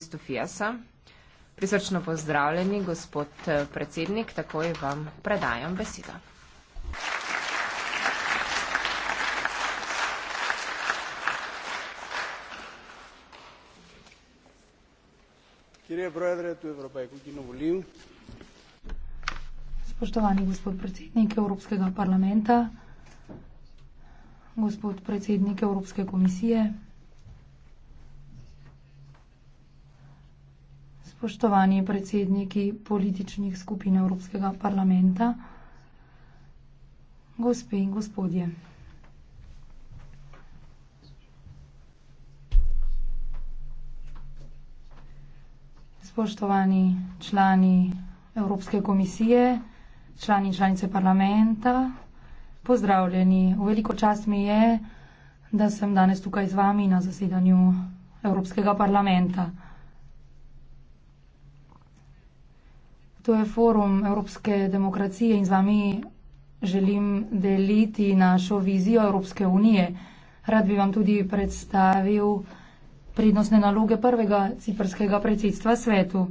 mestu FIASA. Prisrčno pozdravljeni, gospod eh, predsednik, takoj vam predajam besedo. Spoštovani gospod predsednik Evropskega parlamenta, gospod predsednik Evropske komisije, spoštovani predsedniki političnih skupin Evropskega parlamenta, gospe in gospodje. Spoštovani člani Evropske komisije, člani in članice parlamenta, pozdravljeni. V veliko čast mi je, da sem danes tukaj z vami na zasedanju Evropskega parlamenta. To je forum evropske demokracije in z vami želim deliti našo vizijo Evropske unije. Rad bi vam tudi predstavil prednostne naloge prvega ciprskega predsedstva svetu.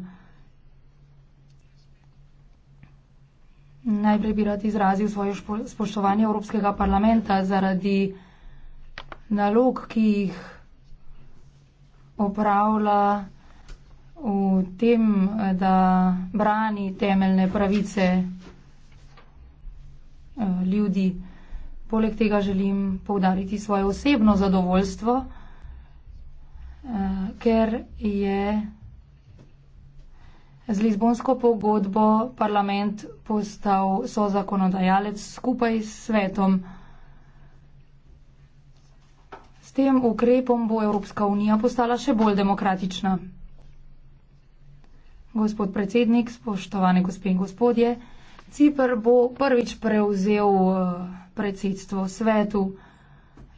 Najprej bi rad izrazil svoje spoštovanje Evropskega parlamenta zaradi nalog, ki jih opravlja v tem, da brani temeljne pravice eh, ljudi. Poleg tega želim povdariti svoje osebno zadovoljstvo, eh, ker je z Lizbonsko pogodbo parlament postal sozakonodajalec skupaj s svetom. S tem ukrepom bo Evropska unija postala še bolj demokratična. Gospod predsednik, spoštovane gospe in gospodje, Cipr bo prvič prevzel eh, predsedstvo svetu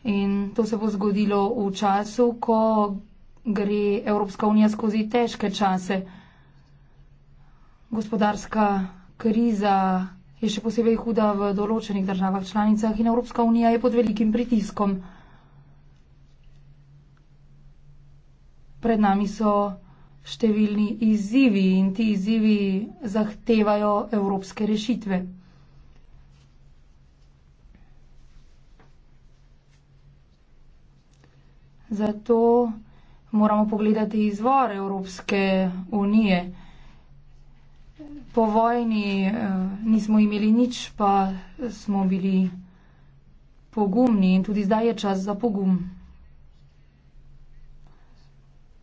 in to se bo zgodilo v času, ko gre Evropska unija skozi težke čase. Gospodarska kriza je še posebej huda v določenih državah članicah in Evropska unija je pod velikim pritiskom. Pred nami so številni izzivi in ti izzivi zahtevajo evropske rešitve. Zato moramo pogledati izvor Evropske unije. Po vojni eh, nismo imeli nič, pa smo bili pogumni in tudi zdaj je čas za pogum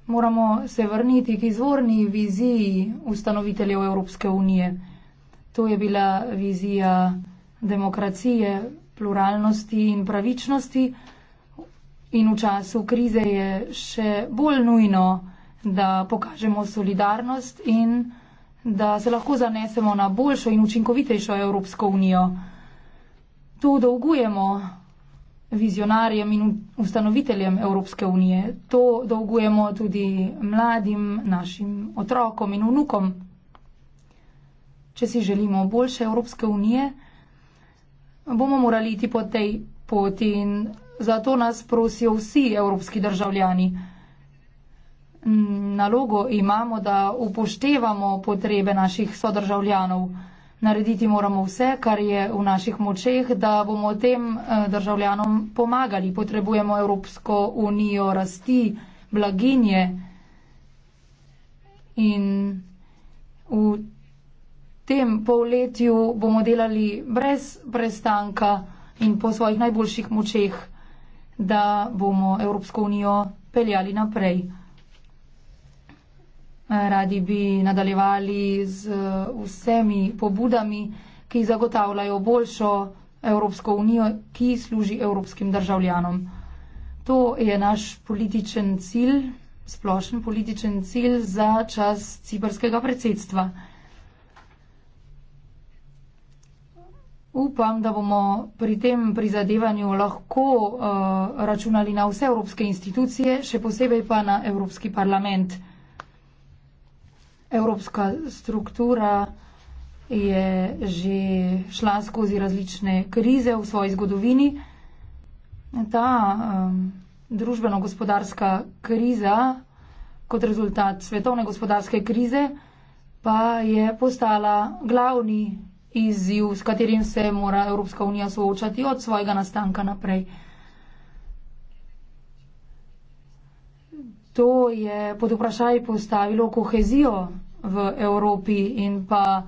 moramo se vrniti k izvorni viziji ustanoviteljev Evropske unije. To je bila vizija demokracije, pluralnosti in pravičnosti in v času krize je še bolj nujno, da pokažemo solidarnost in da se lahko zanesemo na boljšo in učinkovitejšo Evropsko unijo. To dolgujemo vizionarjem in ustanoviteljem Evropske unije. To dolgujemo tudi mladim našim otrokom in vnukom. Če si želimo boljše Evropske unije, bomo morali iti po tej poti in zato nas prosijo vsi evropski državljani. Nalogo imamo, da upoštevamo potrebe naših sodržavljanov. Narediti moramo vse, kar je v naših močeh, da bomo tem eh, državljanom pomagali. Potrebujemo Evropsko unijo rasti, blaginje in v tem polletju bomo delali brez prestanka in po svojih najboljših močeh, da bomo Evropsko unijo peljali naprej. Radi bi nadaljevali z eh, vsemi pobudami, ki zagotavljajo boljšo Evropsko unijo, ki služi evropskim državljanom. To je naš političen cilj, splošen političen cilj za čas ciprskega predsedstva. Upam, da bomo pri tem prizadevanju lahko uh, računali na vse evropske institucije, še posebej pa na Evropski parlament evropska struktura je že šla skozi različne krize v svoji zgodovini. Ta um, družbeno-gospodarska kriza kot rezultat svetovne gospodarske krize pa je postala glavni izziv, s katerim se mora Evropska unija soočati od svojega nastanka naprej. To je pod vprašaj postavilo kohezijo v Evropi in pa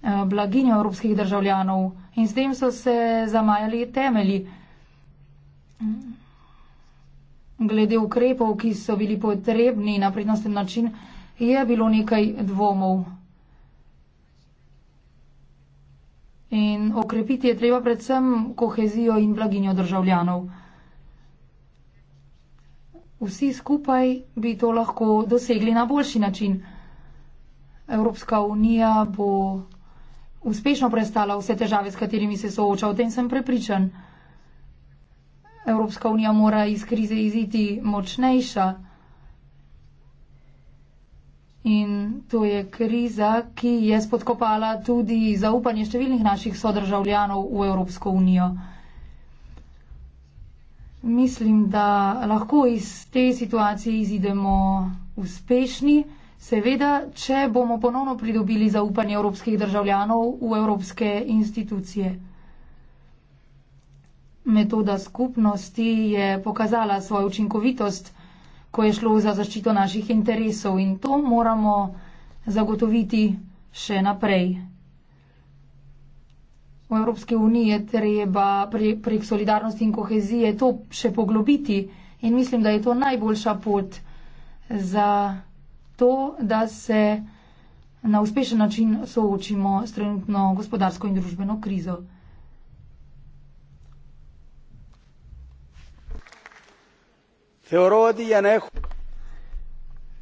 eh, blaginjo evropskih državljanov. In s tem so se zamajali temelji. Mm, glede ukrepov, ki so bili potrebni na prednosten način, je bilo nekaj dvomov. In okrepiti je treba predvsem kohezijo in blaginjo državljanov. Vsi skupaj bi to lahko dosegli na boljši način. Evropska unija bo uspešno prestala vse težave, s katerimi se sooča. O tem sem prepričan. Evropska unija mora iz krize iziti močnejša. In to je kriza, ki je spodkopala tudi zaupanje številnih naših sodržavljanov v Evropsko unijo. Mislim, da lahko iz te situacije izidemo uspešni. Seveda, če bomo ponovno pridobili zaupanje evropskih državljanov v evropske institucije. Metoda skupnosti je pokazala svojo učinkovitost, ko je šlo za zaščito naših interesov in to moramo zagotoviti še naprej. V Evropski uniji je treba pre, prek solidarnosti in kohezije to še poglobiti in mislim, da je to najboljša pot za to, da se na uspešen način soočimo s trenutno gospodarsko in družbeno krizo.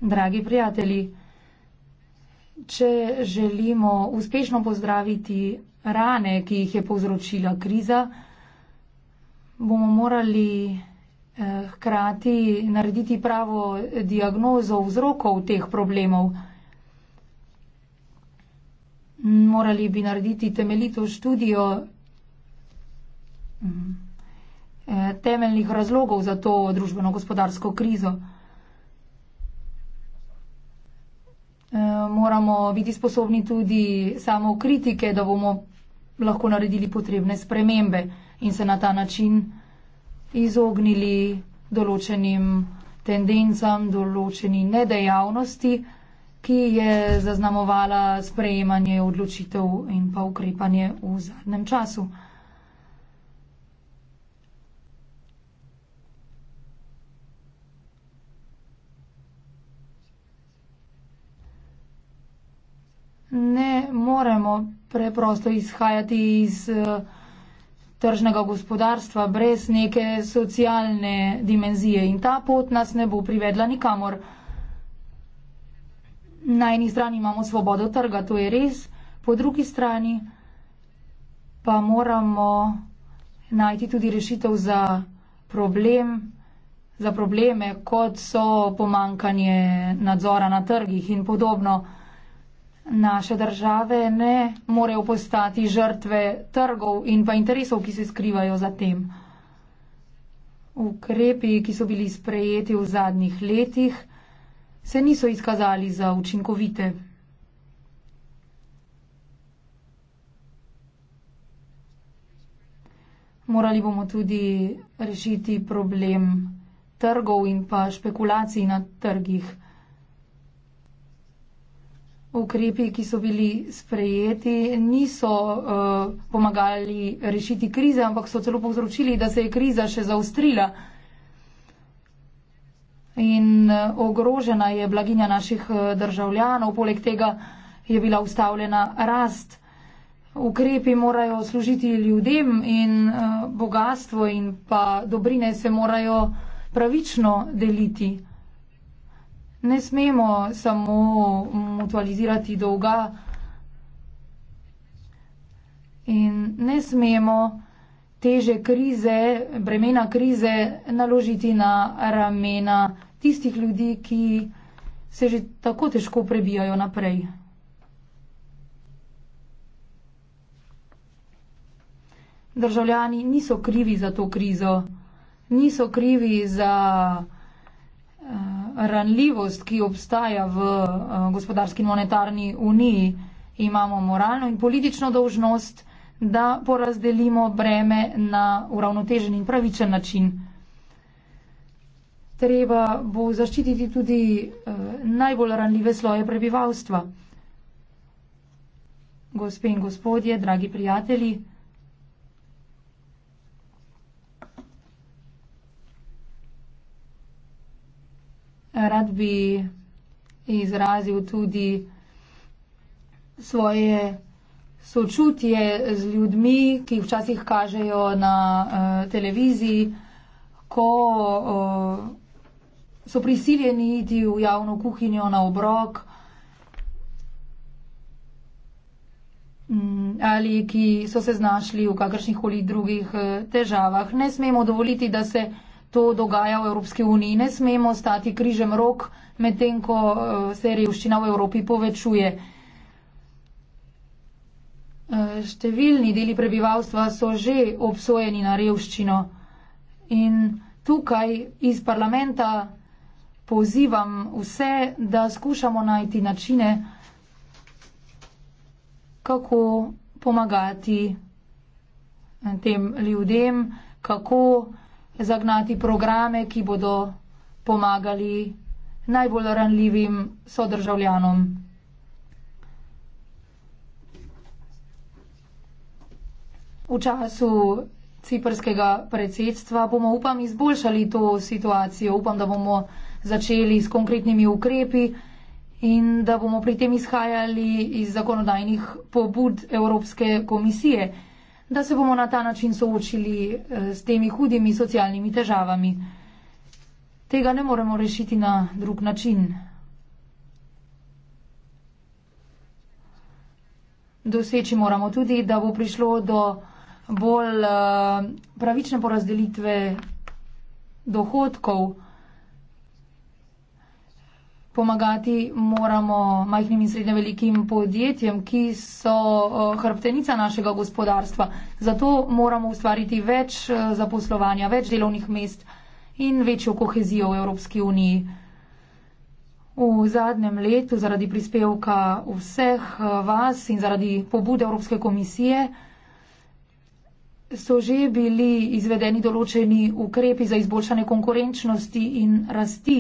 Dragi prijatelji, če želimo uspešno pozdraviti rane, ki jih je povzročila kriza, bomo morali Eh, hkrati narediti pravo diagnozo vzrokov teh problemov. Morali bi narediti temeljito študijo mhm, eh, temeljnih razlogov za to družbeno-gospodarsko krizo. Eh, moramo biti sposobni tudi samo kritike, da bomo lahko naredili potrebne spremembe in se na ta način izognili določenim tendencam, določeni nedejavnosti, ki je zaznamovala sprejemanje odločitev in pa ukrepanje v zadnjem času. Ne moremo preprosto izhajati iz uh, tržnega gospodarstva, brez neke socialne dimenzije in ta pot nas ne bo privedla nikamor. Na eni strani imamo svobodo trga, to je res, po drugi strani pa moramo najti tudi rešitev za problem, za probleme, kot so pomankanje nadzora na trgih in podobno naše države ne morejo postati žrtve trgov in pa interesov, ki se skrivajo za tem. Ukrepi, ki so bili sprejeti v zadnjih letih, se niso izkazali za učinkovite. Morali bomo tudi rešiti problem trgov in pa špekulacij na trgih ukrepi, ki so bili sprejeti, niso uh, pomagali rešiti krize, ampak so celo povzročili, da se je kriza še zaustrila. In eh, ogrožena je blaginja naših eh, državljanov, poleg tega je bila ustavljena rast. Ukrepi morajo služiti ljudem in bogatstvo in pa dobrine se morajo pravično deliti ne smemo samo mutualizirati dolga in ne smemo teže krize, bremena krize naložiti na ramena tistih ljudi, ki se že tako težko prebijajo naprej. Državljani niso krivi za to krizo, niso krivi za. Uh, ranljivost, ki obstaja v eh, gospodarski in monetarni uniji, imamo moralno in politično dožnost, da porazdelimo breme na uravnotežen in pravičen način. Treba bo zaščititi tudi eh, najbolj ranljive sloje prebivalstva. Gospe in gospodje, dragi prijatelji, rad bi izrazil tudi svoje sočutje z ljudmi, ki jih včasih kažejo na uh, televiziji, ko uh, so prisiljeni iti v javno kuhinjo na obrok. Mm, ali ki so se znašli v kakršnih koli drugih eh, težavah. Ne smemo dovoliti, da se uh, to dogaja v Evropski uniji. Ne smemo stati križem rok, medtem ko eh, se revščina v Evropi povečuje. Eh, številni deli prebivalstva so že obsojeni na revščino in tukaj iz parlamenta pozivam vse, da skušamo najti načine, kako pomagati eh, tem ljudem, kako zagnati programe, ki bodo pomagali najbolj ranljivim sodržavljanom. V času ciprskega predsedstva bomo, upam, izboljšali to situacijo. Upam, da bomo začeli s konkretnimi ukrepi in da bomo pri tem izhajali iz zakonodajnih pobud Evropske komisije da se bomo na ta način soočili eh, s temi hudimi socialnimi težavami. Tega ne moremo rešiti na drug način. Doseči moramo tudi, da bo prišlo do bolj eh, pravične porazdelitve dohodkov pomagati moramo majhnim in srednje velikim podjetjem, ki so eh, hrbtenica našega gospodarstva. Zato moramo ustvariti več eh, zaposlovanja, več delovnih mest in večjo kohezijo v Evropski uniji. V zadnjem letu zaradi prispevka vseh eh, vas in zaradi pobude Evropske komisije so že bili izvedeni določeni ukrepi za izboljšanje konkurenčnosti in rasti.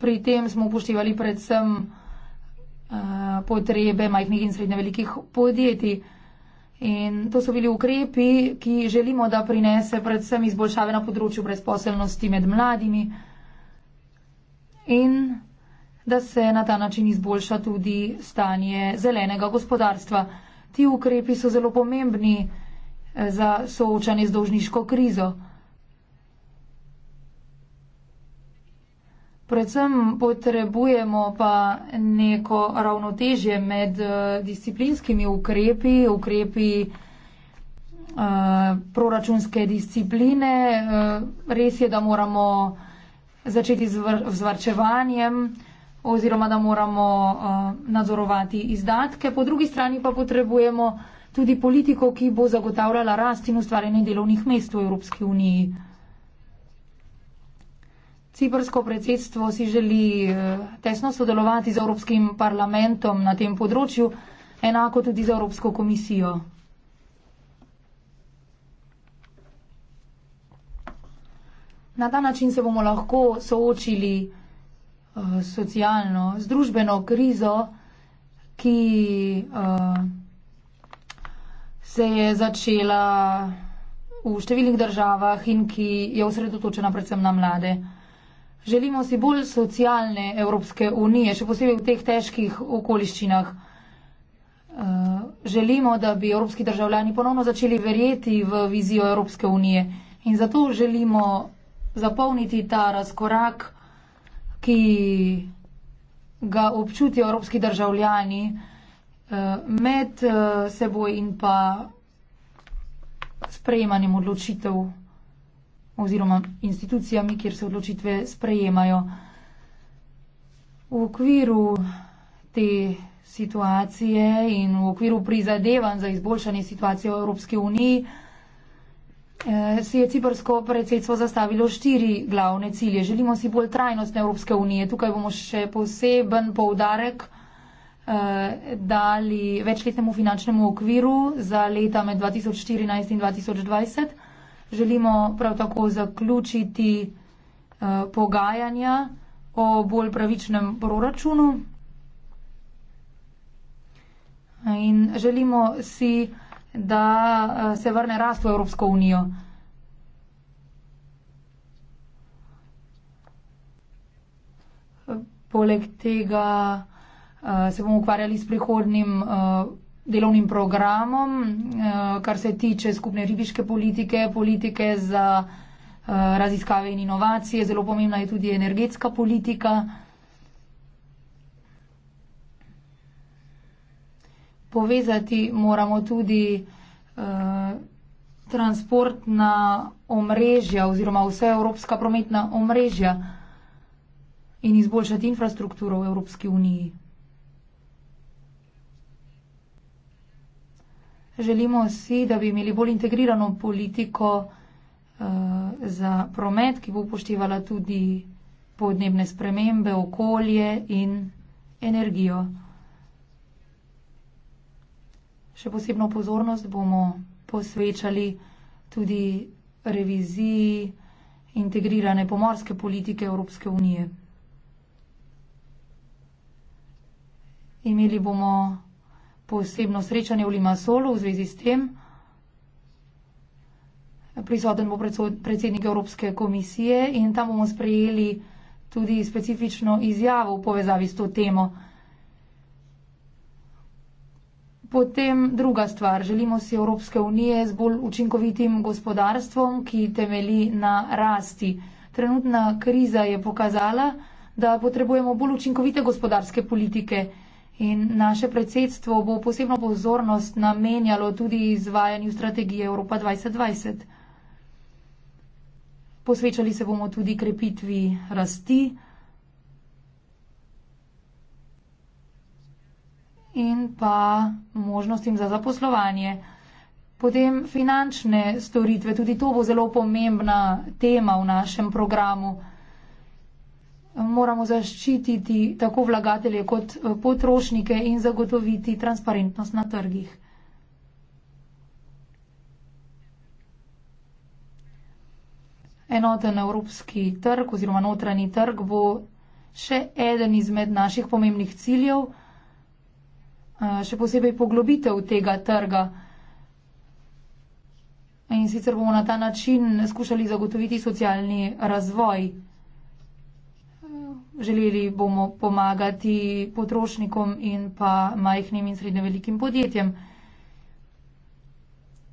Pri tem smo upoštevali predvsem uh, potrebe majhnih in srednje velikih podjetij. In to so bili ukrepi, ki želimo, da prinese predvsem izboljšave na področju brezposelnosti med mladimi in da se na ta način izboljša tudi stanje zelenega gospodarstva. Ti ukrepi so zelo pomembni eh, za soočanje z dolžniško krizo. Predvsem potrebujemo pa neko ravnotežje med eh, disciplinskimi ukrepi, ukrepi eh, proračunske discipline. Eh, res je, da moramo začeti z vzvarčevanjem oziroma da moramo nadzorovati izdatke. Po drugi strani pa potrebujemo tudi politiko, ki bo zagotavljala rast in ustvarjanje delovnih mest v Evropski uniji. Ciprsko predsedstvo si želi eh, tesno sodelovati z Evropskim parlamentom na tem področju, enako tudi z Evropsko komisijo. Na ta način se bomo lahko soočili uh, socialno, z družbeno krizo, ki uh, se je začela v številnih državah in ki je osredotočena predvsem na mlade. Želimo si bolj socialne Evropske unije, še posebej v teh težkih okoliščinah. Eh, želimo, da bi evropski državljani ponovno začeli verjeti v vizijo Evropske unije in zato želimo zapolniti ta razkorak, ki ga občutijo evropski državljani eh, med eh, seboj in pa sprejemanjem odločitev oziroma institucijami, kjer se odločitve sprejemajo. V okviru te situacije in v okviru prizadevanj za izboljšanje situacije v Evropski uniji eh, si je ciprsko predsedstvo zastavilo štiri glavne cilje. Želimo si bolj trajnostne Evropske unije. Tukaj bomo še poseben poudarek eh, dali večletnemu finančnemu okviru za leta med 2014 in 2020 želimo prav tako zaključiti eh, pogajanja o bolj pravičnem proračunu. In želimo si, da eh, se vrne rast v Evropsko unijo. Eh, poleg tega se bomo ukvarjali s prihodnim delovnim programom, eh, kar se tiče skupne ribiške politike, politike za eh, raziskave in inovacije, zelo pomembna je tudi energetska politika. Povezati moramo tudi eh, transportna omrežja oziroma vse evropska prometna omrežja in izboljšati infrastrukturo v Evropski uniji. Želimo si, da bi imeli bolj integrirano politiko uh, za promet, ki bo upoštevala tudi podnebne spremembe, okolje in energijo. Še posebno pozornost bomo posvečali tudi reviziji integrirane pomorske politike Evropske unije. Imeli bomo posebno srečanje v Limasolu v zvezi s tem. Prisoten bo predsednik Evropske komisije in tam bomo sprejeli tudi specifično izjavo v povezavi s to temo. Potem druga stvar. Želimo si Evropske unije z bolj učinkovitim gospodarstvom, ki temeli na rasti. Trenutna kriza je pokazala, da potrebujemo bolj učinkovite gospodarske politike. In naše predsedstvo bo posebno pozornost namenjalo tudi izvajanju strategije Evropa 2020. Posvečali se bomo tudi krepitvi rasti in pa možnostim za zaposlovanje. Potem finančne storitve, tudi to bo zelo pomembna tema v našem programu moramo zaščititi tako vlagatelje kot eh, potrošnike in zagotoviti transparentnost na trgih. Enoten evropski trg oziroma notranji trg bo še eden izmed naših pomembnih ciljev, eh, še posebej poglobitev tega trga. In sicer bomo na ta način skušali zagotoviti socialni razvoj. Želeli bomo pomagati potrošnikom in pa majhnim in srednje velikim podjetjem.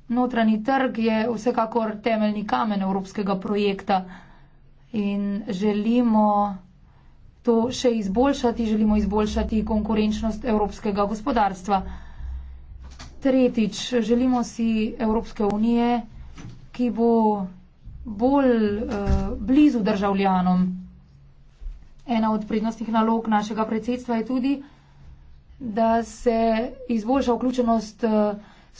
Notranji trg je vsekakor temeljni kamen evropskega projekta in želimo to še izboljšati, želimo izboljšati konkurenčnost evropskega gospodarstva. Tretjič, želimo si Evropske unije, ki bo bolj eh, blizu državljanom ena od prednostnih nalog našega predsedstva je tudi, da se izboljša vključenost eh,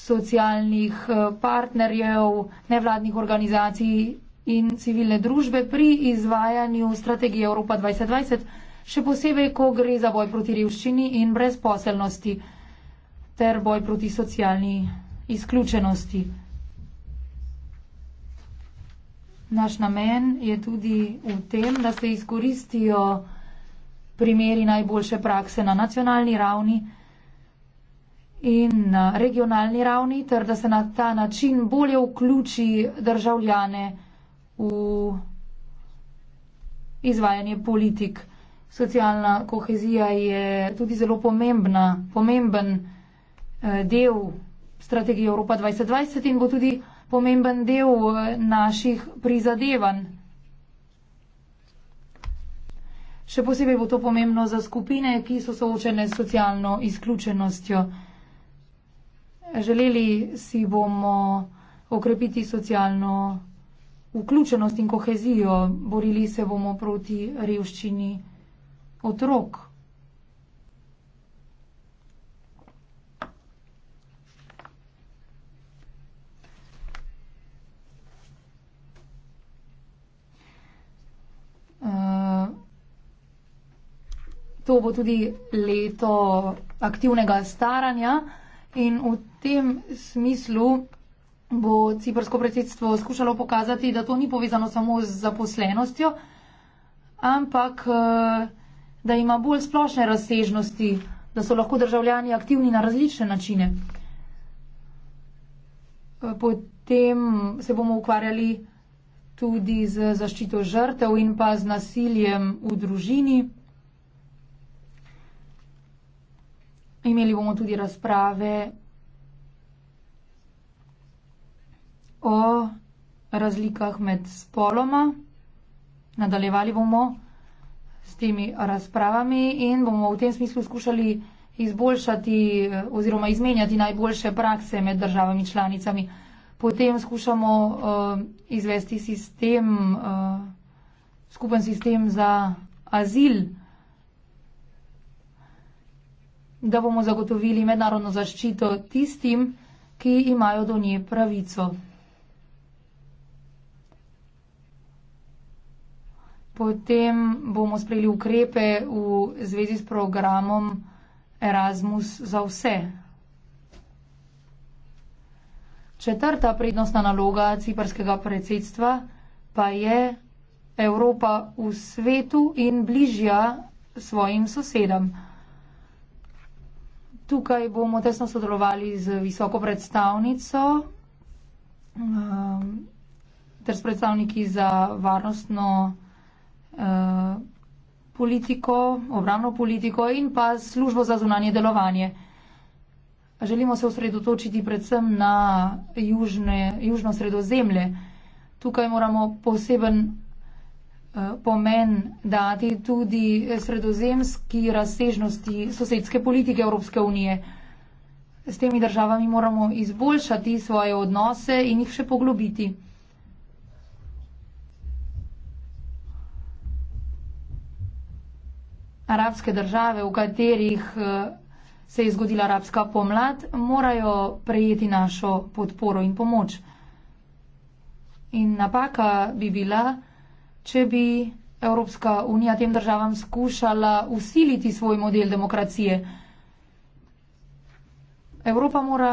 socialnih eh, partnerjev, nevladnih organizacij in civilne družbe pri izvajanju strategije Evropa 2020, še posebej, ko gre za boj proti revščini in brezposelnosti ter boj proti socialni izključenosti. Naš namen je tudi v tem, da se izkoristijo primeri najboljše prakse na nacionalni ravni in na regionalni ravni, ter da se na ta način bolje vključi državljane v izvajanje politik. Socialna kohezija je tudi zelo pomembna, pomemben eh, del strategije Evropa 2020 in bo tudi pomemben del eh, naših prizadevanj. Še posebej bo to pomembno za skupine, ki so soočene s socialno izključenostjo. Želeli si bomo okrepiti socialno vključenost in kohezijo, borili se bomo proti revščini otrok. to bo tudi leto aktivnega staranja in v tem smislu bo ciprsko predsedstvo skušalo pokazati, da to ni povezano samo z zaposlenostjo, ampak eh, da ima bolj splošne razsežnosti, da so lahko državljani aktivni na različne načine. Eh, potem se bomo ukvarjali tudi z zaščito žrtev in pa z nasiljem v družini. Imeli bomo tudi razprave o razlikah med spoloma. Nadaljevali bomo s temi razpravami in bomo v tem smislu skušali izboljšati eh, oziroma izmenjati najboljše prakse med državami članicami. Potem skušamo uh, izvesti sistem, uh, skupen sistem za azil da bomo zagotovili mednarodno zaščito tistim, ki imajo do nje pravico. Potem bomo sprejeli ukrepe v zvezi s programom Erasmus za vse. Četrta prednostna naloga ciperskega predsedstva pa je Evropa v svetu in bližja svojim sosedam. Tukaj bomo tesno sodelovali z visoko predstavnico um, ter s predstavniki za varnostno uh, politiko, obramno politiko in pa službo za zunanje delovanje. Želimo se osredotočiti predvsem na južne, južno sredozemlje. Tukaj moramo poseben Eh, pomen dati tudi sredozemski razsežnosti sosedske politike Evropske unije. S temi državami moramo izboljšati svoje odnose in jih še poglobiti. Arabske države, v katerih eh, se je zgodila arabska pomlad, morajo prejeti našo podporo in pomoč. In napaka bi bila, če bi Evropska unija tem državam skušala usiliti svoj model demokracije. Evropa mora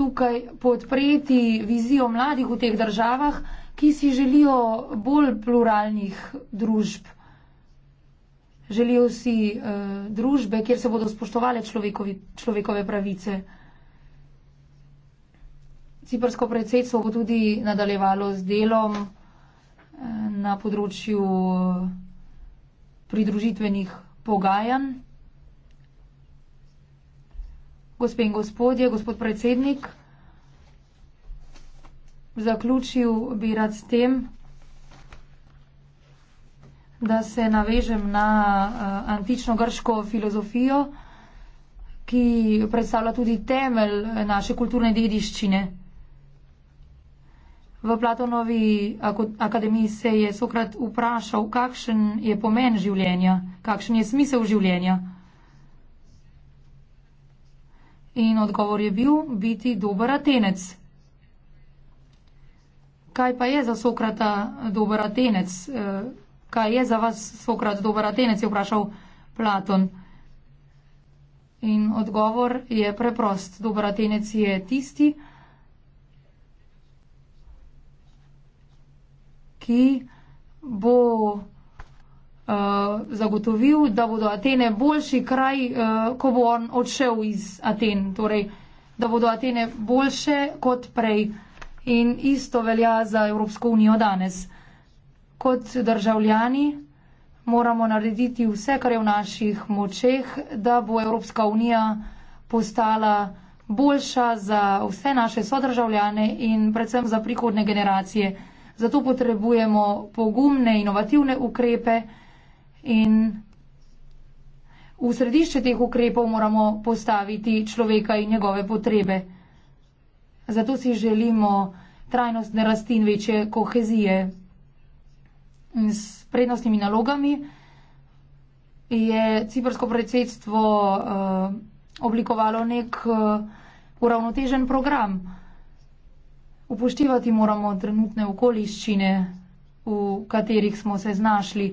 tukaj podpreti vizijo mladih v teh državah, ki si želijo bolj pluralnih družb. Želijo si eh, družbe, kjer se bodo spoštovale človekovi, človekove pravice. Ciprsko predsedstvo bo tudi nadaljevalo z delom na področju pridružitvenih pogajanj. Gospe in gospodje, gospod predsednik, zaključil bi rad s tem, da se navežem na eh, antično-grško filozofijo, ki predstavlja tudi temelj naše kulturne dediščine. V Platonovi akademiji se je Sokrat vprašal, kakšen je pomen življenja, kakšen je smisel življenja. In odgovor je bil biti dober Atenec. Kaj pa je za Sokrata dober Atenec? E, kaj je za vas Sokrat dober Atenec? je vprašal Platon. In odgovor je preprost. Dober Atenec je tisti, ki. ki bo uh, zagotovil, da bodo Atene boljši kraj, uh, ko bo on odšel iz Aten. Torej, da bodo Atene boljše kot prej. In isto velja za Evropsko unijo danes. Kot državljani moramo narediti vse, kar je v naših močeh, da bo Evropska unija postala boljša za vse naše sodržavljane in predvsem za prihodne generacije. Zato potrebujemo pogumne, inovativne ukrepe in v središče teh ukrepov moramo postaviti človeka in njegove potrebe. Zato si želimo trajnostne rasti in večje kohezije. In s prednostnimi nalogami je ciprsko predsedstvo uh, oblikovalo nek uh, uravnotežen program. Upoštevati moramo trenutne okoliščine, v katerih smo se znašli.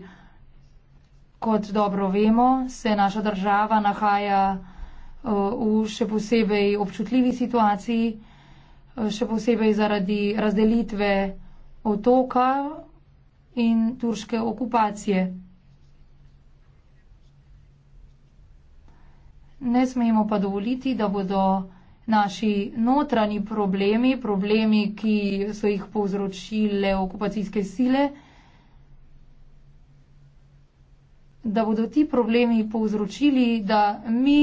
Kot dobro vemo, se naša država nahaja eh, v še posebej občutljivi situaciji, eh, še posebej zaradi razdelitve otoka in turške okupacije. Ne smemo pa dovoliti, da bodo naši notranji problemi, problemi, ki so jih povzročile okupacijske sile, da bodo ti problemi povzročili, da mi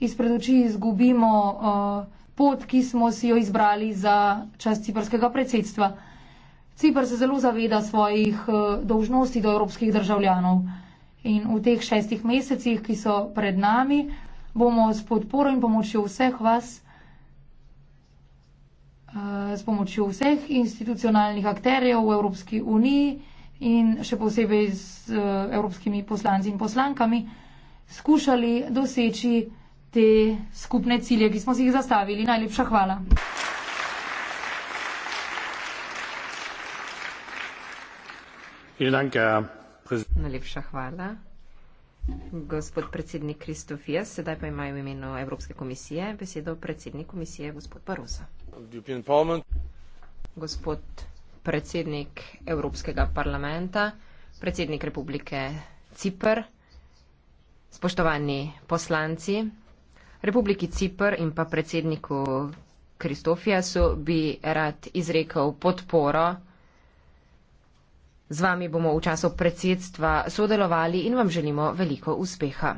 izpred oči izgubimo uh, pot, ki smo si jo izbrali za čas ciprskega predsedstva. Cipr se zelo zaveda svojih uh, dolžnosti do evropskih državljanov in v teh šestih mesecih, ki so pred nami, bomo s podporo in pomočjo vseh vas, Eh, s pomočjo vseh institucionalnih akterjev v Evropski uniji in še posebej z eh, evropskimi poslanci in poslankami skušali doseči te skupne cilje, ki smo si jih zastavili. Najlepša hvala. Najlepša hvala. Gospod predsednik Kristofija, sedaj pa ima v imenu Evropske komisije besedo predsednik komisije gospod Barosa. Gospod predsednik Evropskega parlamenta, predsednik Republike Cipr, spoštovani poslanci, Republiki Cipr in pa predsedniku Kristofijasu bi rad izrekel podporo. Z vami bomo v času predsedstva sodelovali in vam želimo veliko uspeha.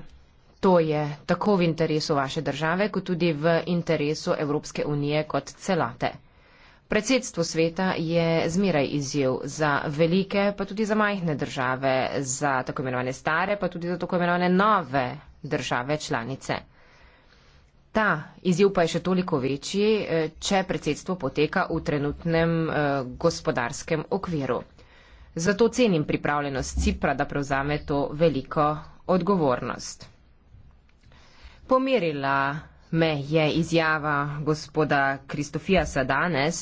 To je tako v interesu vaše države, kot tudi v interesu Evropske unije kot celate. Predsedstvo sveta je zmeraj izjiv za velike, pa tudi za majhne države, za tako imenovane stare, pa tudi za tako imenovane nove države članice. Ta izjiv pa je še toliko večji, eh, če predsedstvo poteka v trenutnem eh, gospodarskem okviru. Zato cenim pripravljenost Cipra, da prevzame to veliko odgovornost pomirila me je izjava gospoda Kristofijasa danes,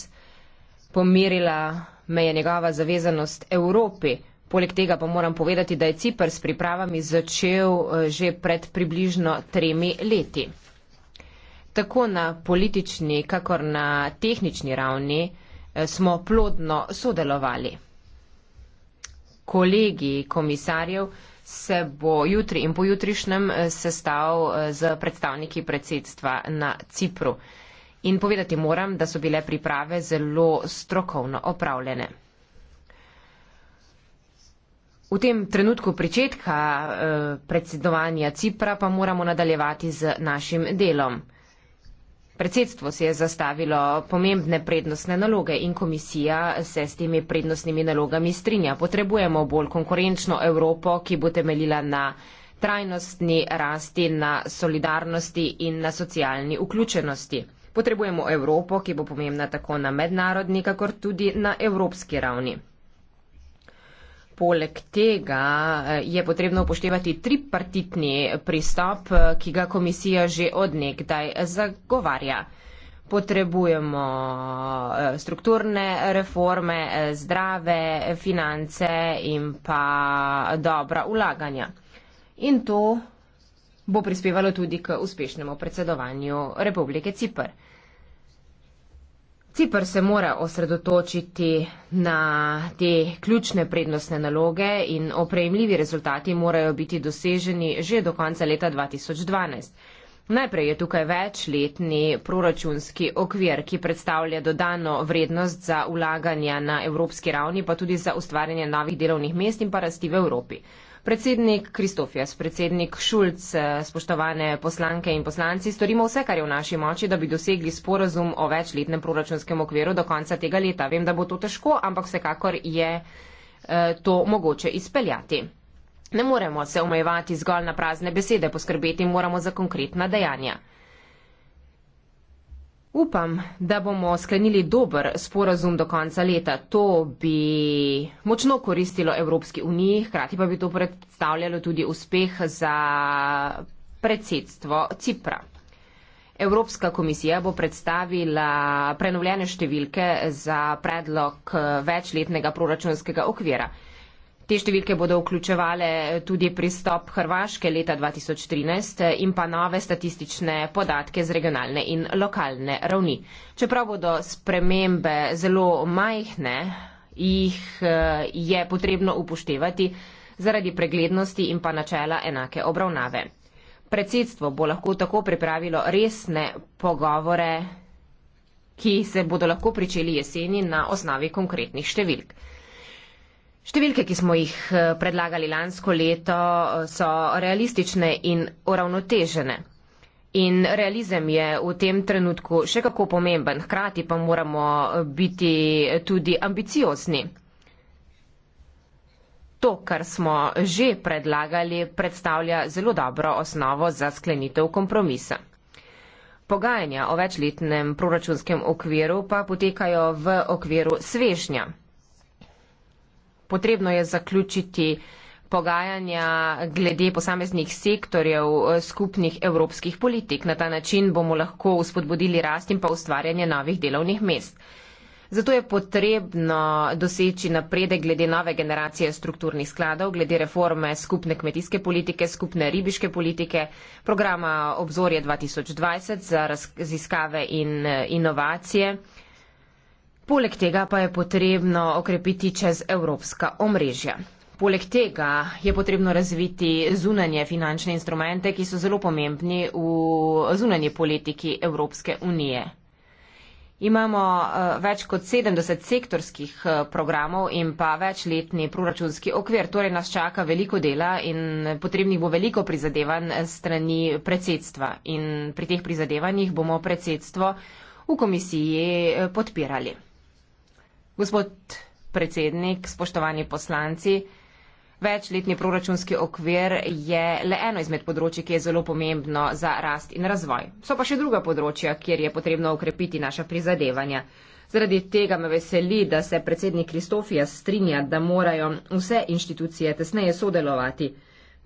pomirila me je njegova zavezanost Evropi. Poleg tega pa moram povedati, da je Cipr s pripravami začel eh, že pred približno tremi leti. Tako na politični, kakor na tehnični ravni eh, smo plodno sodelovali. Kolegi komisarjev, se bo jutri in pojutrišnjem eh, sestal z eh, predstavniki predsedstva na Cipru. In povedati moram, da so bile priprave zelo strokovno opravljene. V tem trenutku pričetka eh, predsedovanja Cipra pa moramo nadaljevati z našim delom. Predsedstvo si je zastavilo pomembne prednostne naloge in komisija se s temi prednostnimi nalogami strinja. Potrebujemo bolj konkurenčno Evropo, ki bo temeljila na trajnostni rasti, na solidarnosti in na socialni vključenosti. Potrebujemo Evropo, ki bo pomembna tako na mednarodni, kakor tudi na evropski ravni poleg tega eh, je potrebno upoštevati tripartitni pristop, eh, ki ga komisija že odnegdaj zagovarja. Potrebujemo eh, strukturne reforme, zdrave finance in pa dobra ulaganja. In to bo prispevalo tudi k uspešnemu predsedovanju Republike Cipr. Cipr se mora osredotočiti na te ključne prednostne naloge in opremljivi rezultati morajo biti doseženi že do konca leta 2012. Najprej je tukaj večletni proračunski okvir, ki predstavlja dodano vrednost za ulaganja na evropski ravni, pa tudi za ustvarjanje novih delovnih mest in pa rasti v Evropi. Predsednik Kristofjes, predsednik Šulc, eh, spoštovane poslanke in poslanci, storimo vse, kar je v naši moči, da bi dosegli sporazum o večletnem proračunskem okviru do konca tega leta. Vem, da bo to težko, ampak vsekakor je eh, to mogoče izpeljati. Ne moremo se omejevati zgolj na prazne besede, poskrbeti moramo za konkretna dejanja. Upam, da bomo sklenili dober sporazum do konca leta. To bi močno koristilo Evropski uniji, hkrati pa bi to predstavljalo tudi uspeh za predsedstvo Cipra. Evropska komisija bo predstavila prenovljene številke za predlog večletnega proračunskega okvira. Te številke bodo vključevale tudi pristop Hrvaške leta 2013 in pa nove statistične podatke z regionalne in lokalne ravni. Čeprav bodo spremembe zelo majhne, jih eh, je potrebno upoštevati zaradi preglednosti in pa načela enake obravnave. Predsedstvo bo lahko tako pripravilo resne pogovore, ki se bodo lahko pričeli jeseni na osnovi konkretnih številk. Številke, ki smo jih eh, predlagali lansko leto, eh, so realistične in uravnotežene. In realizem je v tem trenutku še kako pomemben, hkrati pa moramo eh, biti tudi ambiciozni. To, kar smo že predlagali, predstavlja zelo dobro osnovo za sklenitev kompromisa. Pogajanja o večletnem proračunskem okviru pa potekajo v okviru svežnja, potrebno je zaključiti pogajanja glede posameznih sektorjev eh, skupnih evropskih politik. Na ta način bomo lahko uspodbudili rast in pa ustvarjanje novih delovnih mest. Zato je potrebno doseči napredek glede nove generacije strukturnih skladov, glede reforme skupne kmetijske politike, skupne ribiške politike, programa obzorje 2020 za raziskave in eh, inovacije. Poleg tega pa je potrebno okrepiti čez evropska omrežja. Poleg tega je potrebno razviti zunanje finančne instrumente, ki so zelo pomembni v zunanje politiki Evropske unije. Imamo eh, več kot 70 sektorskih eh, programov in pa večletni proračunski okvir, torej nas čaka veliko dela in potrebnih bo veliko prizadevanj strani predsedstva. In pri teh prizadevanjih bomo predsedstvo v komisiji eh, podpirali. Gospod predsednik, spoštovani poslanci, večletni proračunski okvir je le eno izmed področji, ki je zelo pomembno za rast in razvoj. So pa še druga področja, kjer je potrebno ukrepiti naša prizadevanja. Zaradi tega me veseli, da se predsednik Kristofija strinja, da morajo vse inštitucije tesneje sodelovati.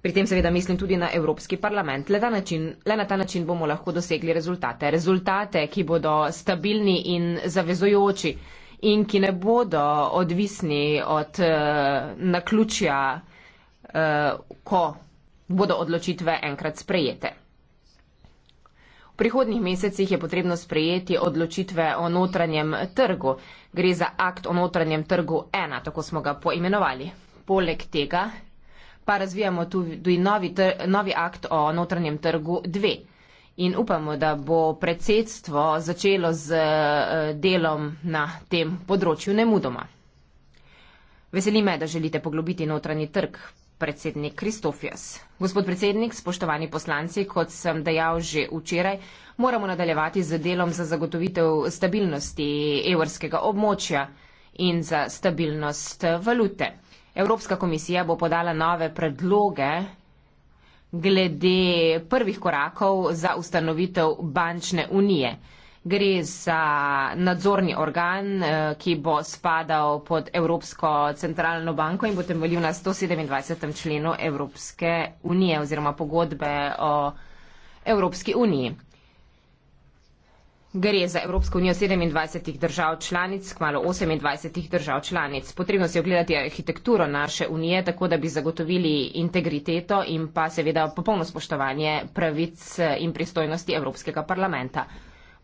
Pri tem seveda mislim tudi na Evropski parlament. Le, način, le na ta način bomo lahko dosegli rezultate. Rezultate, ki bodo stabilni in zavezojoči in ki ne bodo odvisni od uh, naključja, uh, ko bodo odločitve enkrat sprejete. V prihodnih mesecih je potrebno sprejeti odločitve o notranjem trgu. Gre za akt o notranjem trgu ena, tako smo ga poimenovali. Poleg tega pa razvijamo tudi novi, novi akt o notranjem trgu dve in upamo, da bo predsedstvo začelo z eh, delom na tem področju nemudoma. Veseli me, da želite poglobiti notranji trg, predsednik Kristofijas. Gospod predsednik, spoštovani poslanci, kot sem dejal že včeraj, moramo nadaljevati z delom za zagotovitev stabilnosti evrskega območja in za stabilnost valute. Evropska komisija bo podala nove predloge glede prvih korakov za ustanovitev bančne unije. Gre za nadzorni organ, eh, ki bo spadal pod Evropsko centralno banko in bo temeljil na 127. členu Evropske unije oziroma pogodbe o Evropski uniji. Gre za Evropsko unijo 27 držav članic, kmalo 28 držav članic. Potrebno se je ogledati arhitekturo naše unije, tako da bi zagotovili integriteto in pa seveda popolno spoštovanje pravic eh, in pristojnosti Evropskega parlamenta.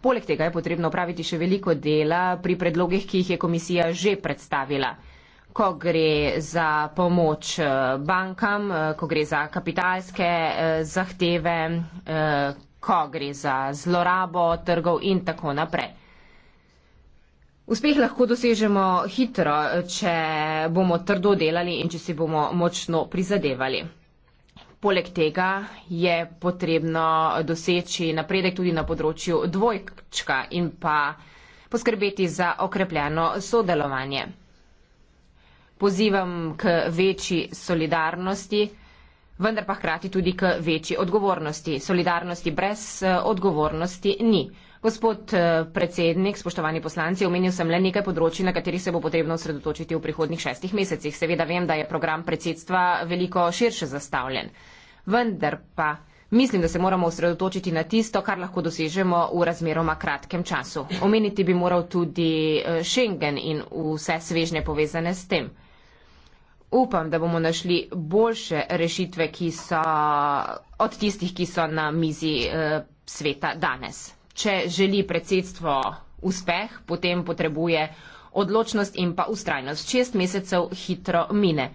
Poleg tega je potrebno upraviti še veliko dela pri predlogih, ki jih je komisija že predstavila. Ko gre za pomoč eh, bankam, eh, ko gre za kapitalske zahteve, ko gre za zlorabo trgov in tako naprej. Uspeh lahko dosežemo hitro, če bomo trdo delali in če si bomo močno prizadevali. Poleg tega je potrebno doseči napredek tudi na področju dvojčka in pa poskrbeti za okrepljeno sodelovanje. Pozivam k večji solidarnosti vendar pa hkrati tudi k večji odgovornosti. Solidarnosti brez eh, odgovornosti ni. Gospod eh, predsednik, spoštovani poslanci, omenil sem le nekaj področji, na katerih se bo potrebno osredotočiti v prihodnih šestih mesecih. Seveda vem, da je program predsedstva veliko širše zastavljen. Vendar pa mislim, da se moramo osredotočiti na tisto, kar lahko dosežemo v razmeroma kratkem času. Omeniti bi moral tudi eh, Schengen in vse svežne povezane s tem upam, da bomo našli boljše rešitve, ki so od tistih, ki so na mizi eh, sveta danes. Če želi predsedstvo uspeh, potem potrebuje odločnost in pa ustrajnost. Šest mesecev hitro mine.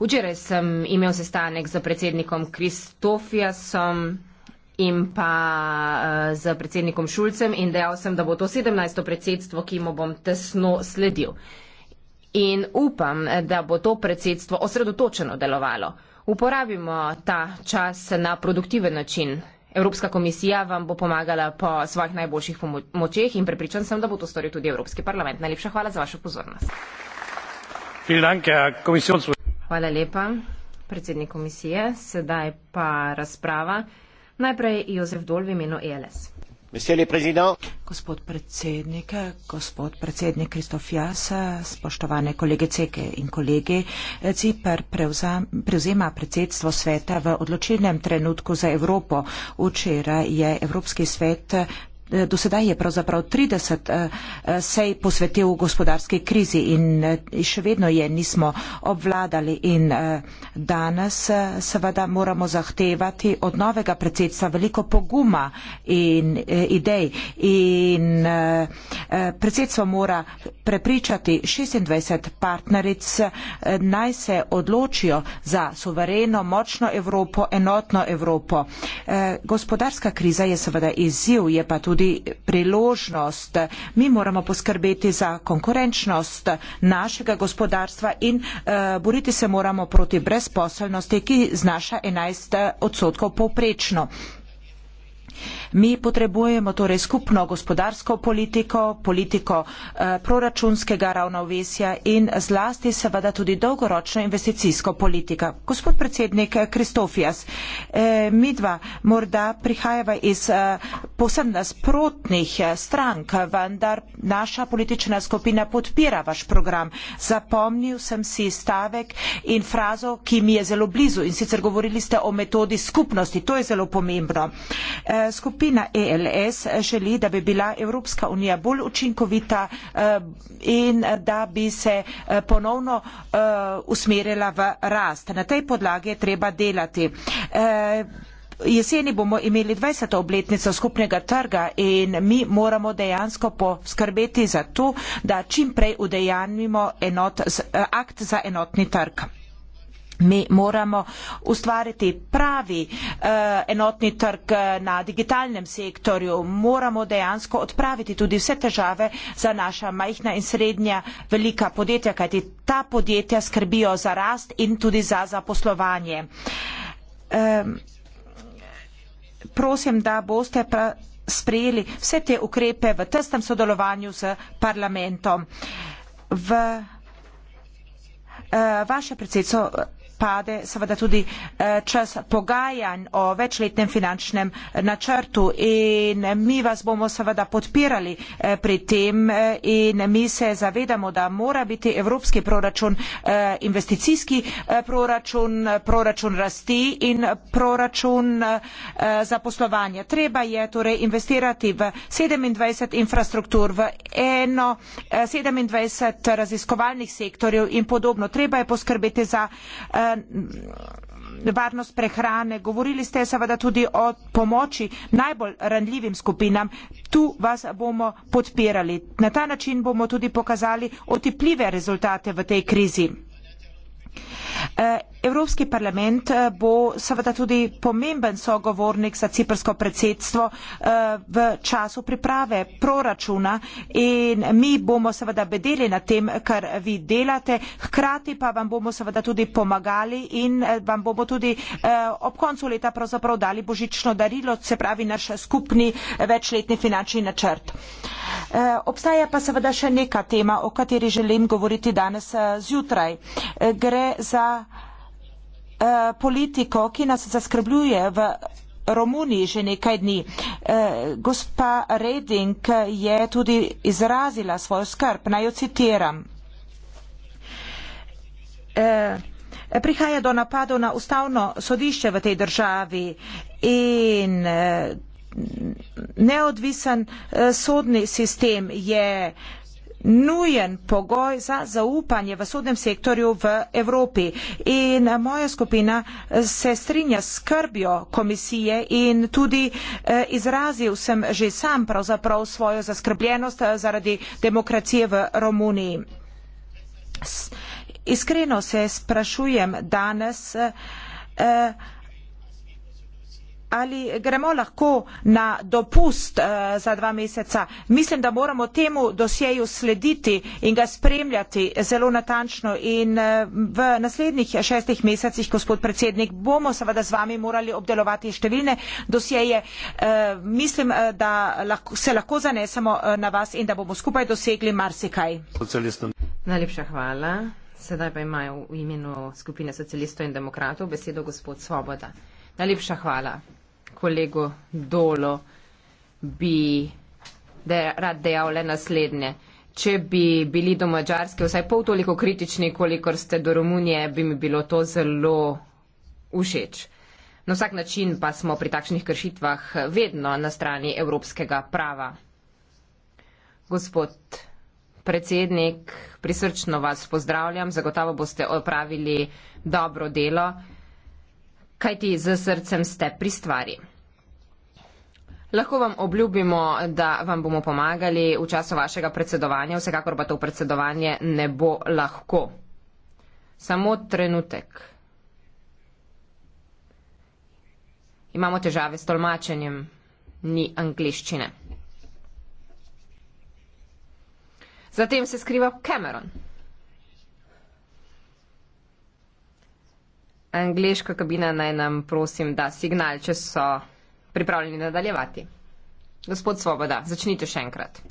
Včeraj sem imel sestanek z predsednikom Kristofijasom in pa eh, z predsednikom Šulcem in dejal sem, da bo to 17. predsedstvo, ki mu bom tesno sledil. In upam, da bo to predsedstvo osredotočeno delovalo. Uporabimo ta čas na produktiven način. Evropska komisija vam bo pomagala po svojih najboljših močeh in prepričan sem, da bo to storil tudi Evropski parlament. Najlepša hvala za vašo pozornost. Hvala lepa, predsednik komisije. Sedaj pa razprava. Najprej Jozef Dolv v imenu ELS. Gospod predsednik, gospod predsednik Kristof Jas, spoštovane kolegice in kolegi, Cipr prevzema predsedstvo sveta v odločilnem trenutku za Evropo. Včeraj je Evropski svet Eh, do sedaj je pravzaprav 30 eh, eh, sej posvetil gospodarski krizi in še vedno je nismo obvladali in danes seveda moramo zahtevati od novega predsedstva veliko poguma in idej in predsedstvo mora prepričati 26 partneric naj se odločijo za suvereno, močno Evropo, enotno Evropo. Gospodarska kriza je seveda izziv, je pa tudi tudi priložnost. Mi moramo poskrbeti za konkurenčnost našega gospodarstva in uh, boriti se moramo proti brezposelnosti, ki znaša 11 eh, odstotkov poprečno. Mi potrebujemo torej skupno gospodarsko politiko, politiko eh, proračunskega ravnovesja in zlasti seveda tudi dolgoročno investicijsko politiko. Gospod predsednik Kristofijas, eh, mi dva morda prihajava iz eh, posem nasprotnih strank, vendar naša politična skupina podpira vaš program. Zapomnil sem si stavek in frazo, ki mi je zelo blizu in sicer govorili ste o metodi skupnosti, to je zelo pomembno. E, skupina ELS želi, da bi bila Evropska unija bolj učinkovita eh, in da bi se eh, ponovno eh, usmerila v rast. Na tej podlagi je treba delati. Jeseni bomo imeli 20. obletnico skupnega trga in mi moramo dejansko poskrbeti za to, da čim prej udejanjimo enot, akt za enotni trg. Mi moramo ustvariti pravi eh, enotni trg eh, na digitalnem sektorju, moramo dejansko odpraviti tudi vse težave za naša majhna in srednja velika podjetja, kajti ta podjetja skrbijo za rast in tudi za zaposlovanje. Eh, prosim, da boste pa sprejeli vse te ukrepe v tesnem sodelovanju z parlamentom. V, eh, vaše predsedstvo pade seveda tudi eh, čas pogajanj o večletnem finančnem eh, načrtu in eh, mi vas bomo seveda podpirali pri tem in mi se zavedamo, da mora biti evropski proračun investicijski proračun, proračun rasti in proračun zaposlovanja. Treba je torej investirati v 27 infrastruktur, v eno 27 raziskovalnih sektorjev in podobno. Treba je poskrbeti za Eh, varnost prehrane, govorili ste seveda tudi o pomoči najbolj ranljivim skupinam. Tu vas bomo podpirali. Na ta način bomo tudi pokazali otipljive rezultate v tej krizi. Eh, Evropski parlament eh, bo seveda tudi pomemben sogovornik za ciprsko predsedstvo eh, v času priprave proračuna in mi bomo seveda bedeli na tem, kar vi delate, hkrati pa vam bomo seveda tudi pomagali in vam bomo tudi ob koncu leta pravzaprav dali božično darilo, se pravi naš skupni večletni finančni načrt. Obstaja pa seveda še neka tema, o kateri želim govoriti danes zjutraj. Gre za Eh, politiko, ki nas zaskrbljuje v Romuniji že nekaj dni. Eh, gospa Reding je tudi izrazila svojo skrb. Naj jo citiram. Eh, prihaja do napadov na ustavno sodišče v tej državi in neodvisen sodni sistem je nujen pogoj za zaupanje v sodnem sektorju v Evropi. In moja skupina se strinja s skrbjo komisije in tudi eh, izrazil sem že sam pravzaprav svojo zaskrbljenost eh, zaradi demokracije v Romuniji. Iskreno se sprašujem danes, eh, Ali gremo lahko na dopust uh, za dva meseca? Mislim, da moramo temu dosjeju slediti in ga spremljati zelo natančno in uh, v naslednjih šestih mesecih, gospod predsednik, bomo seveda z vami morali obdelovati številne dosjeje. Uh, mislim, uh, da lahko, se lahko zanesemo uh, na vas in da bomo skupaj dosegli marsikaj. Najlepša hvala. Sedaj pa imajo v imenu skupine socialistov in demokratov besedo gospod Svoboda. Najlepša hvala kolegu Dolo bi de, rad dejal le naslednje. Če bi bili do Mačarske vsaj pol toliko kritični, kolikor ste do Romunije, bi mi bilo to zelo všeč. Na vsak način pa smo pri takšnih kršitvah vedno na strani evropskega prava. Gospod predsednik, prisrčno vas pozdravljam, zagotovo boste opravili dobro delo, kajti z srcem ste pri stvari. Lahko vam obljubimo, da vam bomo pomagali v času vašega predsedovanja, vsekakor pa to predsedovanje ne bo lahko. Samo trenutek. Imamo težave s tolmačenjem, ni angliščine. Zatem se skriva Cameron. Angliška kabina naj nam prosim da signal, če so pripravljeni nadaljevati. Gospod Svoboda, začnite še enkrat.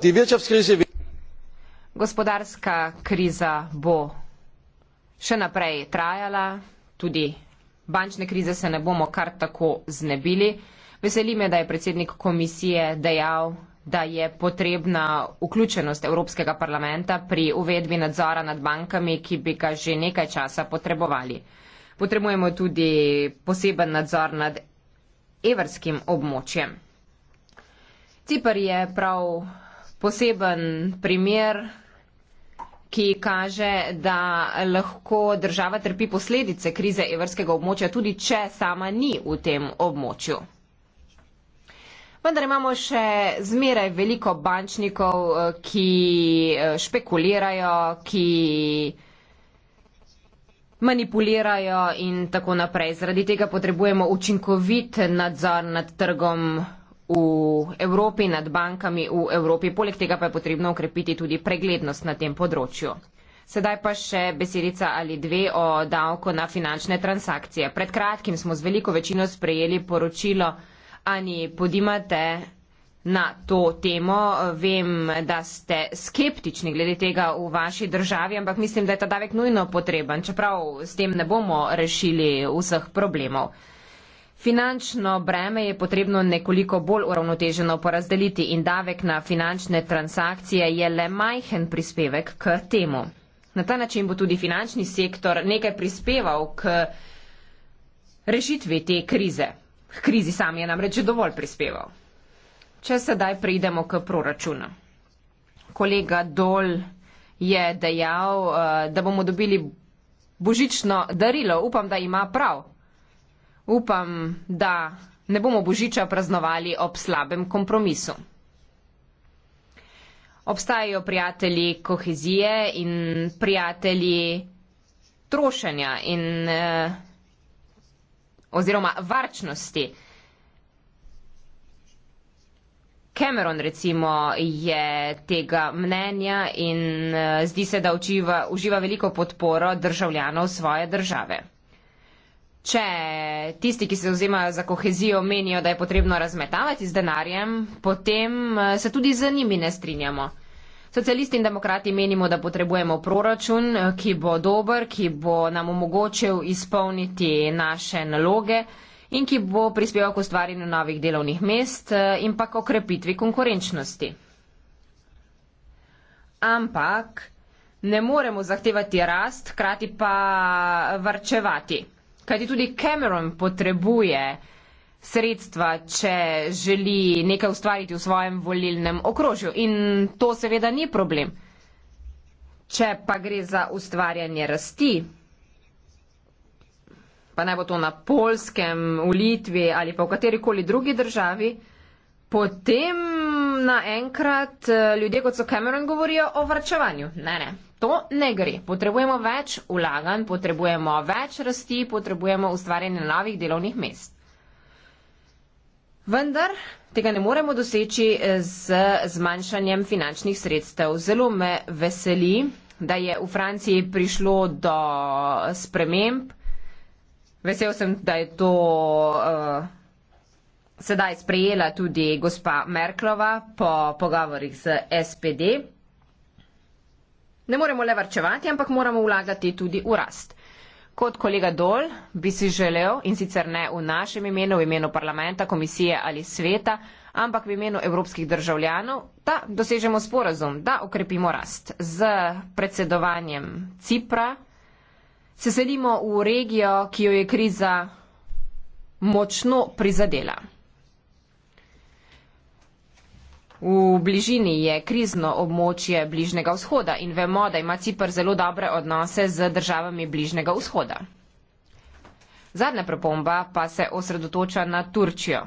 Gospodarska kriza bo še naprej trajala, tudi bančne krize se ne bomo kar tako znebili. Veseli me, da je predsednik komisije dejal, da je potrebna vključenost Evropskega parlamenta pri uvedbi nadzora nad bankami, ki bi ga že nekaj časa potrebovali. Potrebujemo tudi poseben nadzor nad evrskim območjem. Cipr je prav poseben primer, ki kaže, da lahko država trpi posledice krize evrskega območja, tudi če sama ni v tem območju. Vendar imamo še zmeraj veliko bančnikov, eh, ki eh, špekulirajo, ki manipulirajo in tako naprej. Zaradi tega potrebujemo učinkovit nadzor nad trgom v Evropi, nad bankami v Evropi. Poleg tega pa je potrebno ukrepiti tudi preglednost na tem področju. Sedaj pa še besedica ali dve o davko na finančne transakcije. Pred kratkim smo z veliko večino sprejeli poročilo Ani Podimate na to temo. Vem, da ste skeptični glede tega v vaši državi, ampak mislim, da je ta davek nujno potreben, čeprav s tem ne bomo rešili vseh problemov. Finančno breme je potrebno nekoliko bolj uravnoteženo porazdeliti in davek na finančne transakcije je le majhen prispevek k temu. Na ta način bo tudi finančni sektor nekaj prispeval k rešitvi te krize. K krizi sam je namreč dovolj prispeval. Če sedaj pridemo k proračunu. Kolega Dol je dejal, eh, da bomo dobili božično darilo. Upam, da ima prav. Upam, da ne bomo božiča praznovali ob slabem kompromisu. Obstajajo prijatelji kohezije in prijatelji trošenja in, eh, oziroma varčnosti. Eh, Cameron recimo je tega mnenja in eh, zdi se, da uživa, uživa veliko podporo državljanov svoje države. Če tisti, ki se vzemajo za kohezijo, menijo, da je potrebno razmetavati z denarjem, potem eh, se tudi z njimi ne strinjamo. Socialisti in demokrati menimo, da potrebujemo proračun, eh, ki bo dober, ki bo nam omogočil izpolniti naše naloge in ki bo prispeval k ustvarjanju novih delovnih mest eh, in pa k okrepitvi konkurenčnosti. Ampak ne moremo zahtevati rast, krati pa varčevati. Kajti tudi Cameron potrebuje sredstva, če želi nekaj ustvariti v svojem volilnem okrožju. In to seveda ni problem. Če pa gre za ustvarjanje rasti, pa naj bo to na Polskem, v Litvi ali pa v katerikoli drugi državi, potem naenkrat eh, ljudje kot so Cameron govorijo o vrčevanju. Ne, ne, to ne gre. Potrebujemo več ulagan, potrebujemo več rasti, potrebujemo ustvarjanje novih delovnih mest. Vendar tega ne moremo doseči eh, z zmanjšanjem finančnih sredstev. Zelo me veseli, da je v Franciji prišlo do sprememb, Vesel sem, da je to uh, sedaj sprejela tudi gospa Merklova po pogovorih z SPD. Ne moremo le varčevati, ampak moramo vlagati tudi v rast. Kot kolega Dol bi si želel, in sicer ne v našem imenu, v imenu parlamenta, komisije ali sveta, ampak v imenu evropskih državljanov, da dosežemo sporazum, da okrepimo rast. Z predsedovanjem Cipra se selimo v regijo, ki jo je kriza močno prizadela. V bližini je krizno območje Bližnega vzhoda in vemo, da ima Cipr zelo dobre odnose z državami Bližnega vzhoda. Zadnja propomba pa se osredotoča na Turčijo.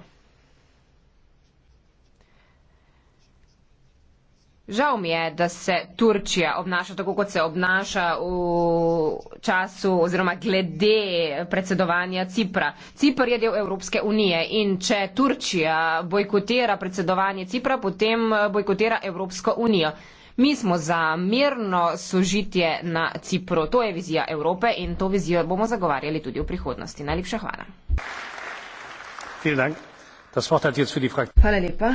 Žal mi je, da se Turčija obnaša tako, kot se obnaša v času oziroma glede predsedovanja Cipra. Cipr je del Evropske unije in če Turčija bojkotira predsedovanje Cipra, potem eh, bojkotira Evropsko unijo. Mi smo za mirno sožitje na Cipru. To je vizija Evrope in to vizijo bomo zagovarjali tudi v prihodnosti. Najlepša hvala. Hvala lepa.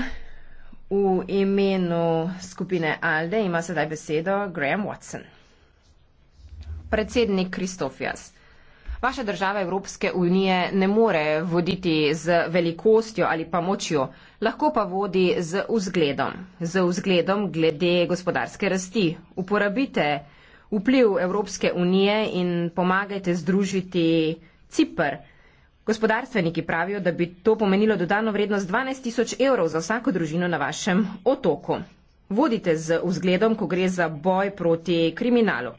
V imenu skupine Alde ima sedaj besedo Graham Watson. Predsednik Kristofijas. Vaša država Evropske unije ne more voditi z velikostjo ali pa močjo, lahko pa vodi z vzgledom. Z vzgledom glede gospodarske rasti. Uporabite vpliv Evropske unije in pomagajte združiti Cipr Gospodarstveniki pravijo, da bi to pomenilo dodano vrednost 12 tisoč evrov za vsako družino na vašem otoku. Vodite z vzgledom, ko gre za boj proti kriminalu.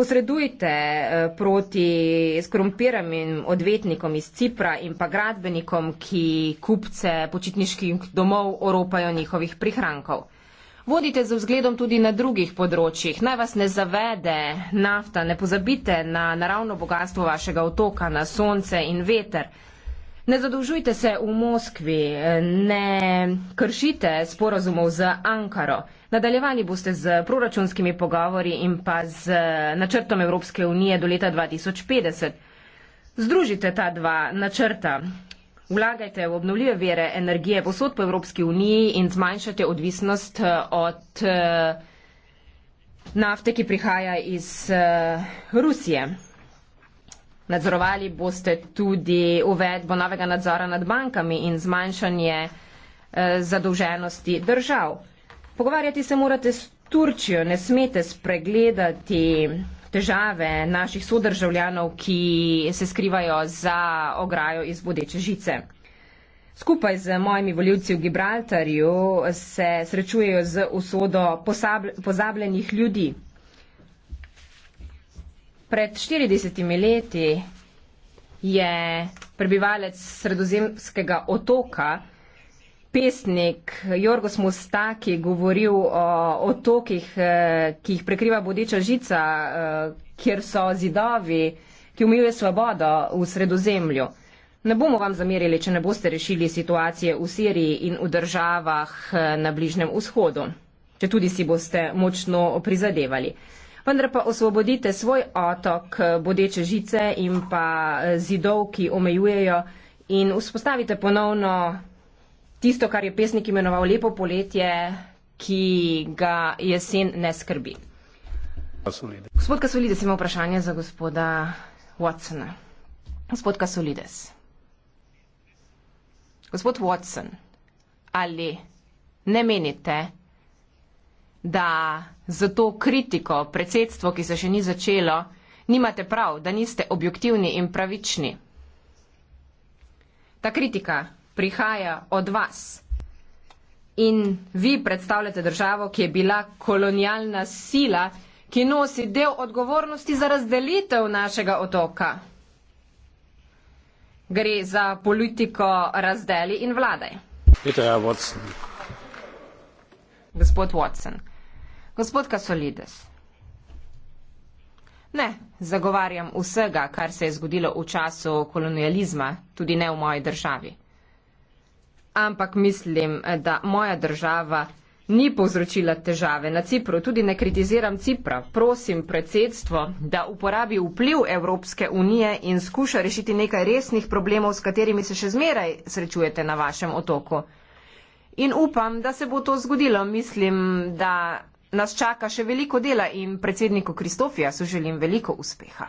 Posredujte eh, proti skorumpiranim odvetnikom iz Cipra in pa gradbenikom, ki kupce počitniških domov oropajo njihovih prihrankov. Vodite z vzgledom tudi na drugih področjih. Naj vas ne zavede nafta, ne pozabite na naravno bogatstvo vašega otoka, na sonce in veter. Ne zadolžujte se v Moskvi, ne kršite sporozumov z Ankaro. Nadaljevali boste z proračunskimi pogovori in pa z eh, načrtom Evropske unije do leta 2050. Združite ta dva načrta. Vlagajte v obnovljive vere energije posod po Evropski uniji in zmanjšate odvisnost eh, od eh, nafte, ki prihaja iz eh, Rusije. Nadzorovali boste tudi uvedbo novega nadzora nad bankami in zmanjšanje zadolženosti držav. Pogovarjati se morate s Turčijo, ne smete spregledati težave naših sodržavljanov, ki se skrivajo za ograjo iz bodeče žice. Skupaj z mojimi voljivci v Gibraltarju se srečujejo z usodo pozabljenih ljudi. Pred 40 leti je prebivalec sredozemskega otoka pesnik Jorgos Mustaki govoril o otokih, eh, ki jih prekriva bodeča žica, eh, kjer so zidovi, ki umijuje svobodo v sredozemlju. Ne bomo vam zamerili, če ne boste rešili situacije v Siriji in v državah eh, na Bližnem vzhodu, če tudi si boste močno prizadevali. Vendar pa osvobodite svoj otok bodeče žice in pa zidov, ki omejujejo in vzpostavite ponovno tisto, kar je pesnik imenoval lepo poletje, ki ga jesen ne skrbi. Kasolides. Gospod Kasolides, ima vprašanje za gospoda Watsona. Gospod Kasolides. Gospod Watson, ali ne menite, da za to kritiko, predsedstvo, ki se še ni začelo, nimate prav, da niste objektivni in pravični? Ta kritika prihaja od vas. In vi predstavljate državo, ki je bila kolonialna sila, ki nosi del odgovornosti za razdelitev našega otoka. Gre za politiko razdeli in vladaj. Peter Watson. Gospod Watson. Gospod Kasolides. Ne, zagovarjam vsega, kar se je zgodilo v času kolonializma, tudi ne v moji državi ampak mislim, da moja država ni povzročila težave na Cipru. Tudi ne kritiziram Cipra. Prosim predsedstvo, da uporabi vpliv Evropske unije in skuša rešiti nekaj resnih problemov, s katerimi se še zmeraj srečujete na vašem otoku. In upam, da se bo to zgodilo. Mislim, da nas čaka še veliko dela in predsedniku Kristofija so želim veliko uspeha.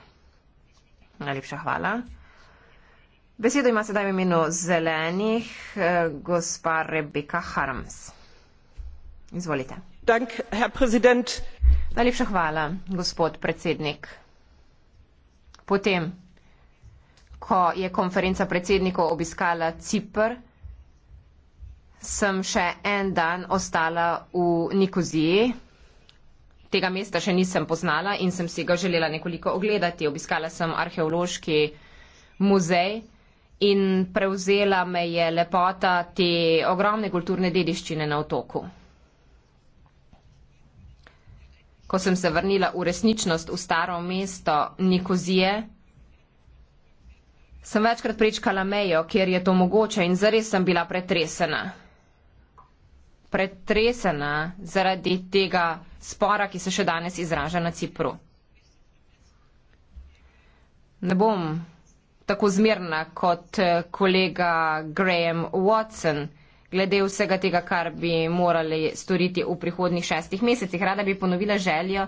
Najlepša hvala. Besedo ima sedaj v imenu zelenih eh, gospa Rebeka Harms. Izvolite. Dank, herr Najlepša hvala, gospod predsednik. Potem, ko je konferenca predsednikov obiskala Cipr, sem še en dan ostala v Nikoziji. Tega mesta še nisem poznala in sem si ga želela nekoliko ogledati. Obiskala sem arheološki muzej in prevzela me je lepota te ogromne kulturne dediščine na otoku. Ko sem se vrnila v resničnost v staro mesto Nikozije, sem večkrat prečkala mejo, kjer je to mogoče in zares sem bila pretresena. Pretresena zaradi tega spora, ki se še danes izraža na Cipru. Ne bom tako zmerna kot eh, kolega Graham Watson glede vsega tega, kar bi morali storiti v prihodnih šestih mesecih. Rada bi ponovila željo,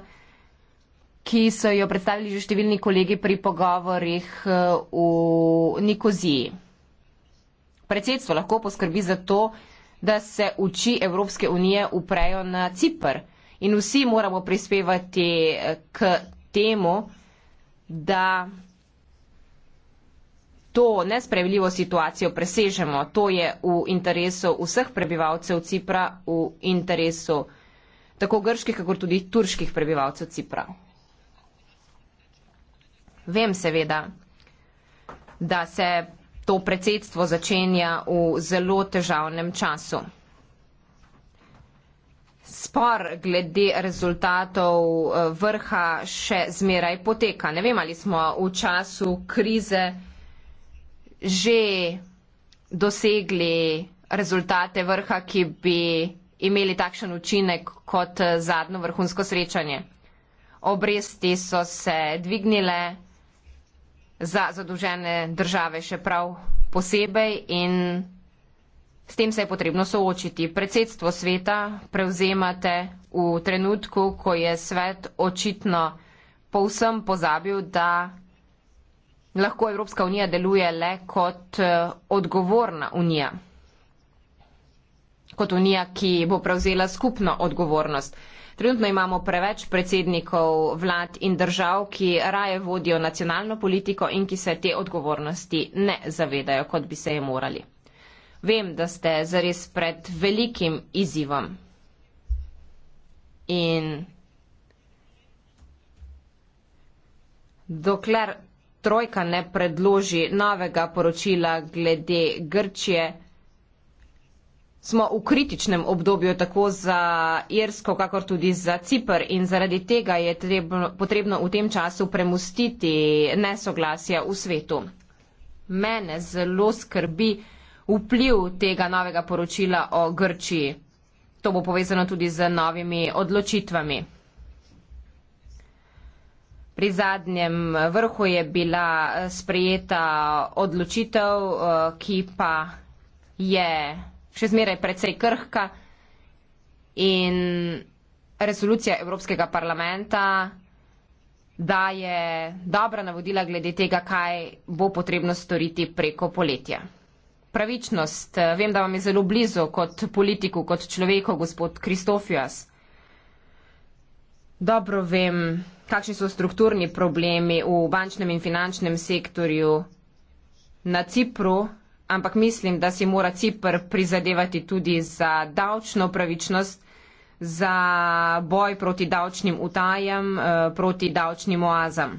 ki so jo predstavili že številni kolegi pri pogovorih eh, v Nikoziji. Predsedstvo lahko poskrbi za to, da se uči Evropske unije uprejo na Cipr in vsi moramo prispevati eh, k temu, da to nespremljivo situacijo presežemo. To je v interesu vseh prebivalcev Cipra, v interesu tako grških, kakor tudi turških prebivalcev Cipra. Vem seveda, da se to predsedstvo začenja v zelo težavnem času. Spor glede rezultatov eh, vrha še zmeraj poteka. Ne vem, ali smo v času krize že dosegli rezultate vrha, ki bi imeli takšen učinek kot zadnjo vrhunsko srečanje. Obresti so se dvignile za zadužene države še prav posebej in s tem se je potrebno soočiti. Predsedstvo sveta prevzemate v trenutku, ko je svet očitno povsem pozabil, da lahko Evropska unija deluje le kot eh, odgovorna unija. Kot unija, ki bo prevzela skupno odgovornost. Trenutno imamo preveč predsednikov vlad in držav, ki raje vodijo nacionalno politiko in ki se te odgovornosti ne zavedajo, kot bi se je morali. Vem, da ste zares pred velikim izzivom. In dokler trojka ne predloži novega poročila glede Grčije. Smo v kritičnem obdobju tako za Irsko, kakor tudi za Cipr in zaradi tega je trebno, potrebno v tem času premustiti nesoglasja v svetu. Mene zelo skrbi vpliv tega novega poročila o Grčiji. To bo povezano tudi z novimi odločitvami. Pri zadnjem vrhu je bila eh, sprejeta odločitev, eh, ki pa je še zmeraj predvsej krhka in resolucija Evropskega parlamenta daje dobra navodila glede tega, kaj bo potrebno storiti preko poletja. Pravičnost, eh, vem, da vam je zelo blizu kot politiku, kot človeku, gospod Kristofijas. Dobro vem, kakšni so strukturni problemi v bančnem in finančnem sektorju na Cipru, ampak mislim, da si mora Cipr prizadevati tudi za davčno pravičnost, za boj proti davčnim utajam, eh, proti davčnim oazam.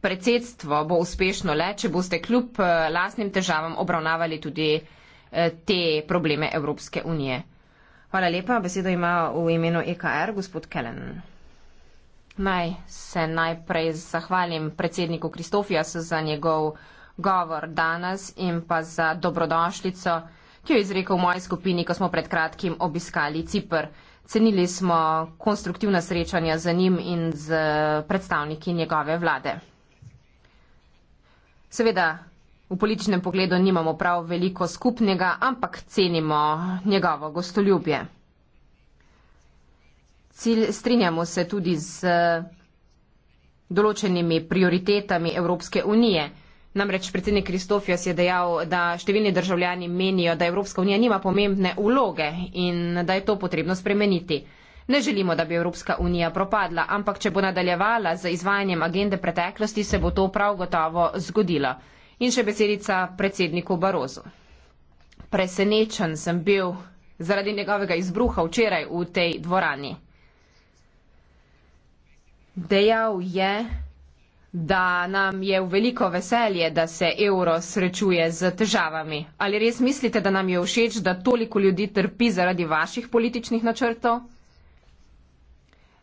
Predsedstvo bo uspešno le, če boste kljub eh, lastnim težavam obravnavali tudi eh, te probleme Evropske unije. Hvala lepa. Besedo ima v imenu EKR gospod Kellen. Naj se najprej zahvalim predsedniku Kristofijasu za njegov govor danes in pa za dobrodošlico, ki jo je izrekel v moji skupini, ko smo pred kratkim obiskali Cipr. Cenili smo konstruktivna srečanja za njim in z predstavniki njegove vlade. Seveda, v političnem pogledu nimamo prav veliko skupnega, ampak cenimo njegovo gostoljubje cilj, strinjamo se tudi z eh, določenimi prioritetami Evropske unije. Namreč predsednik Kristofjas je dejal, da številni državljani menijo, da Evropska unija nima pomembne uloge in da je to potrebno spremeniti. Ne želimo, da bi Evropska unija propadla, ampak če bo nadaljevala z izvajanjem agende preteklosti, se bo to prav gotovo zgodilo. In še besedica predsedniku Barozu. Presenečen sem bil zaradi njegovega izbruha včeraj v tej dvorani. Dejal je, da nam je v veliko veselje, da se evro srečuje z težavami. Ali res mislite, da nam je všeč, da toliko ljudi trpi zaradi vaših političnih načrtov?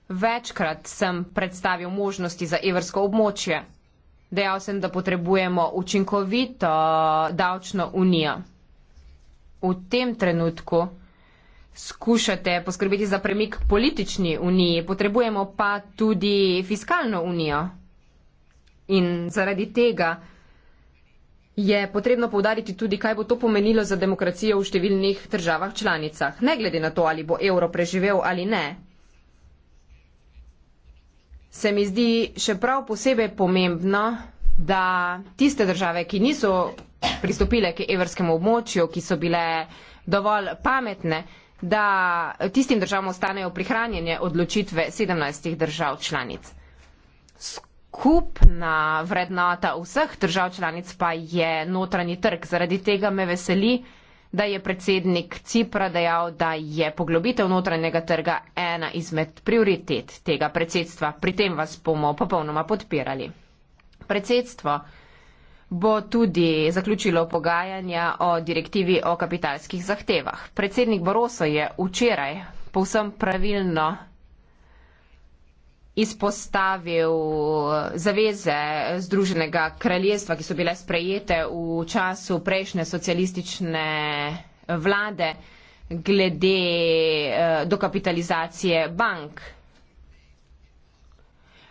Večkrat sem predstavil možnosti za evrsko območje. Dejal sem, da potrebujemo učinkovito davčno unijo. V tem trenutku skušate poskrbeti za premik politični uniji, potrebujemo pa tudi fiskalno unijo. In zaradi tega je potrebno povdariti tudi, kaj bo to pomenilo za demokracijo v številnih državah članicah, ne glede na to, ali bo evro preživel ali ne. Se mi zdi še prav posebej pomembno, da tiste države, ki niso pristopile k evrskemu območju, ki so bile dovolj pametne, da tistim državam ostanejo prihranjene odločitve 17 držav članic. Skupna vrednota vseh držav članic pa je notranji trg. Zaradi tega me veseli, da je predsednik Cipra dejal, da je poglobitev notranjega trga ena izmed prioritet tega predsedstva. Pri tem vas bomo popolnoma podpirali. Predsedstvo bo tudi zaključilo pogajanja o direktivi o kapitalskih zahtevah. Predsednik Boroso je včeraj povsem pravilno izpostavil zaveze Združenega kraljestva, ki so bile sprejete v času prejšnje socialistične vlade glede eh, dokapitalizacije bank.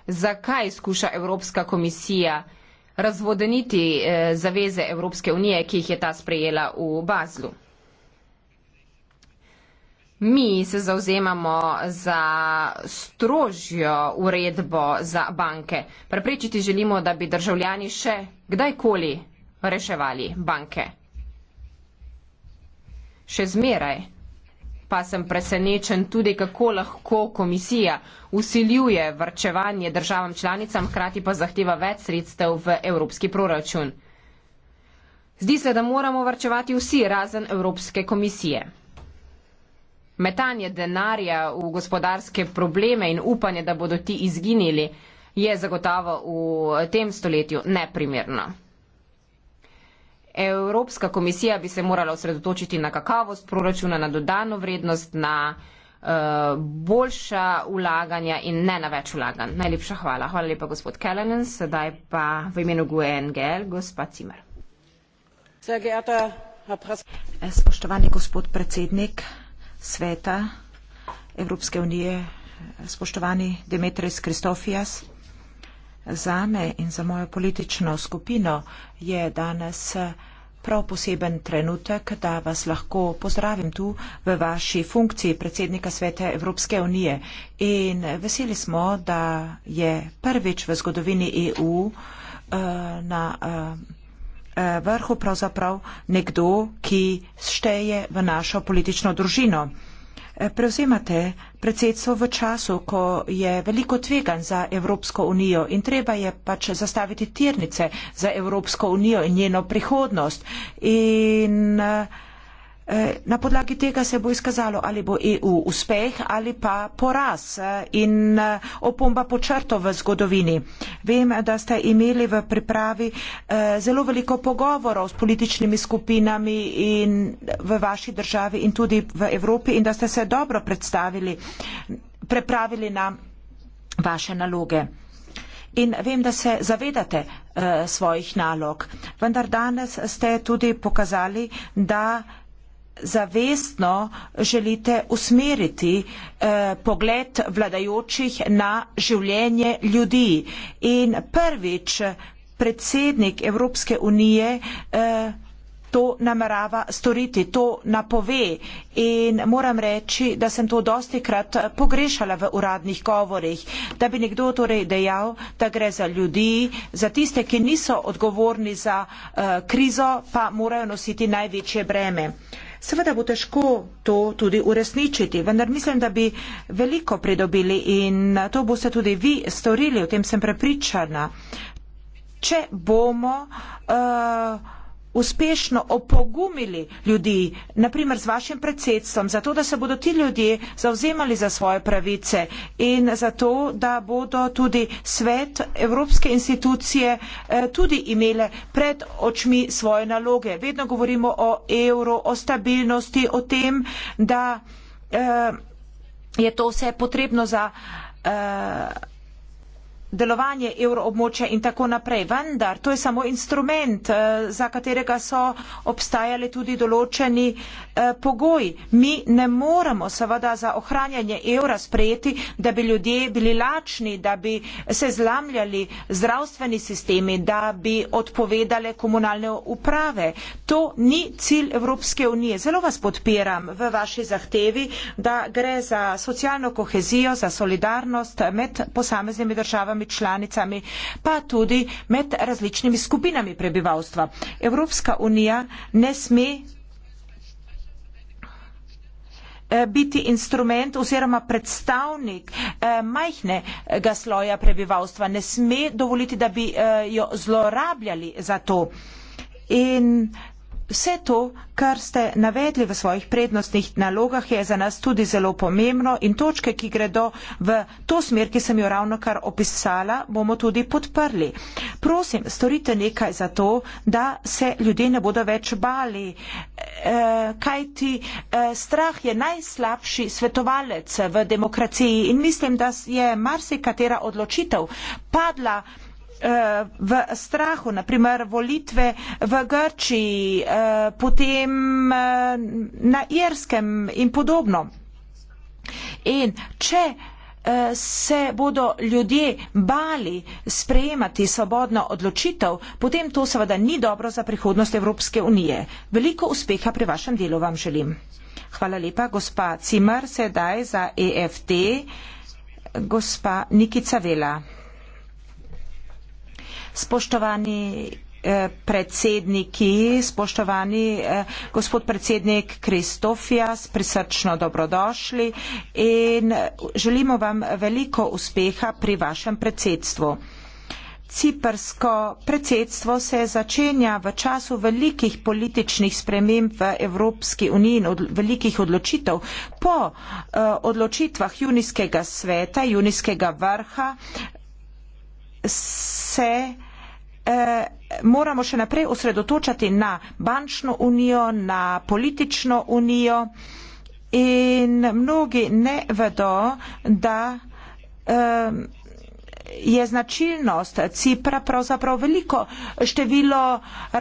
Zakaj skuša Evropska komisija razvodeniti eh, zaveze Evropske unije, ki jih je ta sprejela v Bazlu. Mi se zauzemamo za strožjo uredbo za banke. Preprečiti želimo, da bi državljani še kdajkoli reševali banke. Še zmeraj pa sem presenečen tudi, kako lahko komisija usiljuje vrčevanje državam članicam, hkrati pa zahteva več sredstev v evropski proračun. Zdi se, da moramo vrčevati vsi razen Evropske komisije. Metanje denarja v gospodarske probleme in upanje, da bodo ti izginili, je zagotovo v tem stoletju neprimerno. Evropska komisija bi se morala osredotočiti na kakavost proračuna, na dodano vrednost, na uh, boljša ulaganja in ne na več ulaganj. Najlepša hvala. Hvala lepa, gospod Kellenen. Sedaj pa v imenu GUNGL, e gospod Cimer. Eh, spoštovani gospod predsednik sveta Evropske unije, eh, spoštovani Demetres Kristofijas, Za me in za mojo politično skupino je danes prav poseben trenutek, da vas lahko pozdravim tu v vaši funkciji predsednika Sveta Evropske unije. In veseli smo, da je prvič v zgodovini EU eh, na eh, eh, vrhu pravzaprav nekdo, ki šteje v našo politično družino prevzemate predsedstvo v času, ko je veliko tvegan za Evropsko unijo in treba je pač zastaviti tirnice za Evropsko unijo in njeno prihodnost. In, uh, Eh, na podlagi tega se bo izkazalo, ali bo EU uspeh ali pa poraz eh, in eh, opomba počrto v zgodovini. Vem, da ste imeli v pripravi zelo veliko pogovorov s političnimi skupinami in v vaši državi in tudi v Evropi in da ste se dobro predstavili, prepravili na vaše naloge. In vem, da se zavedate svojih nalog, vendar danes ste tudi pokazali, da zavestno želite usmeriti eh, pogled vladajočih na življenje ljudi. In prvič predsednik Evropske unije eh, to namerava storiti, to napove. In moram reči, da sem to dosti krat pogrešala v uradnih govorih, da bi nekdo torej dejal, da gre za ljudi, za tiste, ki niso odgovorni za eh, krizo, pa morajo nositi največje breme. Eh, Seveda bo težko to tudi uresničiti, vendar mislim, da bi veliko pridobili in to boste tudi vi storili, o tem sem prepričana. Če bomo uh, uspešno opogumili ljudi, naprimer z vašim predsedstvom, zato da se bodo ti ljudje zauzemali za svoje pravice in zato, da bodo tudi svet evropske institucije eh, tudi imele pred očmi svoje naloge. Vedno govorimo o evro, o stabilnosti, o tem, da eh, je to vse potrebno za eh, delovanje evroobmočja in tako naprej. Vendar to je samo instrument, eh, za katerega so obstajali tudi določeni eh, pogoji. Mi ne moremo seveda za ohranjanje evra sprejeti, da bi ljudje bili lačni, da bi se zlamljali zdravstveni sistemi, da bi odpovedale komunalne uprave. To ni cilj Evropske unije. Zelo vas podpiram v vaši zahtevi, da gre za socialno kohezijo, za solidarnost med posameznimi državami članicami, pa tudi med različnimi skupinami prebivalstva. Evropska unija ne sme eh, biti instrument oziroma predstavnik eh, majhnega sloja prebivalstva. Ne sme dovoliti, da bi eh, jo zlorabljali za to. In Vse to, kar ste navedli v svojih prednostnih nalogah, je za nas tudi zelo pomembno in točke, ki gredo v to smer, ki sem jo ravno kar opisala, bomo tudi podprli. Prosim, storite nekaj za to, da se ljudje ne bodo več bali, e, kajti e, strah je najslabši svetovalec v demokraciji in mislim, da je marsikatera odločitev padla Eh, v strahu, naprimer volitve v Grčiji, eh, potem eh, na Irskem in podobno. In če se bodo ljudje bali sprejemati svobodno odločitev, potem to seveda ni dobro za prihodnost Evropske unije. Veliko uspeha pri vašem delu vam želim. Hvala lepa, gospa Cimer, sedaj za EFT, gospa Nikica Vela. Spoštovani eh, predsedniki, spoštovani eh, gospod predsednik Kristofijas, prisrčno dobrodošli in eh, želimo vam veliko uspeha pri vašem predsedstvu. Ciprsko predsedstvo se začenja v času velikih političnih sprememb v Evropski uniji in od, velikih odločitev. Po uh, odločitvah junijskega sveta, junijskega vrha, se Eh, moramo še naprej osredotočati na bančno unijo, na politično unijo in mnogi ne vedo, da. Eh, je značilnost Cipra pravzaprav veliko število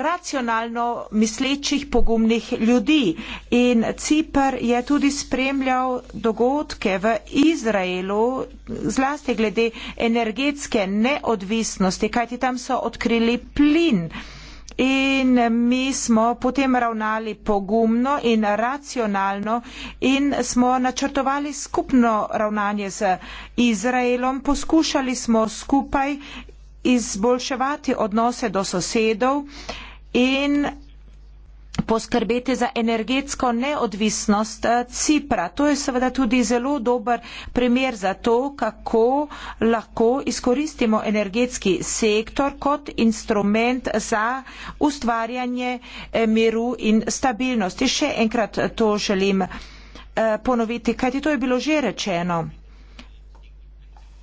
racionalno mislečih pogumnih ljudi. In Cipr je tudi spremljal dogodke v Izraelu, zlasti glede energetske neodvisnosti, kajti tam so odkrili plin in mi smo potem ravnali pogumno in racionalno in smo načrtovali skupno ravnanje z Izraelom, poskušali smo skupaj izboljševati odnose do sosedov in poskrbeti za energetsko neodvisnost eh, Cipra. To je seveda tudi zelo dober primer za to, kako lahko izkoristimo energetski sektor kot instrument za ustvarjanje eh, miru in stabilnosti. Še enkrat to želim eh, ponoviti, kajti to je bilo že rečeno.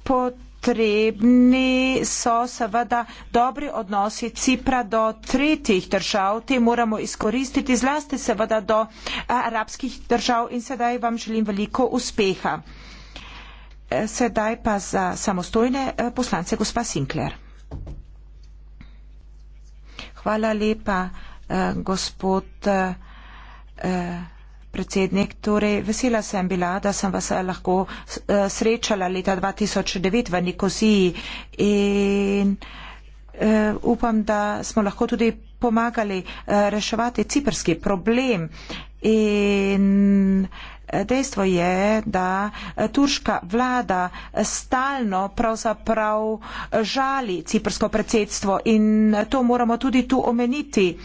Potem potrebni so seveda dobri odnosi Cipra do tretjih držav. Te moramo izkoristiti zlasti seveda do eh, arabskih držav in sedaj vam želim veliko uspeha. Eh, sedaj pa za samostojne eh, poslance gospa Sinkler. Hvala lepa, gospod predsednik. Torej, vesela sem bila, da sem vas eh, lahko eh, srečala leta 2009 v Nikoziji in eh, upam, da smo lahko tudi pomagali reševati ciperski problem. In dejstvo je, da turška vlada stalno pravzaprav žali ciprsko predsedstvo in to moramo tudi tu omeniti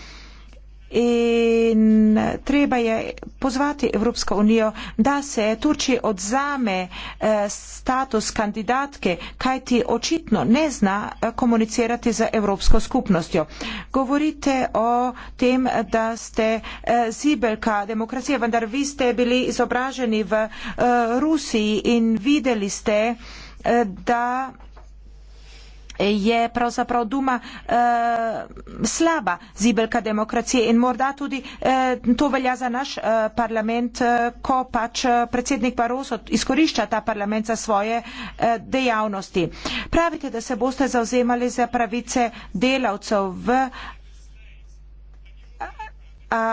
in treba je pozvati Evropsko unijo, da se Turčiji odzame eh, status kandidatke, kaj ti očitno ne zna eh, komunicirati z Evropsko skupnostjo. Govorite o tem, da ste eh, zibelka demokracije, vendar vi ste bili izobraženi v Rusiji in videli ste, da je pravzaprav Duma eh, slaba zibelka demokracije in morda tudi eh, to velja za naš eh, parlament, eh, ko pač eh, predsednik Barroso izkorišča ta parlament za svoje eh, dejavnosti. Pravite, da se boste zauzemali za pravice delavcev v. A, a,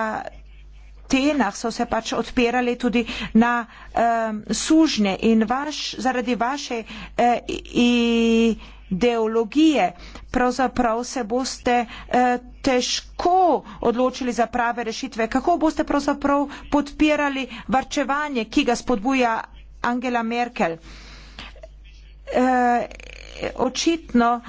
tenah so se pač odpirali tudi na um, sužnje in vaš, zaradi vaše uh, ideologije pravzaprav se boste uh, težko odločili za prave rešitve. Kako boste pravzaprav podpirali varčevanje, ki ga spodbuja Angela Merkel? Uh, očitno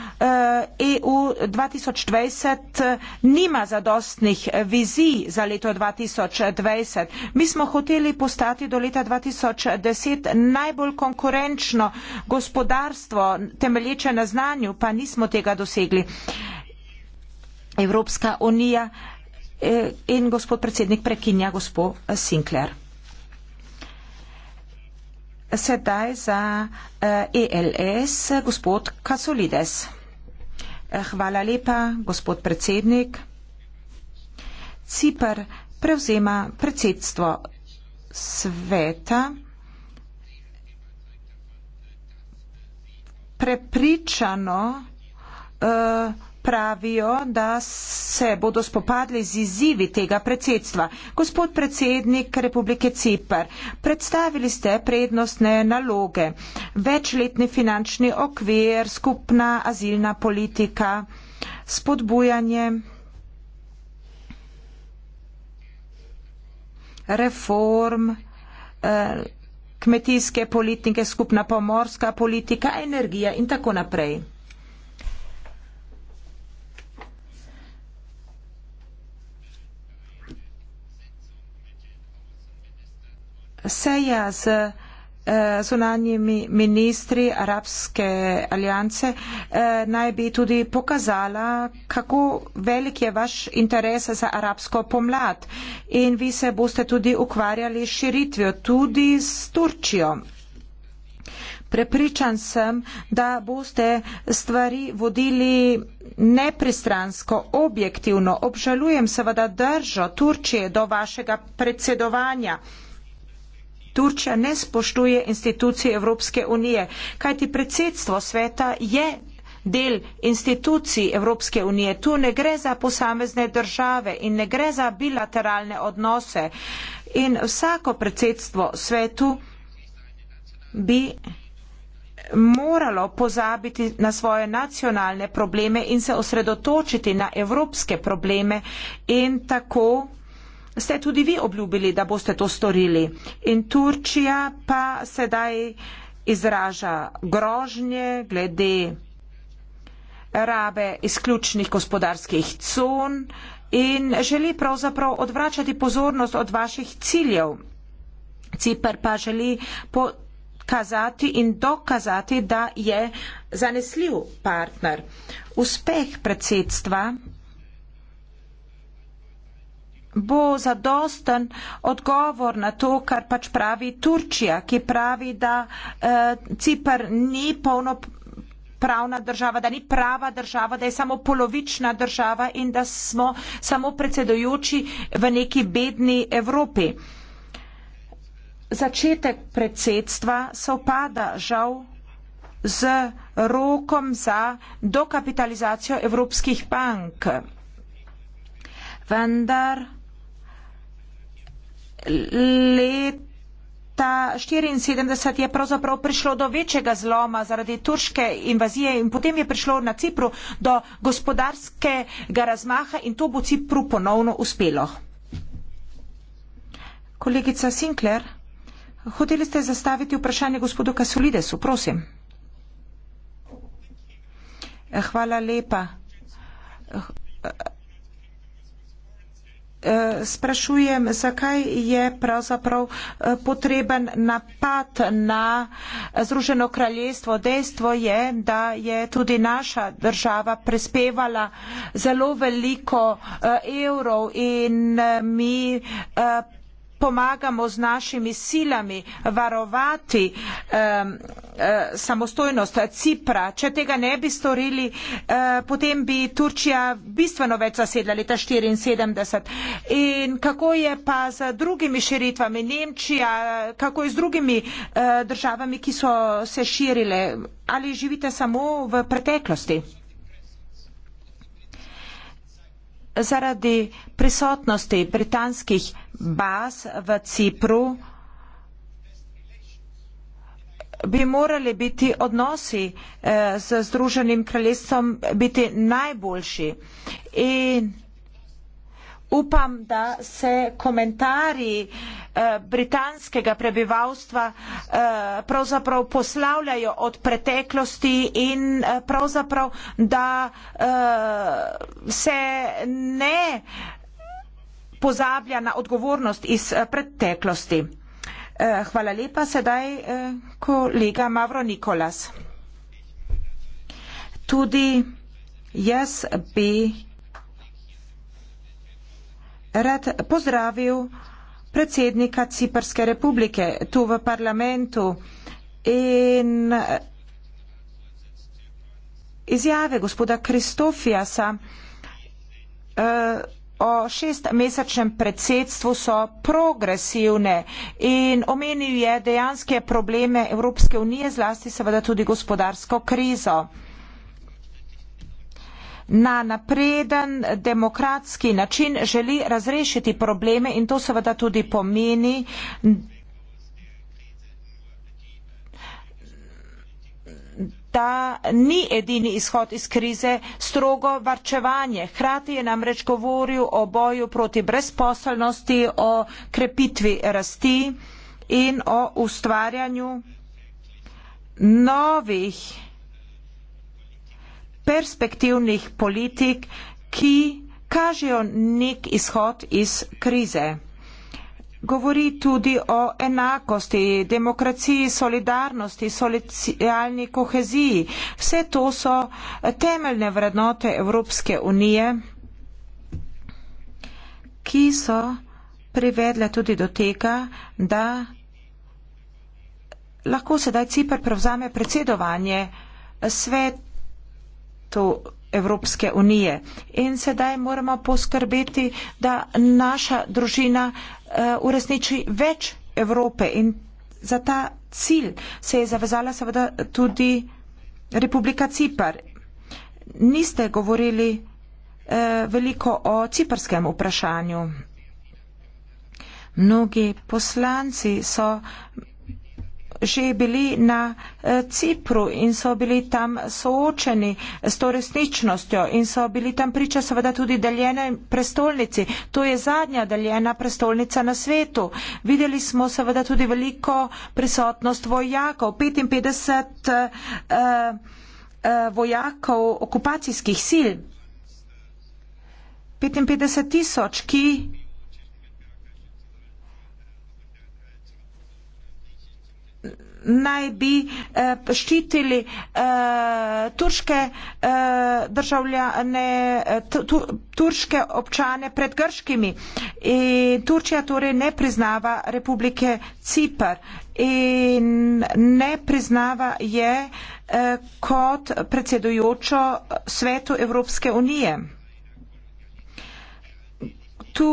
EU eh, e 2020 eh, nima zadostnih eh, vizij za leto 2020. Mi smo hoteli postati do leta 2010 najbolj konkurenčno gospodarstvo, temelječe na znanju, pa nismo tega dosegli. Evropska unija in gospod predsednik prekinja gospod Sinclair. Sedaj za ELS, eh, e gospod Kasolides. Eh, hvala lepa, gospod predsednik. Cipr prevzema predsedstvo sveta. Prepričano uh, pravijo, da se bodo spopadli z izzivi tega predsedstva. Gospod predsednik Republike Cipr, predstavili ste prednostne naloge, večletni finančni okvir, skupna azilna politika, spodbujanje reform, eh, kmetijske politike, skupna pomorska politika, energija in tako naprej. seja z eh, zunanjimi ministri Arabske alijance eh, naj bi tudi pokazala, kako velik je vaš interes za arabsko pomlad in vi se boste tudi ukvarjali s širitvijo tudi s Turčijo. Prepričan sem, da boste stvari vodili nepristransko, objektivno. Obžalujem seveda držo Turčije do vašega predsedovanja. Turčija ne spoštuje institucije Evropske unije, kajti predsedstvo sveta je del institucij Evropske unije. Tu ne gre za posamezne države in ne gre za bilateralne odnose. In vsako predsedstvo svetu bi moralo pozabiti na svoje nacionalne probleme in se osredotočiti na evropske probleme in tako ste tudi vi obljubili, da boste to storili. In Turčija pa sedaj izraža grožnje glede rabe izključnih gospodarskih con in želi pravzaprav odvračati pozornost od vaših ciljev. Cipr pa želi pokazati in dokazati, da je zanesljiv partner. Uspeh predsedstva bo zadosten odgovor na to, kar pač pravi Turčija, ki pravi, da eh, Cipr ni polno pravna država, da ni prava država, da je samo polovična država in da smo samo predsedojoči v neki bedni Evropi. Začetek predsedstva se opada žal z rokom za dokapitalizacijo evropskih bank. Vendar leta 1974 je pravzaprav prišlo do večjega zloma zaradi turške invazije in potem je prišlo na Cipru do gospodarskega razmaha in to bo Cipru ponovno uspelo. Kolegica Sinkler, hoteli ste zastaviti vprašanje gospodu Kasulidesu, prosim. Hvala lepa. Eh, sprašujem, zakaj je pravzaprav eh, potreben napad na eh, Združeno kraljestvo. Dejstvo je, da je tudi naša država prispevala zelo veliko evrov in mi pomagamo z našimi silami varovati um, samostojnost Cipra. Če tega ne bi storili, uh, potem bi Turčija bistveno več zasedla leta 1974. In kako je pa z drugimi širitvami Nemčija, kako je z drugimi uh, državami, ki so se širile? Ali živite samo v preteklosti? Zaradi prisotnosti britanskih baz v Cipru bi morali biti odnosi eh, z Združenim kraljestvom biti najboljši. In upam, da se komentarji eh, britanskega prebivalstva eh, pravzaprav poslavljajo od preteklosti in pravzaprav, da se ne pozablja na odgovornost iz eh, preteklosti. Eh, hvala lepa sedaj eh, kolega Mavro Nikolas. Tudi jaz bi rad pozdravil predsednika Ciperske republike tu v parlamentu in izjave gospoda Kristofijasa. Uh, o šestmesečnem predsedstvu so progresivne in omenil je dejanske probleme Evropske unije, zlasti seveda tudi gospodarsko krizo. Na napreden demokratski način želi razrešiti probleme in to seveda tudi pomeni, da ni edini izhod iz krize strogo varčevanje. Hrati je namreč govoril o boju proti brezposelnosti, o krepitvi rasti in o ustvarjanju novih perspektivnih politik, ki kažejo nek izhod iz krize govori tudi o enakosti, demokraciji, solidarnosti, socialni koheziji. Vse to so temeljne vrednote Evropske unije, ki so privedle tudi do tega, da lahko sedaj Cipr prevzame predsedovanje svetu Evropske unije. In sedaj moramo poskrbeti, da naša družina uh, uresniči več Evrope in za ta cilj se je zavezala seveda tudi Republika Cipar. Niste govorili uh, veliko o ciparskem vprašanju. Mnogi poslanci so že bili na eh, Cipru in so bili tam soočeni s to resničnostjo in so bili tam priča seveda tudi deljene prestolnici. To je zadnja deljena prestolnica na svetu. Videli smo seveda tudi veliko prisotnost vojakov. 55 eh, eh, vojakov okupacijskih sil, 55 tisoč, ki naj bi eh, ščitili eh, turške eh, državljane, turške občane pred grškimi. In Turčija torej ne priznava republike Cipr in ne priznava je kot predsedujočo svetu Evropske unije. Tu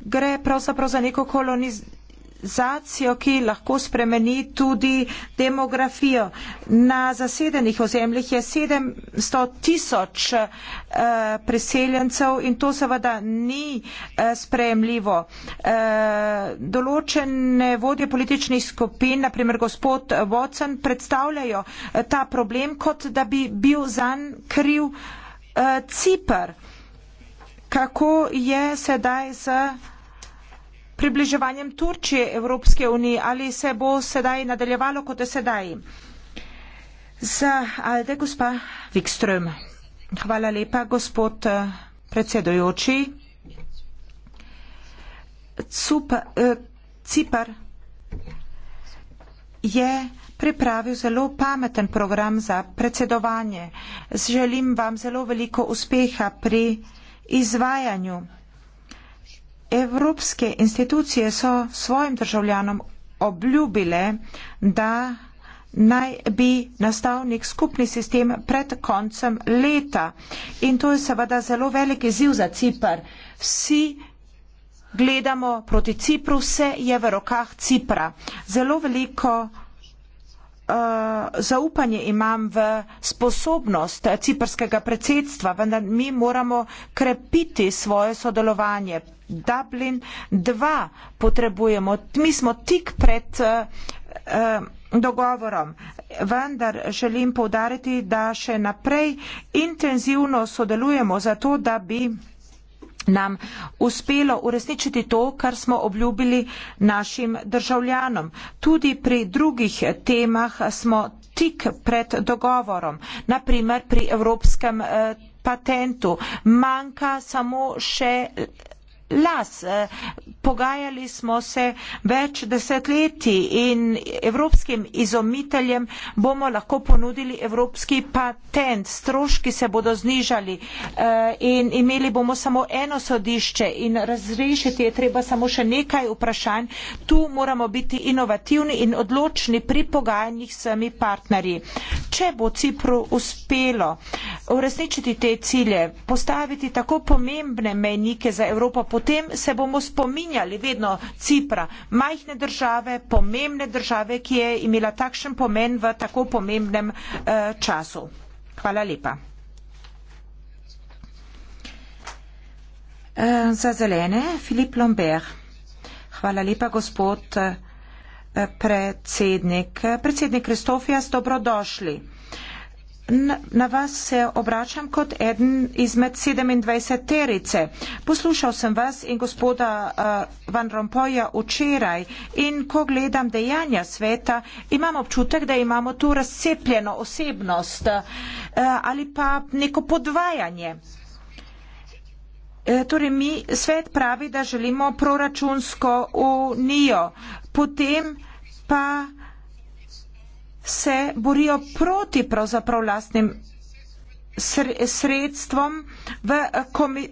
gre pravzaprav za neko kolonizacijo urbanizacijo, ki lahko spremeni tudi demografijo. Na zasedenih ozemljih je 700 tisoč uh, preseljencev in to seveda ni uh, eh, spremljivo. Uh, eh, določene vodje političnih skupin, naprimer gospod Watson, predstavljajo ta problem, kot da bi bil zanj kriv uh, Cipr. Kako je sedaj z približevanjem Turčije Evropske unije, ali se bo sedaj nadaljevalo kot je sedaj. Za Alde, gospa Vikström. Hvala lepa, gospod eh, predsedojoči. Cupa, eh, Cipar je pripravil zelo pameten program za predsedovanje. Želim vam zelo veliko uspeha pri izvajanju evropske institucije so svojim državljanom obljubile, da naj bi nastal nek skupni sistem pred koncem leta. In to je seveda zelo velik izziv za Cipr. Vsi gledamo proti Cipru, vse je v rokah Cipra. Zelo veliko uh, zaupanje imam v sposobnost ciprskega predsedstva, vendar mi moramo krepiti svoje sodelovanje. Dublin 2 potrebujemo. Mi smo tik pred eh, eh, dogovorom, vendar želim povdariti, da še naprej intenzivno sodelujemo za to, da bi nam uspelo uresničiti to, kar smo obljubili našim državljanom. Tudi pri drugih temah smo tik pred dogovorom, naprimer pri evropskem eh, patentu. Manjka samo še las. Eh, pogajali smo se več desetletij in evropskim izomiteljem bomo lahko ponudili evropski patent. Stroški se bodo znižali eh, in imeli bomo samo eno sodišče in razrešiti je treba samo še nekaj vprašanj. Tu moramo biti inovativni in odločni pri pogajanjih s vami partnerji. Če bo Cipru uspelo uresničiti te cilje, postaviti tako pomembne mejnike za Evropo, potem se bomo spominjali vedno Cipra, majhne države, pomembne države, ki je imela takšen pomen v tako pomembnem eh, času. Hvala lepa. Eh, za zelene, Filip Lomber. Hvala lepa, gospod eh, predsednik. Predsednik Kristofijas, dobrodošli. Na vas se obračam kot eden izmed 27 terice. Poslušal sem vas in gospoda uh, Van Rompoja včeraj in ko gledam dejanja sveta, imam občutek, da imamo tu razcepljeno osebnost uh, ali pa neko podvajanje. Eh, torej, mi svet pravi, da želimo proračunsko unijo, potem pa uh, se borijo proti pravzaprav lastnim sredstvom v, eh, komi,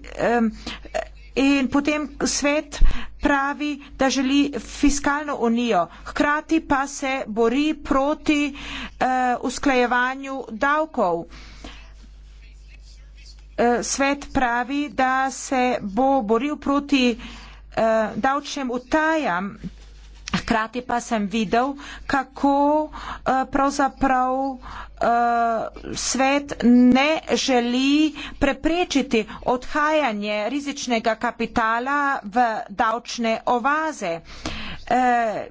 in potem svet pravi, da želi fiskalno unijo, hkrati pa se bori proti uh, usklajevanju davkov. Eh, svet pravi, da se bo boril proti uh, davčnim utajam Hkrati pa sem videl, kako eh, pravzaprav eh, svet ne želi preprečiti odhajanje rizičnega kapitala v davčne ovaze. Eh,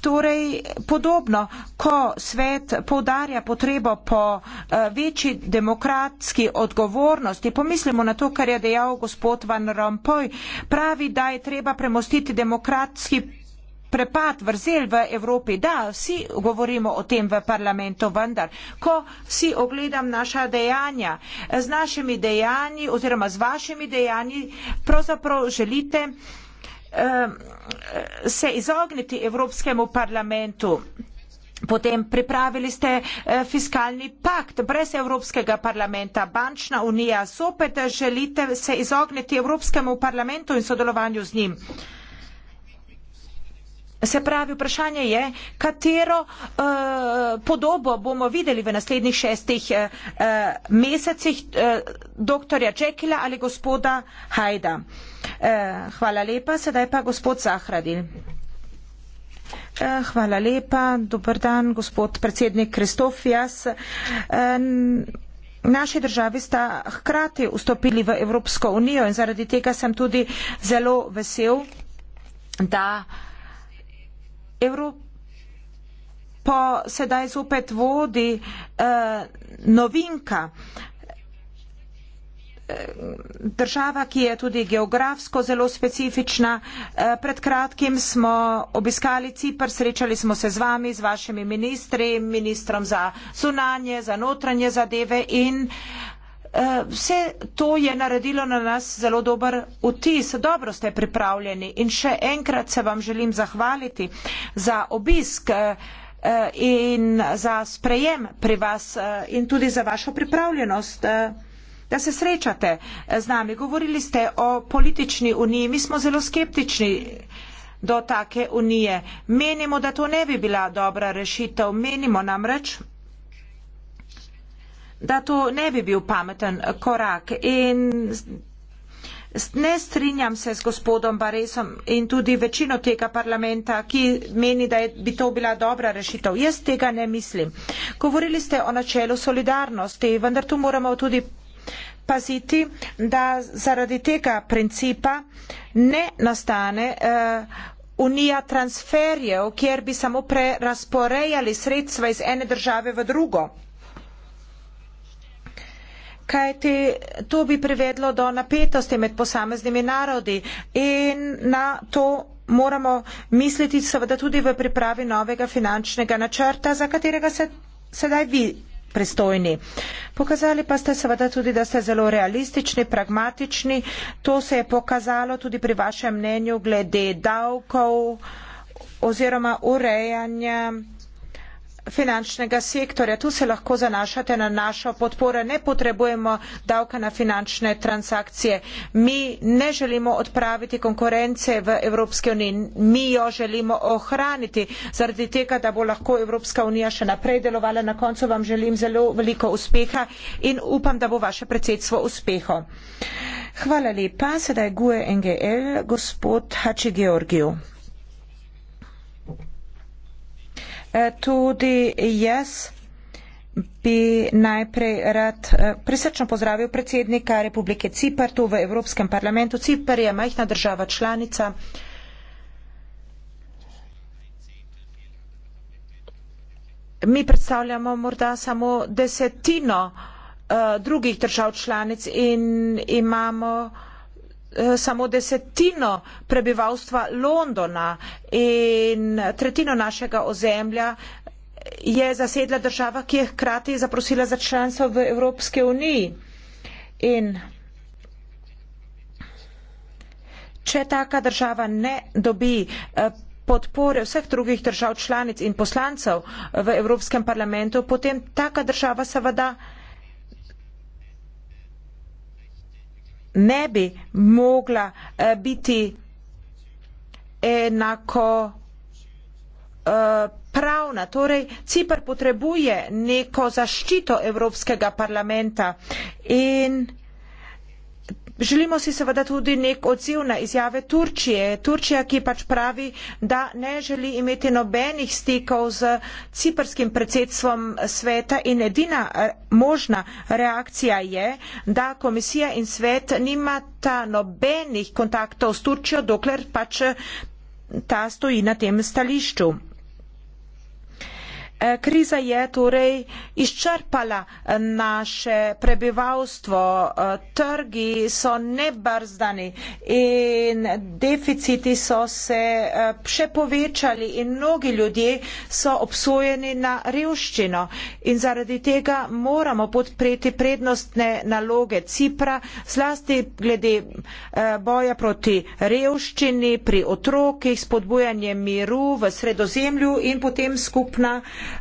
Torej, podobno, ko svet povdarja potrebo po eh, večji demokratski odgovornosti, pomislimo na to, kar je dejal gospod Van Rompuy, pravi, da je treba premostiti demokratski prepad vrzel v Evropi. Da, vsi govorimo o tem v parlamentu, vendar, ko si ogledam naša dejanja, z našimi dejanji oziroma z vašimi dejanji, pravzaprav želite uh, uh, se izogniti Evropskemu parlamentu. Potem pripravili ste e, fiskalni pakt brez Evropskega parlamenta. Bančna unija, sopet želite se izogniti Evropskemu parlamentu in sodelovanju z njim. Se pravi, vprašanje je, katero uh, podobo bomo videli v naslednjih šestih uh, mesecih uh, dr. Čekila ali gospoda Hajda. Uh, Eh, hvala lepa, sedaj pa gospod Zahradil. Eh, hvala lepa, dober dan, gospod predsednik Kristofijas. Eh, naši državi sta hkrati vstopili v Evropsko unijo in zaradi tega sem tudi zelo vesel, da Evropa sedaj zopet vodi eh, novinka. Eh, država, ki je tudi geografsko zelo specifična. Eh, pred kratkim smo obiskali Cipr, srečali smo se z vami, z vašimi ministri, ministrom za sunanje, za notranje zadeve in eh, vse to je naredilo na nas zelo dober vtis. Dobro ste pripravljeni in še enkrat se vam želim zahvaliti za obisk eh, in za sprejem pri vas in tudi za vašo pripravljenost da se srečate eh, z nami. Govorili ste o politični uniji. Mi smo zelo skeptični do take unije. Menimo, da to ne bi bila dobra rešitev. Menimo namreč, da to ne bi bil pameten korak. In ne strinjam se s gospodom Baresom in tudi večino tega parlamenta, ki meni, da je, bi to bila dobra rešitev. Jaz tega ne mislim. Govorili ste o načelu solidarnosti, vendar tu moramo tudi paziti, da zaradi tega principa ne nastane uh, unija transferjev, kjer bi samo prerasporejali sredstva iz ene države v drugo. Kajti to bi privedlo do napetosti med posameznimi narodi in na to moramo misliti seveda tudi v pripravi novega finančnega načrta, za katerega se sedaj vi pristojni. Pokazali pa ste seveda tudi, da ste zelo realistični, pragmatični. To se je pokazalo tudi pri vašem mnenju glede davkov oziroma urejanja finančnega sektorja. Tu se lahko zanašate na našo podporo. Ne potrebujemo davka na finančne transakcije. Mi ne želimo odpraviti konkurence v Evropski uniji. Mi jo želimo ohraniti zaradi tega, da bo lahko Evropska unija še naprej delovala. Na koncu vam želim zelo veliko uspeha in upam, da bo vaše predsedstvo uspeho. Hvala lepa. Sedaj guje NGL gospod Hači Georgiju. Eh, tudi jaz bi najprej rad eh, prisrčno pozdravil predsednika Republike Cipr tu v Evropskem parlamentu. Cipr je majhna država članica. Mi predstavljamo morda samo desetino uh, drugih držav članic in imamo uh, Eh, samo desetino prebivalstva londona in tretjino našega ozemlja je zasedla država ki je hkrati zaprosila za članstvo v evropski uniji in če taka država ne dobi eh, podpore vseh drugih držav članic in poslancev eh, v evropskem parlamentu potem taka država seveda ne bi mogla eh, biti enako eh, pravna. Torej, Cipr potrebuje neko zaščito Evropskega parlamenta in Želimo si seveda tudi nek odziv na izjave Turčije. Turčija, ki pač pravi, da ne želi imeti nobenih stikov z ciprskim predsedstvom sveta in edina eh, možna reakcija je, da komisija in svet nimata nobenih kontaktov s Turčijo, dokler pač ta stoji na tem stališču. Eh, kriza je torej izčrpala eh, naše prebivalstvo, eh, trgi so nebrzdani in deficiti so se še povečali in mnogi ljudje so obsojeni na revščino. In zaradi tega moramo podpreti prednostne naloge Cipra, zlasti glede boja proti revščini pri otrokih, spodbujanje miru v sredozemlju in potem skupna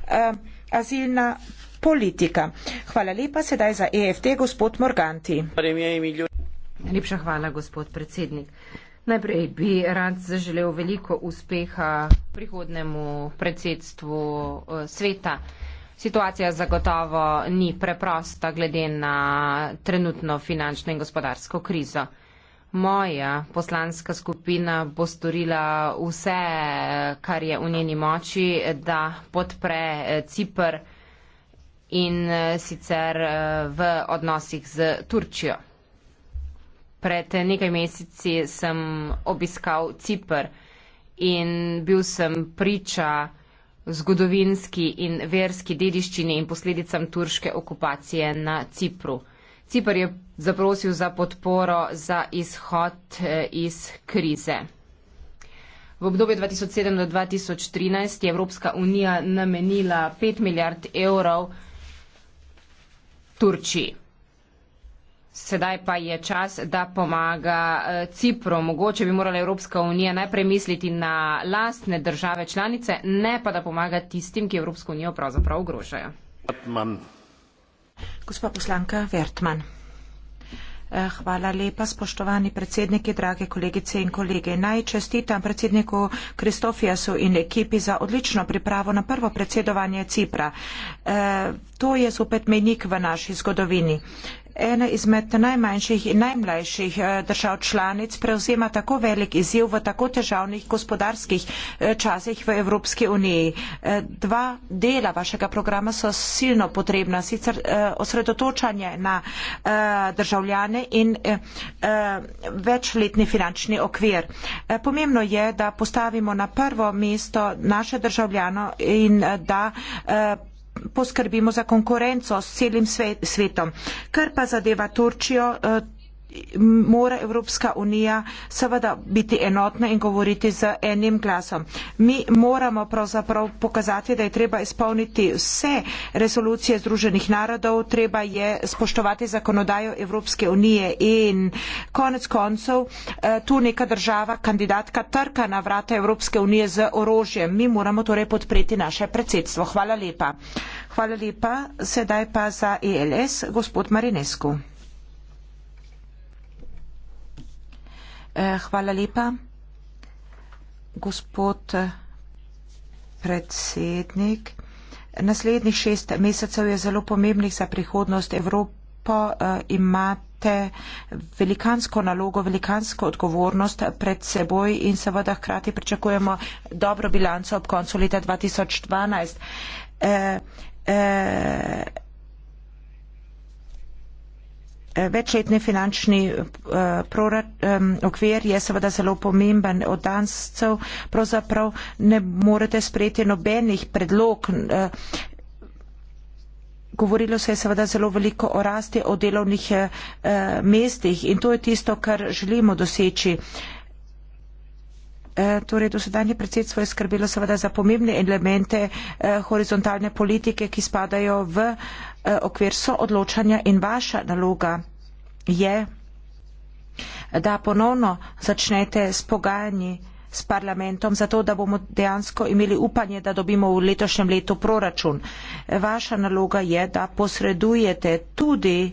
uh, azilna politika. Hvala lepa sedaj za EFT, gospod Morganti. Najlepša hvala, gospod predsednik. Najprej bi rad zaželel veliko uspeha prihodnemu predsedstvu eh, sveta. Situacija zagotovo ni preprosta glede na trenutno finančno in gospodarsko krizo moja poslanska skupina bo storila vse, kar je v njeni moči, da podpre eh, Cipr in eh, sicer eh, v odnosih z Turčijo. Pred nekaj meseci sem obiskal Cipr in bil sem priča zgodovinski in verski dediščini in posledicam turške okupacije na Cipru. Cipr je zaprosil za podporo za izhod eh, iz krize. V obdobju 2007 do 2013 je Evropska unija namenila 5 milijard evrov Turčiji. Sedaj pa je čas, da pomaga eh, Cipru. Mogoče bi morala Evropska unija najprej misliti na lastne države članice, ne pa da pomaga tistim, ki Evropsko unijo pravzaprav ogrožajo. Gospa poslanka Vertman. Eh, hvala lepa, spoštovani predsedniki, drage kolegice in kolege. Naj čestitam predsedniku Kristofijasu in ekipi za odlično pripravo na prvo predsedovanje Cipra. E, to je zopet menik v naši zgodovini ena izmed najmanjših in najmlajših eh, držav članic prevzema tako velik izjiv v tako težavnih gospodarskih eh, časih v Evropski uniji. Eh, dva dela vašega programa so silno potrebna, sicer osredotočanje na državljane in večletni finančni okvir. Pomembno je, da postavimo na prvo mesto naše državljano in da poskrbimo za konkurenco s celim svetom. Kar pa zadeva Turčijo, eh, mora Evropska unija seveda biti enotna in govoriti z enim glasom. Mi moramo pravzaprav pokazati, da je treba izpolniti vse resolucije Združenih narodov, treba je spoštovati zakonodajo Evropske unije in konec koncev eh, tu neka država, kandidatka, trka na vrata Evropske unije z orožjem. Mi moramo torej podpreti naše predsedstvo. Hvala lepa. Hvala lepa. Sedaj pa za ELS gospod Marinesku. Eh, hvala lepa. Gospod eh, predsednik, naslednjih šest mesecev je zelo pomembnih za prihodnost Evropo. Eh, imate velikansko nalogo, velikansko odgovornost pred seboj in seveda hkrati pričakujemo dobro bilanco ob koncu leta 2012. E, e, Večletni finančni eh, okvir je seveda zelo pomemben od danscev. Pravzaprav ne morete sprejeti nobenih predlog. Eh, govorilo se je seveda zelo veliko o rasti, o delovnih eh, mestih in to je tisto, kar želimo doseči. Torej, dosedanje predsedstvo je skrbilo seveda za pomembne elemente horizontalne politike, ki spadajo v. Eh, okvir soodločanja in vaša naloga je, da ponovno začnete s pogajanji s parlamentom, zato da bomo dejansko imeli upanje, da dobimo v letošnjem letu proračun. Vaša naloga je, da posredujete tudi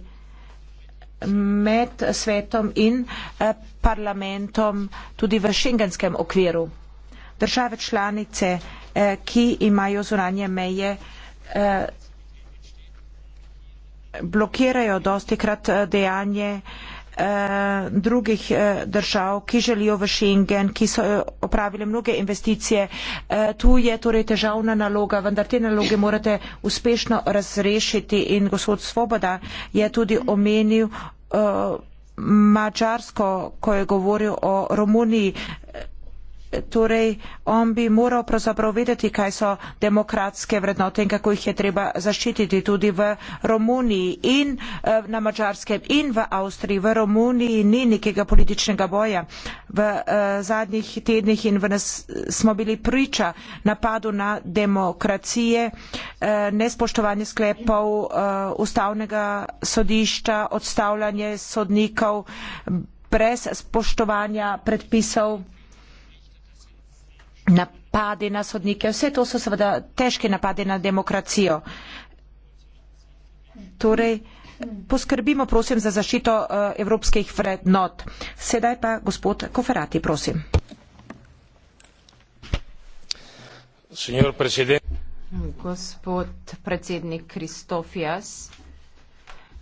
med svetom in eh, parlamentom tudi v šengenskem okviru. Države članice, eh, ki imajo zunanje meje, blokirajo dosti krat eh, dejanje eh, drugih eh, držav, ki želijo v Schengen, ki so opravili mnoge investicije. Tu je torej težavna naloga, vendar te naloge morate uspešno razrešiti in gospod Svoboda je tudi omenil Mačarsko, ko je govoril o Romuniji torej on bi moral pravzaprav vedeti, kaj so demokratske vrednote in kako jih je treba zaščititi tudi v Romuniji in eh, na Mačarskem in v Avstriji. V Romuniji ni nekega političnega boja. V eh, zadnjih tednih in v nas smo bili priča napadu na demokracije, eh, nespoštovanje sklepov ustavnega sodišča, odstavljanje sodnikov brez spoštovanja predpisov napade na sodnike, vse to so seveda težke napade na demokracijo. Torej, poskrbimo, prosim, za zaščito uh, evropskih vrednot. Sedaj pa gospod Koferati, prosim. Gospod predsednik Kristofijas,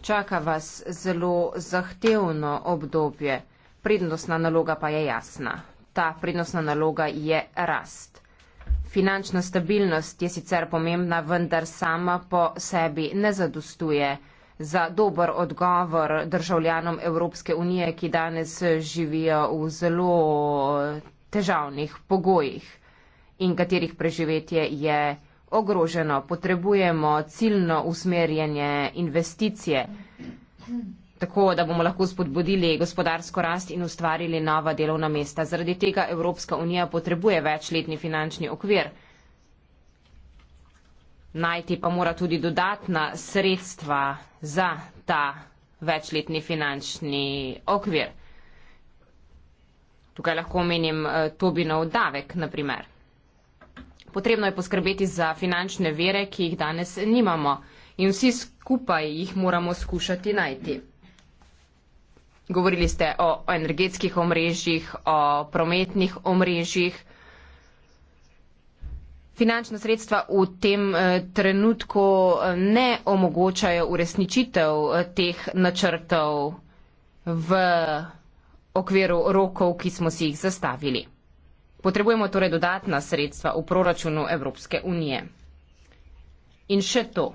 čaka vas zelo zahtevno obdobje. Prednostna naloga pa je jasna ta prednostna naloga je rast. Finančna stabilnost je sicer pomembna, vendar sama po sebi ne zadostuje. Za dober odgovor državljanom Evropske unije, ki danes živijo v zelo težavnih pogojih in katerih preživetje je ogroženo, potrebujemo ciljno usmerjanje investicije tako, da bomo lahko spodbudili gospodarsko rast in ustvarili nova delovna mesta. Zaradi tega Evropska unija potrebuje večletni finančni okvir. Najti pa mora tudi dodatna sredstva za ta večletni finančni okvir. Tukaj lahko omenim eh, Tobinov davek, naprimer. Potrebno je poskrbeti za finančne vere, ki jih danes nimamo in vsi skupaj jih moramo skušati najti. Govorili ste o energetskih omrežjih, o prometnih omrežjih. Finančna sredstva v tem eh, trenutku eh, ne omogočajo uresničitev eh, teh načrtov v okviru rokov, ki smo si jih zastavili. Potrebujemo torej dodatna sredstva v proračunu Evropske unije. In še to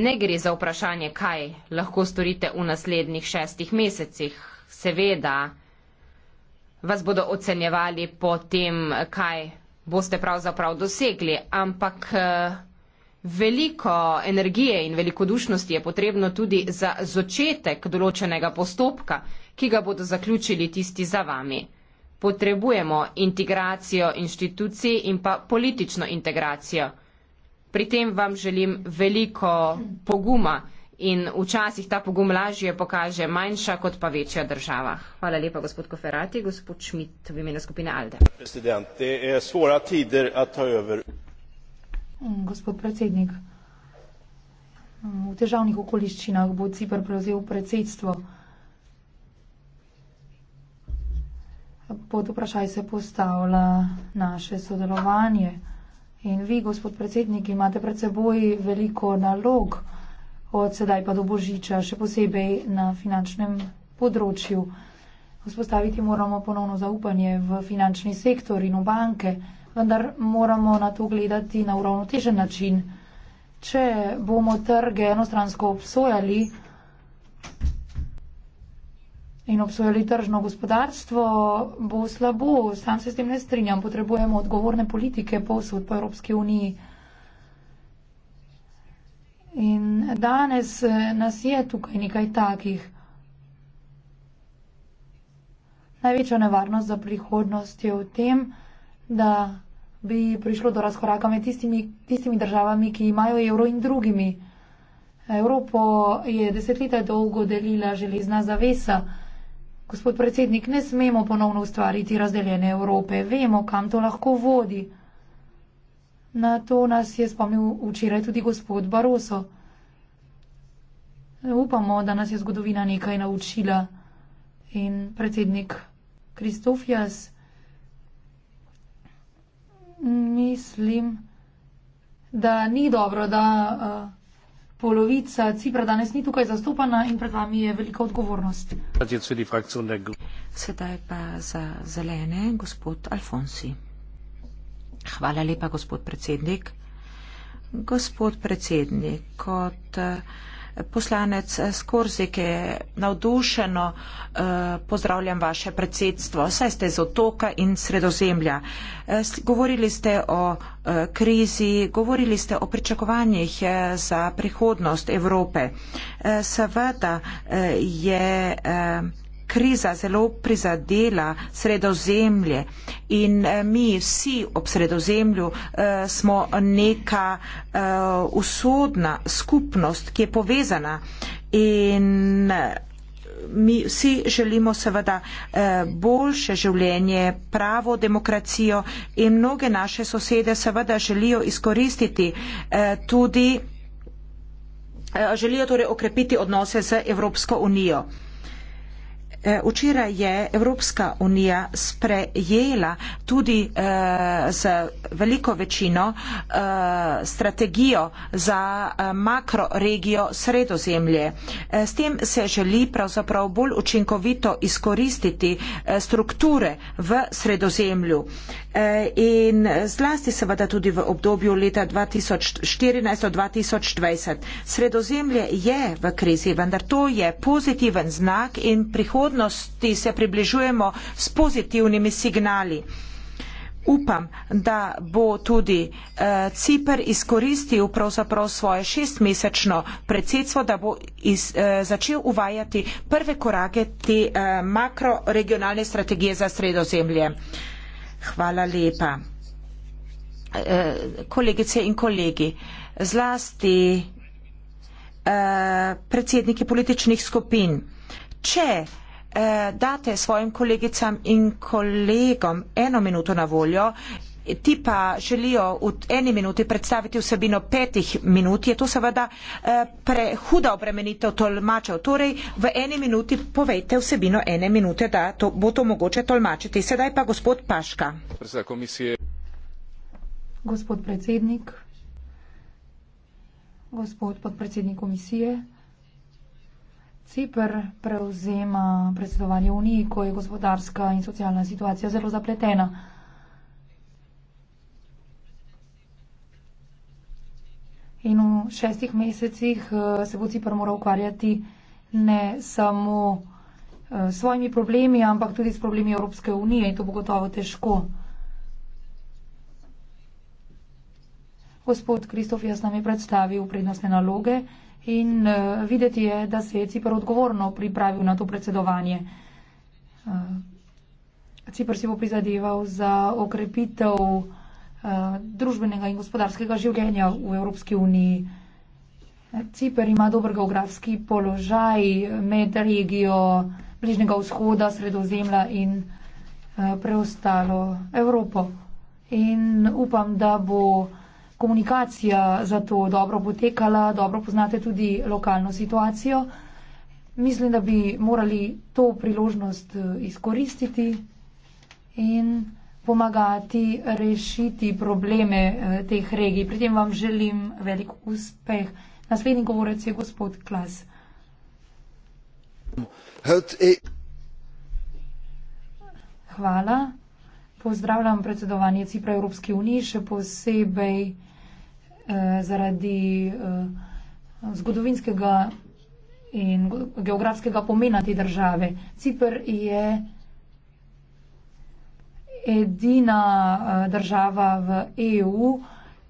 ne gre za vprašanje, kaj lahko storite v naslednjih šestih mesecih. Seveda vas bodo ocenjevali po tem, kaj boste pravzaprav dosegli, ampak eh, veliko energije in velikodušnosti je potrebno tudi za začetek določenega postopka, ki ga bodo zaključili tisti za vami. Potrebujemo integracijo inštitucij in pa politično integracijo. Pri tem vam želim veliko poguma in včasih ta pogum lažje pokaže manjša kot pa večja država. Hvala lepa, gospod Koferati, gospod Šmit v imenu skupine Alde. Eh, mm, gospod predsednik, mm, v težavnih okoliščinah bo Cipr prevzel predsedstvo. Pod vprašaj se postavlja naše sodelovanje. In vi, gospod predsednik, imate pred seboj veliko nalog, od sedaj pa do božiča, še posebej na finančnem področju. Vzpostaviti moramo ponovno zaupanje v finančni sektor in v banke, vendar moramo na to gledati na uravnotežen način. Če bomo trge enostransko obsojali, in obsojali tržno gospodarstvo, bo slabo. Sam se s tem ne strinjam. Potrebujemo odgovorne politike posod po Evropski uniji. In danes eh, nas je tukaj nekaj takih. Največja nevarnost za prihodnost je v tem, da bi prišlo do razkoraka med tistimi, tistimi državami, ki imajo evro in drugimi. Evropo je desetletja dolgo delila železna zavesa. Gospod predsednik, ne smemo ponovno ustvariti razdeljene Evrope. Vemo, kam to lahko vodi. Na to nas je spomnil včeraj tudi gospod Baroso. Upamo, da nas je zgodovina nekaj naučila. In predsednik Kristofijas, mislim, da ni dobro, da. Uh, polovica Cipra danes ni tukaj zastopana in pred vami je velika odgovornost. Sedaj pa za zelene gospod Alfonsi. Hvala lepa, gospod predsednik. Gospod predsednik, kot. Uh, Poslanec Skorzik je navdušeno eh, pozdravljam vaše predsedstvo. Saj ste z otoka in sredozemlja. Eh, govorili ste o eh, krizi, govorili ste o pričakovanjih za prihodnost Evrope. Seveda je kriza zelo prizadela sredozemlje in eh, mi vsi ob sredozemlju uh, smo neka uh, usodna skupnost, ki je povezana in mi vsi želimo seveda uh, boljše življenje, pravo demokracijo in mnoge naše sosede seveda želijo izkoristiti uh, tudi želijo torej okrepiti odnose z Evropsko unijo. Eh, včeraj je Evropska unija sprejela tudi eh, z veliko večino eh, strategijo za makroregijo sredozemlje. S tem se želi pravzaprav bolj učinkovito izkoristiti strukture v sredozemlju. In zlasti seveda tudi v obdobju leta 2014-2020. Sredozemlje je v krizi, vendar to je pozitiven znak in prihodnost prihodnosti se približujemo s pozitivnimi signali. Upam, da bo tudi uh, Ciper izkoristil pravzaprav svoje šestmesečno predsedstvo, da bo iz, uh, začel uvajati prve korake te uh, makroregionalne strategije za sredozemlje. Hvala lepa. Uh, kolegice in kolegi, zlasti uh, predsedniki političnih skupin, če uh, eh, date svojim kolegicam in kolegom eno minuto na voljo, ti pa želijo v eni minuti predstaviti vsebino petih minut, je to seveda eh, prehuda obremenitev tolmačev. Torej, v eni minuti povejte vsebino ene minute, da to, bo to mogoče tolmačiti. Sedaj pa gospod Paška. Gospod predsednik, gospod podpredsednik komisije, Cipr prevzema predsedovanje Uniji, ko je gospodarska in socialna situacija zelo zapletena. In v šestih mesecih eh, se bo Cipr moral ukvarjati ne samo eh, s svojimi problemi, ampak tudi s problemi Evropske unije in to bo gotovo težko. Gospod Kristof, jaz nam je predstavil prednostne naloge in uh, videti je, da se je Cipr odgovorno pripravil na to predsedovanje. Uh, eh, Cipr si bo prizadeval za okrepitev uh, družbenega in gospodarskega življenja v Evropski uniji. Cipr ima dober geografski položaj med regijo Bližnjega vzhoda, Sredozemlja in uh, preostalo Evropo. In upam, da bo komunikacija za to dobro potekala, dobro poznate tudi lokalno situacijo. Mislim, da bi morali to priložnost eh, izkoristiti in pomagati rešiti probleme eh, teh regij. Pri tem vam želim velik uspeh. Naslednji govorec je gospod Klas. Hvala. Pozdravljam predsedovanje Cipra Evropske unije, še posebej. Eh, zaradi eh, zgodovinskega in geografskega pomena te države. Cipr je edina eh, država v EU,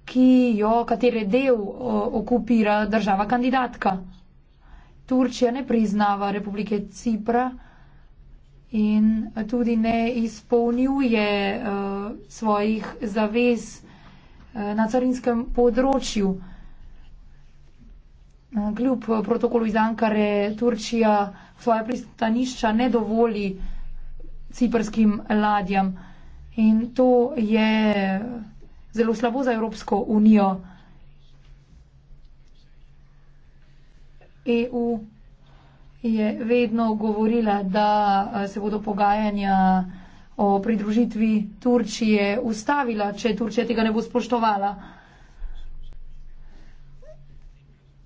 ki jo katere del okupira država kandidatka. Turčija ne priznava Republike Cipra in tudi ne izpolnjuje svojih zavez, Eh, na carinskem področju. Eh, kljub protokolu iz Ankare Turčija svoje pristanišča ne dovoli ciprskim ladjam. In to je zelo slabo za Evropsko unijo. EU je vedno govorila, da eh, se bodo pogajanja o pridružitvi Turčije ustavila, če Turčija tega ne bo spoštovala.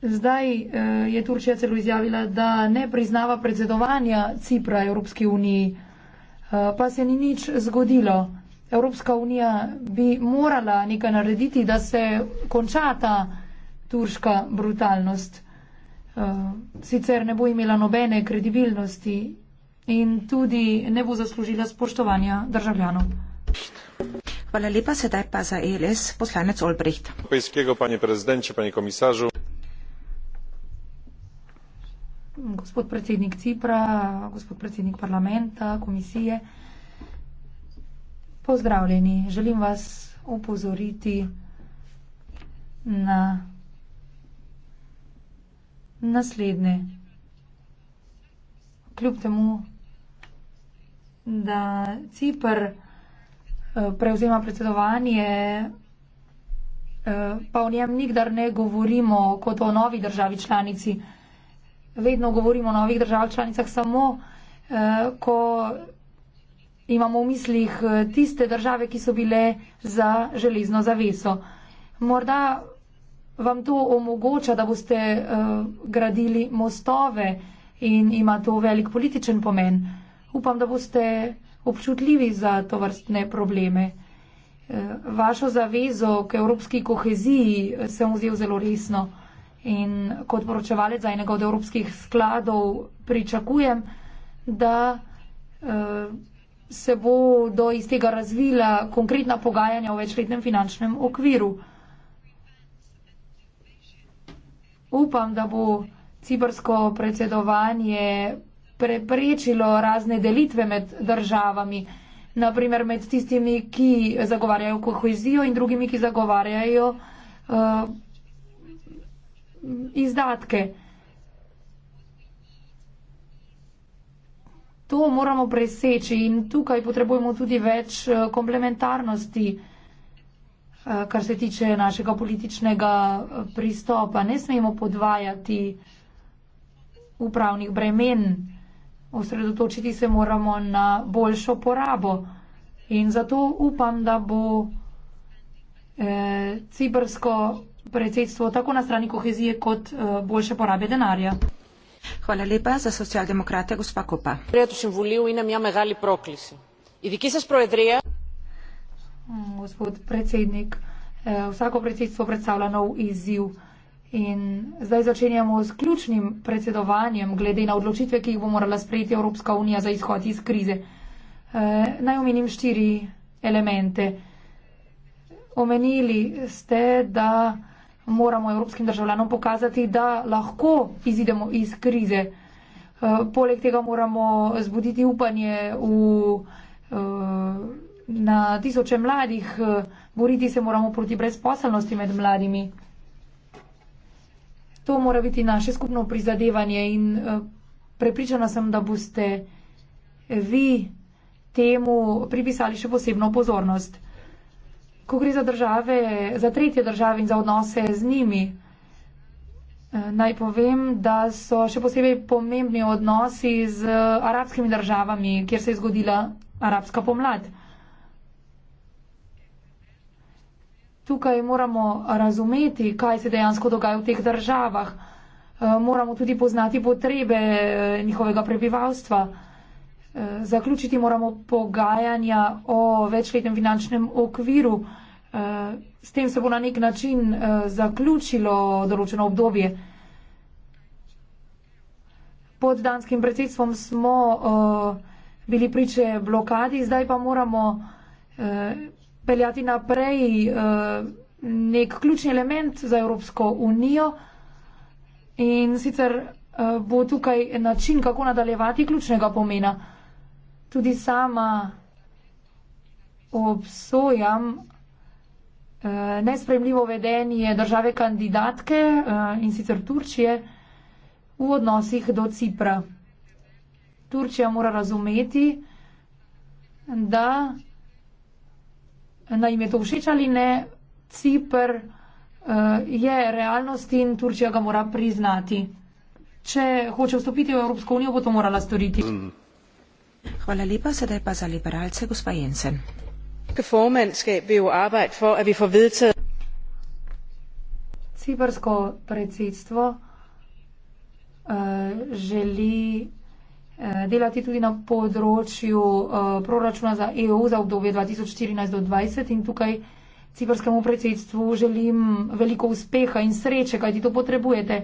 Zdaj eh, je Turčija celo izjavila, da ne priznava predsedovanja Cipra Evropski uniji, eh, pa se ni nič zgodilo. Evropska unija bi morala nekaj narediti, da se konča ta turška brutalnost. Eh, sicer ne bo imela nobene kredibilnosti in tudi ne bo zaslužila spoštovanja državljanov. Hvala lepa, sedaj pa za ELS poslanec Olbricht. Hvala, panje prezidentče, panje komisažu. Gospod predsednik Cipra, gospod predsednik parlamenta, komisije, pozdravljeni. Želim vas upozoriti na naslednje. Kljub temu, da Cipr eh, prevzema predsedovanje, eh, pa o njem nikdar ne govorimo kot o novi državi članici. Vedno govorimo o novih državah članicah samo, eh, ko imamo v mislih tiste države, ki so bile za železno zaveso. Morda vam to omogoča, da boste gradili mostove in ima to velik političen pomen upam, da boste občutljivi za to vrstne probleme. Eh, vašo zavezo k evropski koheziji eh, sem vzel zelo resno in kot poročevalec za enega od evropskih skladov pričakujem, da eh, se bo do iz tega razvila konkretna pogajanja o večletnem finančnem okviru. Upam, da bo cibersko predsedovanje preprečilo razne delitve med državami, naprimer med tistimi, ki zagovarjajo kohezijo in drugimi, ki zagovarjajo uh, izdatke. To moramo preseči in tukaj potrebujemo tudi več eh, komplementarnosti, eh, kar se tiče našega političnega pristopa. Ne smemo podvajati upravnih bremen osredotočiti se moramo na boljšo porabo. In zato upam, da bo eh, cibersko predsedstvo tako na strani kohezije kot eh, boljše porabe denarja. Hvala lepa za socialdemokrate, gospa Kopa. Mm, gospod predsednik, eh, vsako predsedstvo predstavlja nov izziv. In zdaj začenjamo s ključnim predsedovanjem, glede na odločitve, ki jih bo morala sprejeti Evropska unija za izhod iz krize. E, naj omenim štiri elemente. Omenili ste, da moramo evropskim državljanom pokazati, da lahko izidemo iz krize. E, poleg tega moramo zbuditi upanje v, e, na tisoče mladih, boriti se moramo proti brezposelnosti med mladimi. To mora biti naše skupno prizadevanje in eh, prepričana sem, da boste vi temu pripisali še posebno pozornost. Ko gre za države, za tretje države in za odnose z njimi, eh, naj povem, da so še posebej pomembni odnosi z arabskimi državami, kjer se je zgodila arabska pomlad. Tukaj moramo razumeti, kaj se dejansko dogaja v teh državah. Eh, moramo tudi poznati potrebe eh, njihovega prebivalstva. Eh, zaključiti moramo pogajanja o večletnem finančnem okviru. S tem se bo na nek način zaključilo določeno obdobje. Pod danskim predsedstvom smo bili priče blokadi, zdaj pa moramo peljati naprej eh, nek ključni element za Evropsko unijo in sicer eh, bo tukaj način, kako nadaljevati ključnega pomena. Tudi sama obsojam eh, nespremljivo vedenje države kandidatke in sicer Turčije v odnosih do Cipra. Turčija mora razumeti, da naj jim je to všeč ali ne, Cipr uh, eh, je realnost in Turčija ga mora priznati. Če hoče vstopiti v Evropsko unijo, bo to morala storiti. Mm. Hvala lepa, sedaj pa za liberalce, gospa Jensen. Ciprsko predsedstvo uh, želi Eh, delati tudi na področju eh, proračuna za EU za obdobje 2014 do 2020 in tukaj ciprskemu predsedstvu želim veliko uspeha in sreče, kajti to potrebujete.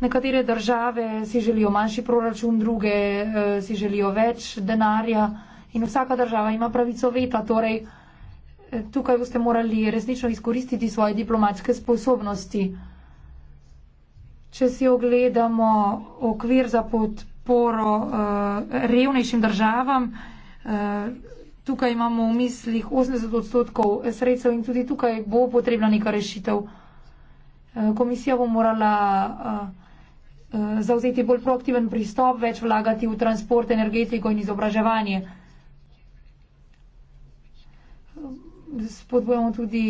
Nekatere države si želijo manjši proračun, druge eh, si želijo več denarja in vsaka država ima pravico veta, torej tukaj boste morali resnično izkoristiti svoje diplomatske sposobnosti. Če si ogledamo okvir za podporo, podporo uh, revnejšim državam. Uh, tukaj imamo v mislih 80 odstotkov sredstev in tudi tukaj bo potrebna neka rešitev. Eh, komisija bo morala zauzeti bolj proaktiven pristop, več vlagati v transport, energetiko in izobraževanje. Spodbujamo tudi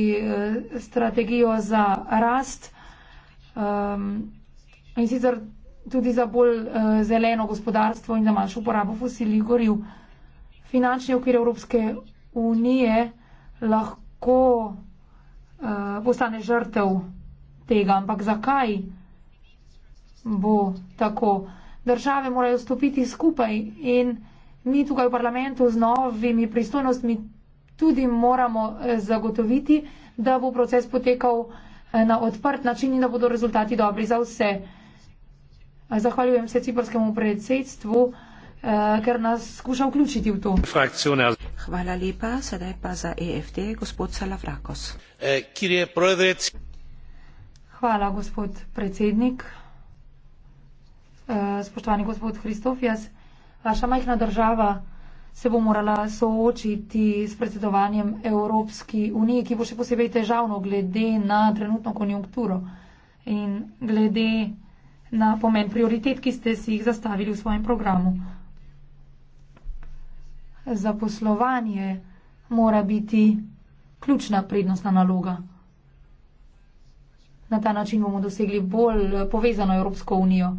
strategijo za rast. In sicer tudi za bolj eh, zeleno gospodarstvo in za manjšo uporabo fosilnih goriv. Finančni okvir Evropske unije lahko eh, postane žrtev tega, ampak zakaj bo tako? Države morajo stopiti skupaj in mi tukaj v parlamentu z novimi pristojnostmi tudi moramo eh, zagotoviti, da bo proces potekal na odprt način in da bodo rezultati dobri za vse. Zahvaljujem se ciprskemu predsedstvu, eh, ker nas skuša vključiti v to. Hvala lepa, sedaj pa za EFD, gospod Salafrakos. Eh, Hvala, gospod predsednik. Eh, spoštovani gospod Kristof, jaz, vaša majhna država se bo morala soočiti s predsedovanjem Evropski uniji, ki bo še posebej težavno glede na trenutno konjunkturo in glede na pomen prioritet, ki ste si jih zastavili v svojem programu. Zaposlovanje mora biti ključna prednostna naloga. Na ta način bomo dosegli bolj povezano Evropsko unijo.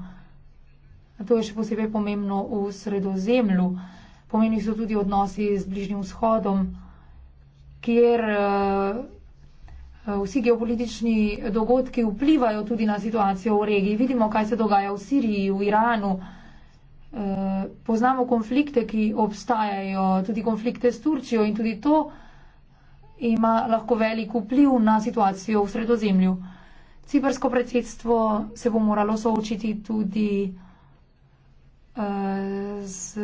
To je še posebej pomembno v sredozemlju. Pomeni so tudi odnosi z Bližnjim vzhodom, kjer. Uh, Eh, vsi geopolitični dogodki vplivajo tudi na situacijo v regiji. Vidimo, kaj se dogaja v Siriji, v Iranu. Eh, poznamo konflikte, ki obstajajo, tudi konflikte s Turčijo in tudi to ima lahko velik vpliv na situacijo v sredozemlju. Ciprsko predsedstvo se bo moralo soočiti tudi eh, z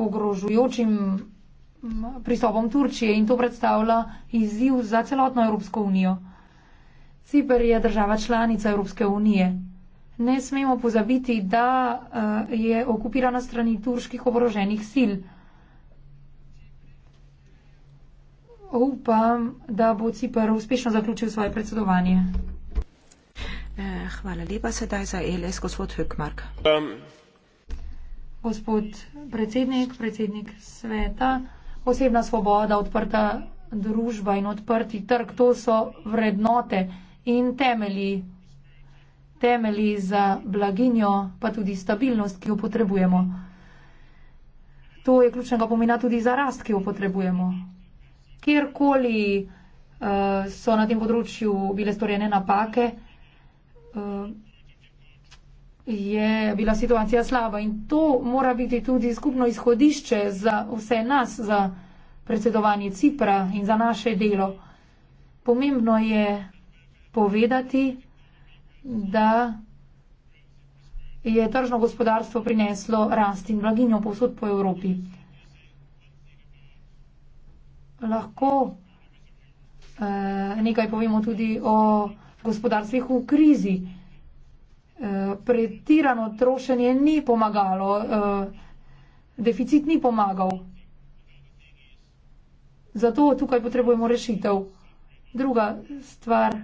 ogrožujočim pristopom Turčije in to predstavlja izziv za celotno Evropsko unijo. Cipr je država članica Evropske unije. Ne smemo pozabiti, da eh, je okupirana strani turških oboroženih sil. Upam, da bo Cipr uspešno zaključil svoje predsedovanje. Eh, hvala lepa sedaj za e LS, gospod Hökmark. Um. Gospod predsednik, predsednik sveta osebna svoboda, odprta družba in odprti trg, to so vrednote in temeli, temeli za blaginjo, pa tudi stabilnost, ki jo potrebujemo. To je ključnega pomena tudi za rast, ki jo potrebujemo. Kjerkoli uh, so na tem področju bile storjene napake, uh, je bila situacija slaba in to mora biti tudi skupno izhodišče za vse nas, za predsedovanje Cipra in za naše delo. Pomembno je povedati, da je tržno gospodarstvo prineslo rast in blaginjo povsod po Evropi. Lahko eh, nekaj povemo tudi o gospodarstvih v krizi pretirano trošenje ni pomagalo, eh, deficit ni pomagal. Zato tukaj potrebujemo rešitev. Druga stvar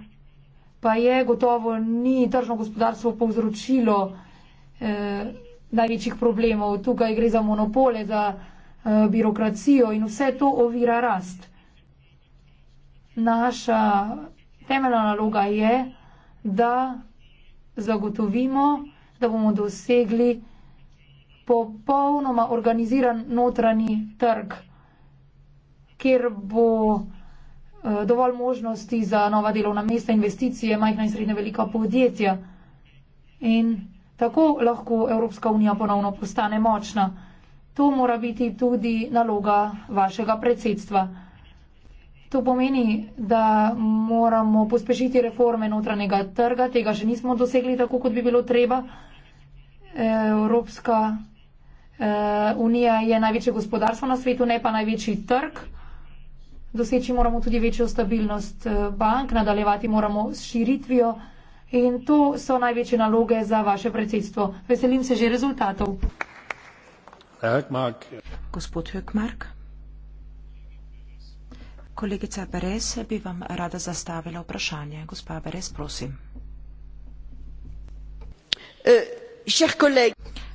pa je gotovo ni tržno gospodarstvo povzročilo eh, največjih problemov. Tukaj gre za monopole, za eh, birokracijo in vse to ovira rast. Naša temeljna naloga je, da zagotovimo, da bomo dosegli popolnoma organiziran notranji trg, kjer bo eh, dovolj možnosti za nova delovna mesta, investicije, majhna in srednja velika podjetja. In tako lahko Evropska unija ponovno postane močna. To mora biti tudi naloga vašega predsedstva. To pomeni, da moramo pospešiti reforme notranjega trga, tega še nismo dosegli tako, kot bi bilo treba. Evropska eh, unija je največje gospodarstvo na svetu, ne pa največji trg. Doseči moramo tudi večjo stabilnost eh, bank, nadaljevati moramo s širitvijo in to so največje naloge za vaše predsedstvo. Veselim se že rezultatov. Hökmark. Gospod Hökmark. Kolegica Beres bi vam rada zastavila vprašanje. Gospa Beres, prosim. Eh,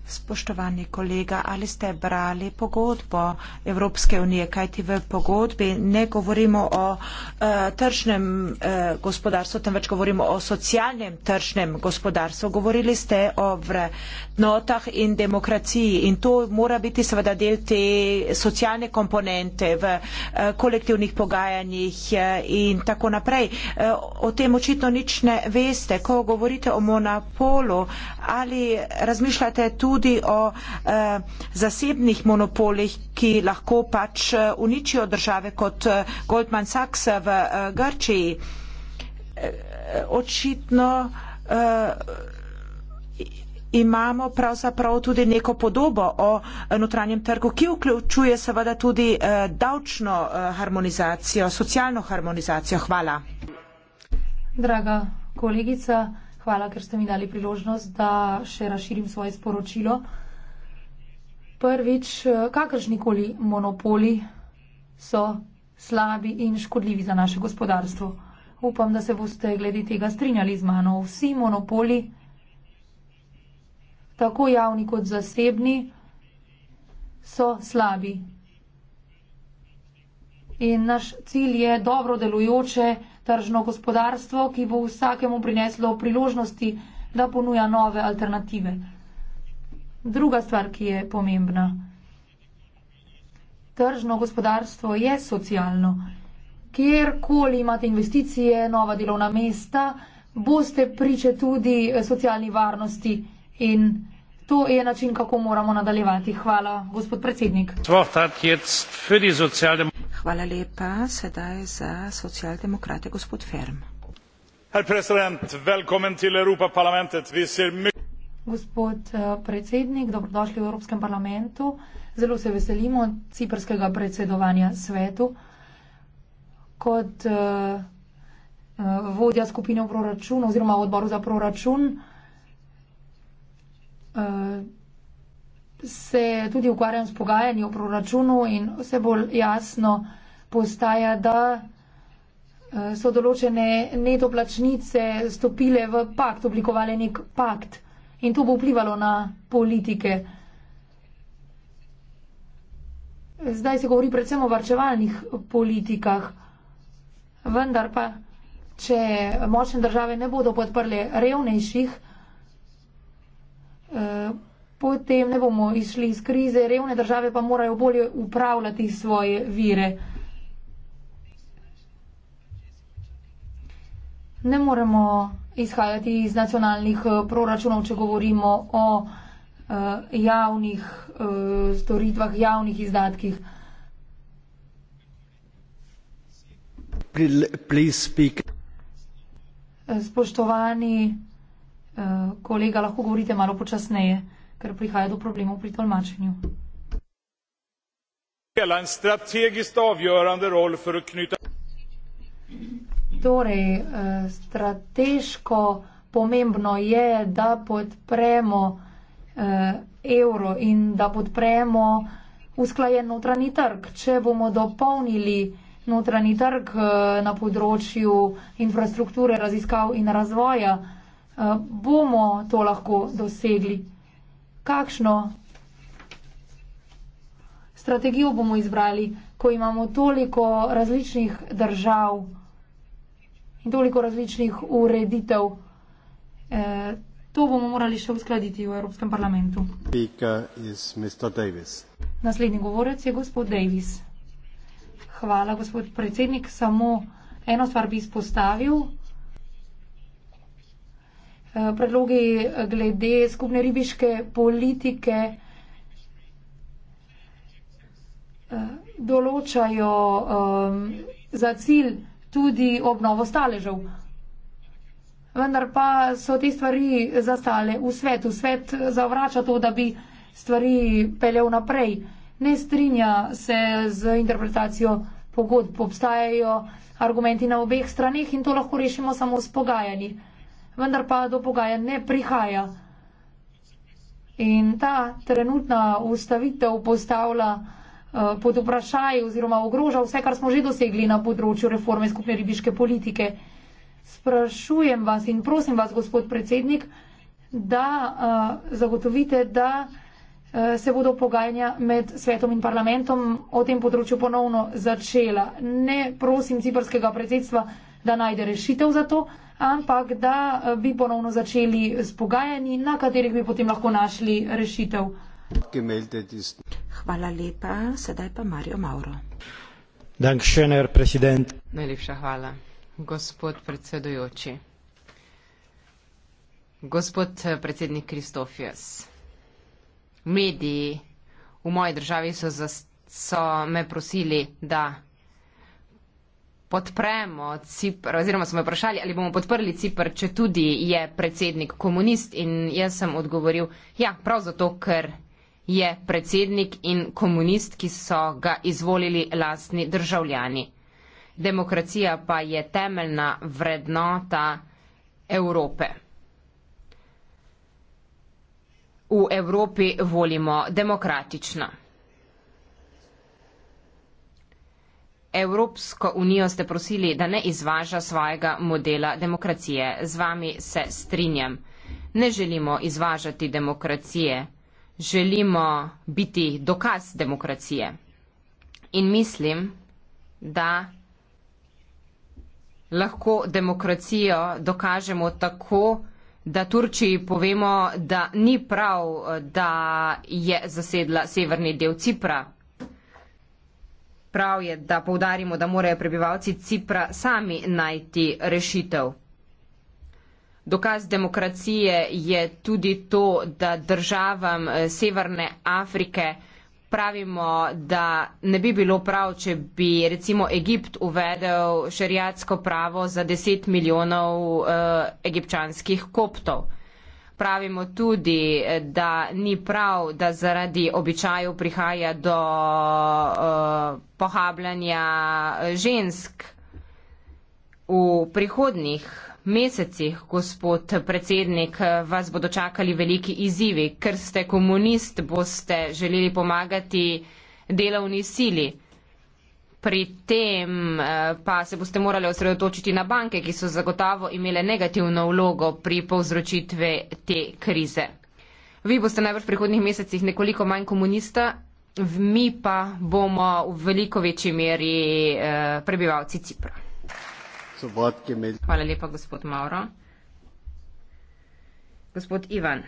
Spoštovani kolega, ali ste brali pogodbo Evropske unije, kajti v pogodbi ne govorimo o e, tržnem e, gospodarstvu, temveč govorimo o socialnem tržnem gospodarstvu. Govorili ste o vrednotah in demokraciji in to mora biti seveda del te socialne komponente v e, kolektivnih pogajanjih e, in tako naprej. E, o tem očitno nič ne veste. Ko govorite o monopolu, ali razmišljate tudi tudi o eh, zasebnih monopolih, ki lahko pač eh, uničijo države kot eh, Goldman Sachs v eh, Grčiji. Eh, očitno eh, imamo pravzaprav tudi neko podobo o eh, notranjem trgu, ki vključuje seveda tudi eh, davčno eh, harmonizacijo, socialno harmonizacijo. Hvala. Draga kolegica. Hvala, ker ste mi dali priložnost, da še razširim svoje sporočilo. Prvič, kakršnikoli monopoli so slabi in škodljivi za naše gospodarstvo. Upam, da se boste glede tega strinjali z mano. Vsi monopoli, tako javni kot zasebni, so slabi. In naš cilj je dobro delujoče, tržno gospodarstvo, ki bo vsakemu prineslo priložnosti, da ponuja nove alternative. Druga stvar, ki je pomembna. Tržno gospodarstvo je socialno. Kjerkoli imate investicije, nova delovna mesta, boste priče tudi socialni varnosti in to je način, kako moramo nadaljevati. Hvala, gospod predsednik. Hvala lepa. Sedaj za socialdemokrate gospod Ferm. Gospod eh, predsednik, dobrodošli v Evropskem parlamentu. Zelo se veselimo ciprskega predsedovanja svetu. Kot uh, vodja skupine v proračun oziroma v odboru za proračun uh, se tudi ukvarjam s pogajanji o proračunu in vse bolj jasno postaja, da eh, so določene netoplačnice stopile v pakt, oblikovale nek pakt in to bo vplivalo na politike. Zdaj se govori predvsem o varčevalnih politikah, vendar pa, če močne države ne bodo podprle revnejših, eh, potem ne bomo izšli iz krize, revne države pa morajo bolje upravljati svoje vire. Ne moremo izhajati iz nacionalnih eh, proračunov, če govorimo o uh, javnih uh, storitvah, javnih izdatkih. Spoštovani uh, kolega, lahko govorite malo počasneje ker prihaja do problemov pri tolmačenju. Torej, eh, strateško pomembno je, da podpremo eh, evro in da podpremo usklajen notranji trg. Če bomo dopolnili notranji trg eh, na področju infrastrukture, raziskav in razvoja, bomo to lahko dosegli kakšno strategijo bomo izbrali, ko imamo toliko različnih držav in toliko različnih ureditev. E, to bomo morali še uskladiti v Evropskem parlamentu. Naslednji govorec je gospod Davis. Hvala, gospod predsednik. Samo eno stvar bi izpostavil. Eh, predlogi glede skupne ribiške politike eh, določajo ehm, za cilj tudi obnovo staležev. Vendar pa so te stvari zastale v svetu. Svet zavrača to, da bi stvari peljal naprej. Ne strinja se z interpretacijo pogodb. Obstajajo argumenti na obeh stranih in to lahko rešimo samo s pogajanji vendar pa do pogaja ne prihaja. In ta trenutna ustavitev postavlja eh, pod vprašaj oziroma ogroža vse, kar smo že dosegli na področju reforme skupne ribiške politike. Sprašujem vas in prosim vas, gospod predsednik, da eh, zagotovite, da eh, se bodo pogajanja med svetom in parlamentom o tem področju ponovno začela. Ne prosim ciprskega predsedstva, da najde rešitev za to, ampak da eh, bi ponovno začeli s pogajanji, na katerih bi potem lahko našli rešitev. Hvala lepa, sedaj pa Mario Mauro. Dankšener, president. Najlepša hvala, gospod predsedujoči. Gospod eh, predsednik Kristofijas, mediji v moji državi so, za, so me prosili, da podpremo Cipr, oziroma smo jo vprašali, ali bomo podprli Cipr, če tudi je predsednik komunist in jaz sem odgovoril, ja, prav zato, ker je predsednik in komunist, ki so ga izvolili lastni državljani. Demokracija pa je temeljna vrednota Evrope. V Evropi volimo demokratično. Evropsko unijo ste prosili, da ne izvaža svojega modela demokracije. Z vami se strinjam. Ne želimo izvažati demokracije, želimo biti dokaz demokracije. In mislim, da lahko demokracijo dokažemo tako, da Turčiji povemo, da ni prav, da je zasedla severni del Cipra. Prav je, da povdarimo, da morajo prebivalci Cipra sami najti rešitev. Dokaz demokracije je tudi to, da državam eh, Severne Afrike pravimo, da ne bi bilo prav, če bi recimo Egipt uvedel šariatsko pravo za 10 milijonov uh, egipčanskih koptov pravimo tudi, eh, da ni prav, da zaradi običajev prihaja do uh, pohabljanja eh, žensk v prihodnih mesecih, gospod predsednik, vas bodo čakali veliki izzivi, ker ste komunist, boste želeli pomagati delovni sili pri tem eh, pa se boste morali osredotočiti na banke, ki so zagotavo imele negativno vlogo pri povzročitve te krize. Vi boste najbrž v prihodnih mesecih nekoliko manj komunista, mi pa bomo v veliko večji meri eh, prebivalci Cipra. Hvala lepa, gospod Mauro. Gospod Ivan.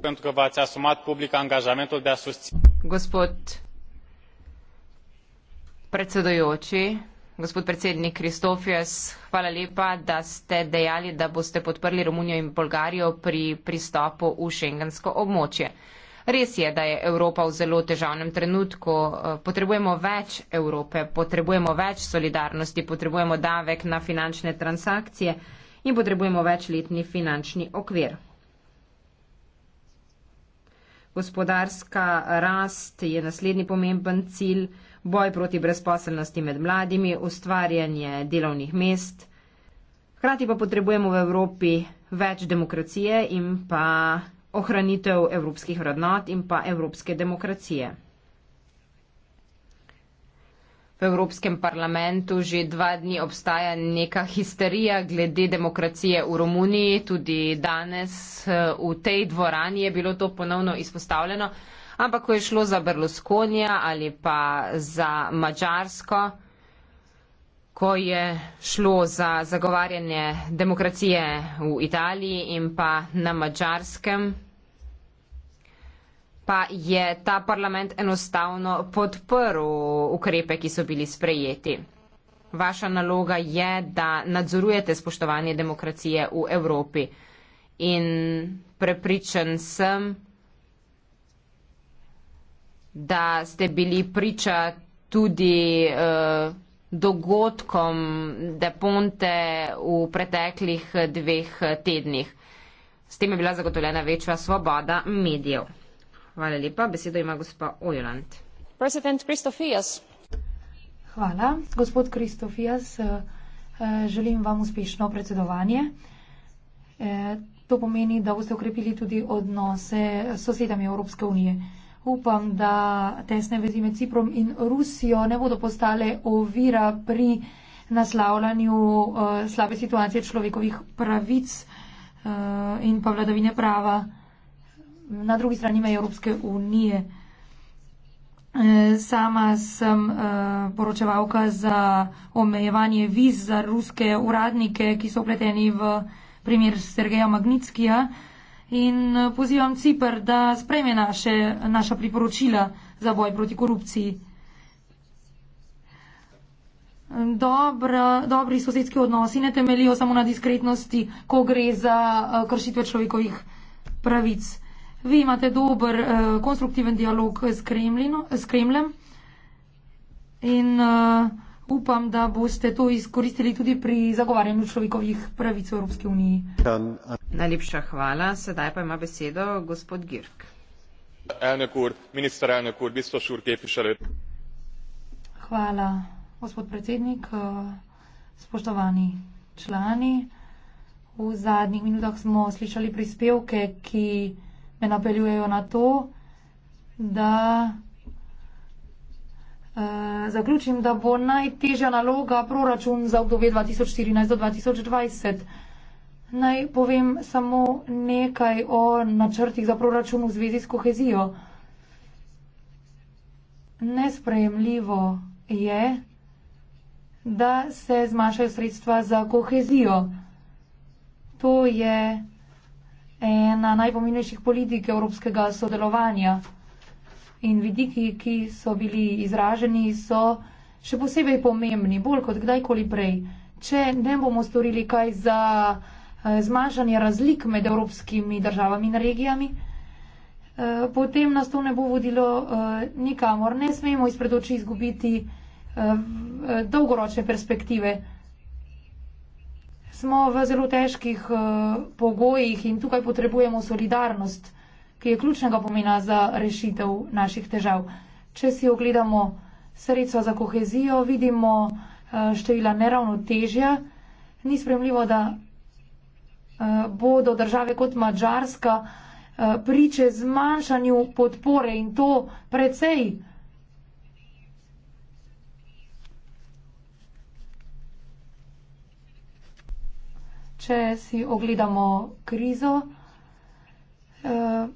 pentru că v ați asumat public angajamentul de a susține. Gospod predsedujoči, gospod predsednik Kristofijas, hvala lepa, da ste dejali, da boste podprli Romunijo in Bolgarijo pri pristopu v šengensko območje. Res je, da je Evropa v zelo težavnem trenutku. Potrebujemo več Evrope, potrebujemo več solidarnosti, potrebujemo davek na finančne transakcije in potrebujemo večletni finančni okvir. Gospodarska rast je naslednji pomemben cilj, boj proti brezposelnosti med mladimi, ustvarjanje delovnih mest. Hkrati pa potrebujemo v Evropi več demokracije in pa ohranitev evropskih vrednot in pa evropske demokracije v Evropskem parlamentu že dva dni obstaja neka histerija glede demokracije v Romuniji, tudi danes eh, v tej dvorani je bilo to ponovno izpostavljeno, ampak ko je šlo za Berlusconija ali pa za Mačarsko, ko je šlo za zagovarjanje demokracije v Italiji in pa na Mačarskem, pa je ta parlament enostavno podprl ukrepe, ki so bili sprejeti. Vaša naloga je, da nadzorujete spoštovanje demokracije v Evropi. In prepričan sem, da ste bili priča tudi eh, dogodkom deponte v preteklih dveh tednih. S tem je bila zagotovljena večja svoboda medijev. Hvala lepa. Besedo ima gospa Ojoland. Hvala, gospod Kristofijas. Eh, eh, želim vam uspešno predsedovanje. Eh, to pomeni, da boste ukrepili tudi odnose s sosedami Evropske unije. Upam, da tesne vezi med Ciprom in Rusijo ne bodo postale ovira pri naslavljanju slabe situacije človekovih pravic in pa vladavine prava na drugi strani meje Evropske unije. E, sama sem e, poročevalka za omejevanje viz za ruske uradnike, ki so vpleteni v primer Sergeja Magnitskija in e, pozivam Cipr, da spreme naše, naša priporočila za boj proti korupciji. Dobro, dobri sosedski odnosi ne temelijo samo na diskretnosti, ko gre za kršitve človekovih pravic. Vi imate dober uh, konstruktiven dialog s, s Kremljem in uh, upam, da boste to izkoristili tudi pri zagovarjanju človekovih pravic v Evropski uniji. Najlepša hvala. Sedaj pa ima besedo gospod Girk. Elnekur, minister Elnekur, biskup Šur, Kepišalet. Hvala, gospod predsednik. Eh, spoštovani člani, v zadnjih minutah smo slišali prispevke, ki me napeljujejo na to, da eh, zaključim, da bo najtežja naloga proračun za obdobje 2014 do 2020. Naj povem samo nekaj o načrtih za proračun v zvezi s kohezijo. Nesprejemljivo je, da se zmašajo sredstva za kohezijo. To je ena najpomembnejših politik evropskega sodelovanja. In vidiki, ki so bili izraženi, so še posebej pomembni, bolj kot kdajkoli prej. Če ne bomo storili kaj za eh, zmanjšanje razlik med evropskimi državami in regijami, eh, potem nas to ne bo vodilo eh, nikamor. Ne smemo izpred oči izgubiti dolgoročne perspektive smo v zelo težkih eh, pogojih in tukaj potrebujemo solidarnost, ki je ključnega pomena za rešitev naših težav. Če si ogledamo sredstva za kohezijo, vidimo eh, števila neravnotežja. Ni spremljivo, da eh, bodo države kot Mačarska priče zmanjšanju podpore in to precej. če si ogledamo krizo, eh,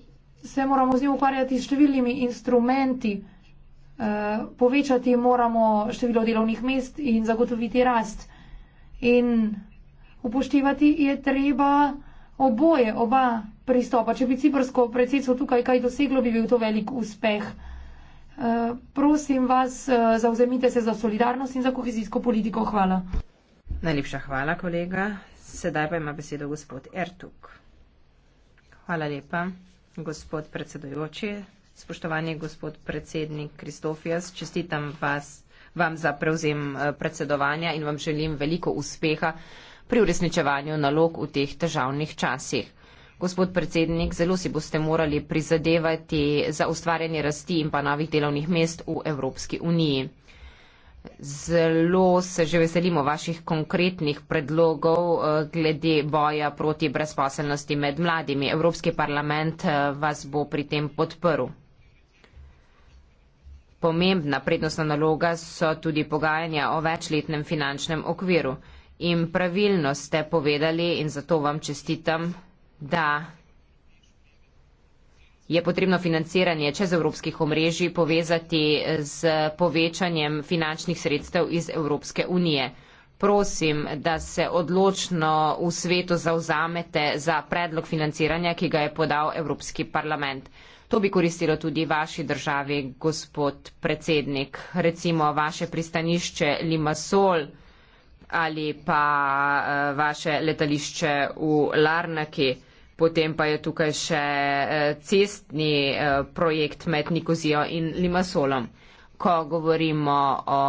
se moramo z njo ukvarjati s številnimi instrumenti, eh, povečati moramo število delovnih mest in zagotoviti rast. In upoštevati je treba oboje, oba pristopa. Če bi ciprsko predsedstvo tukaj kaj doseglo, bi bil to velik uspeh. Eh, prosim vas, zauzemite se za solidarnost in za kohezijsko politiko. Hvala. Najlepša hvala, kolega. Sedaj pa ima besedo gospod Ertuk. Hvala lepa, gospod predsedujoči. Spoštovani gospod predsednik Kristofijas, čestitam vas, vam za prevzem eh, predsedovanja in vam želim veliko uspeha pri uresničevanju nalog v teh težavnih časih. Gospod predsednik, zelo si boste morali prizadevati za ustvarjanje rasti in pa novih delovnih mest v Evropski uniji. Zelo se že veselimo vaših konkretnih predlogov eh, glede boja proti brezposelnosti med mladimi. Evropski parlament eh, vas bo pri tem podprl. Pomembna prednostna naloga so tudi pogajanja o večletnem finančnem okviru. In pravilno ste povedali in zato vam čestitam, da je potrebno financiranje čez evropskih omrežij povezati z povečanjem finančnih sredstev iz Evropske unije. Prosim, da se odločno v svetu zauzamete za predlog financiranja, ki ga je podal Evropski parlament. To bi koristilo tudi vaši državi, gospod predsednik, recimo vaše pristanišče Limasol ali pa eh, vaše letališče v Larnaki. Potem pa je tukaj še eh, cestni eh, projekt med Nikozijo in Limasolom. Ko govorimo o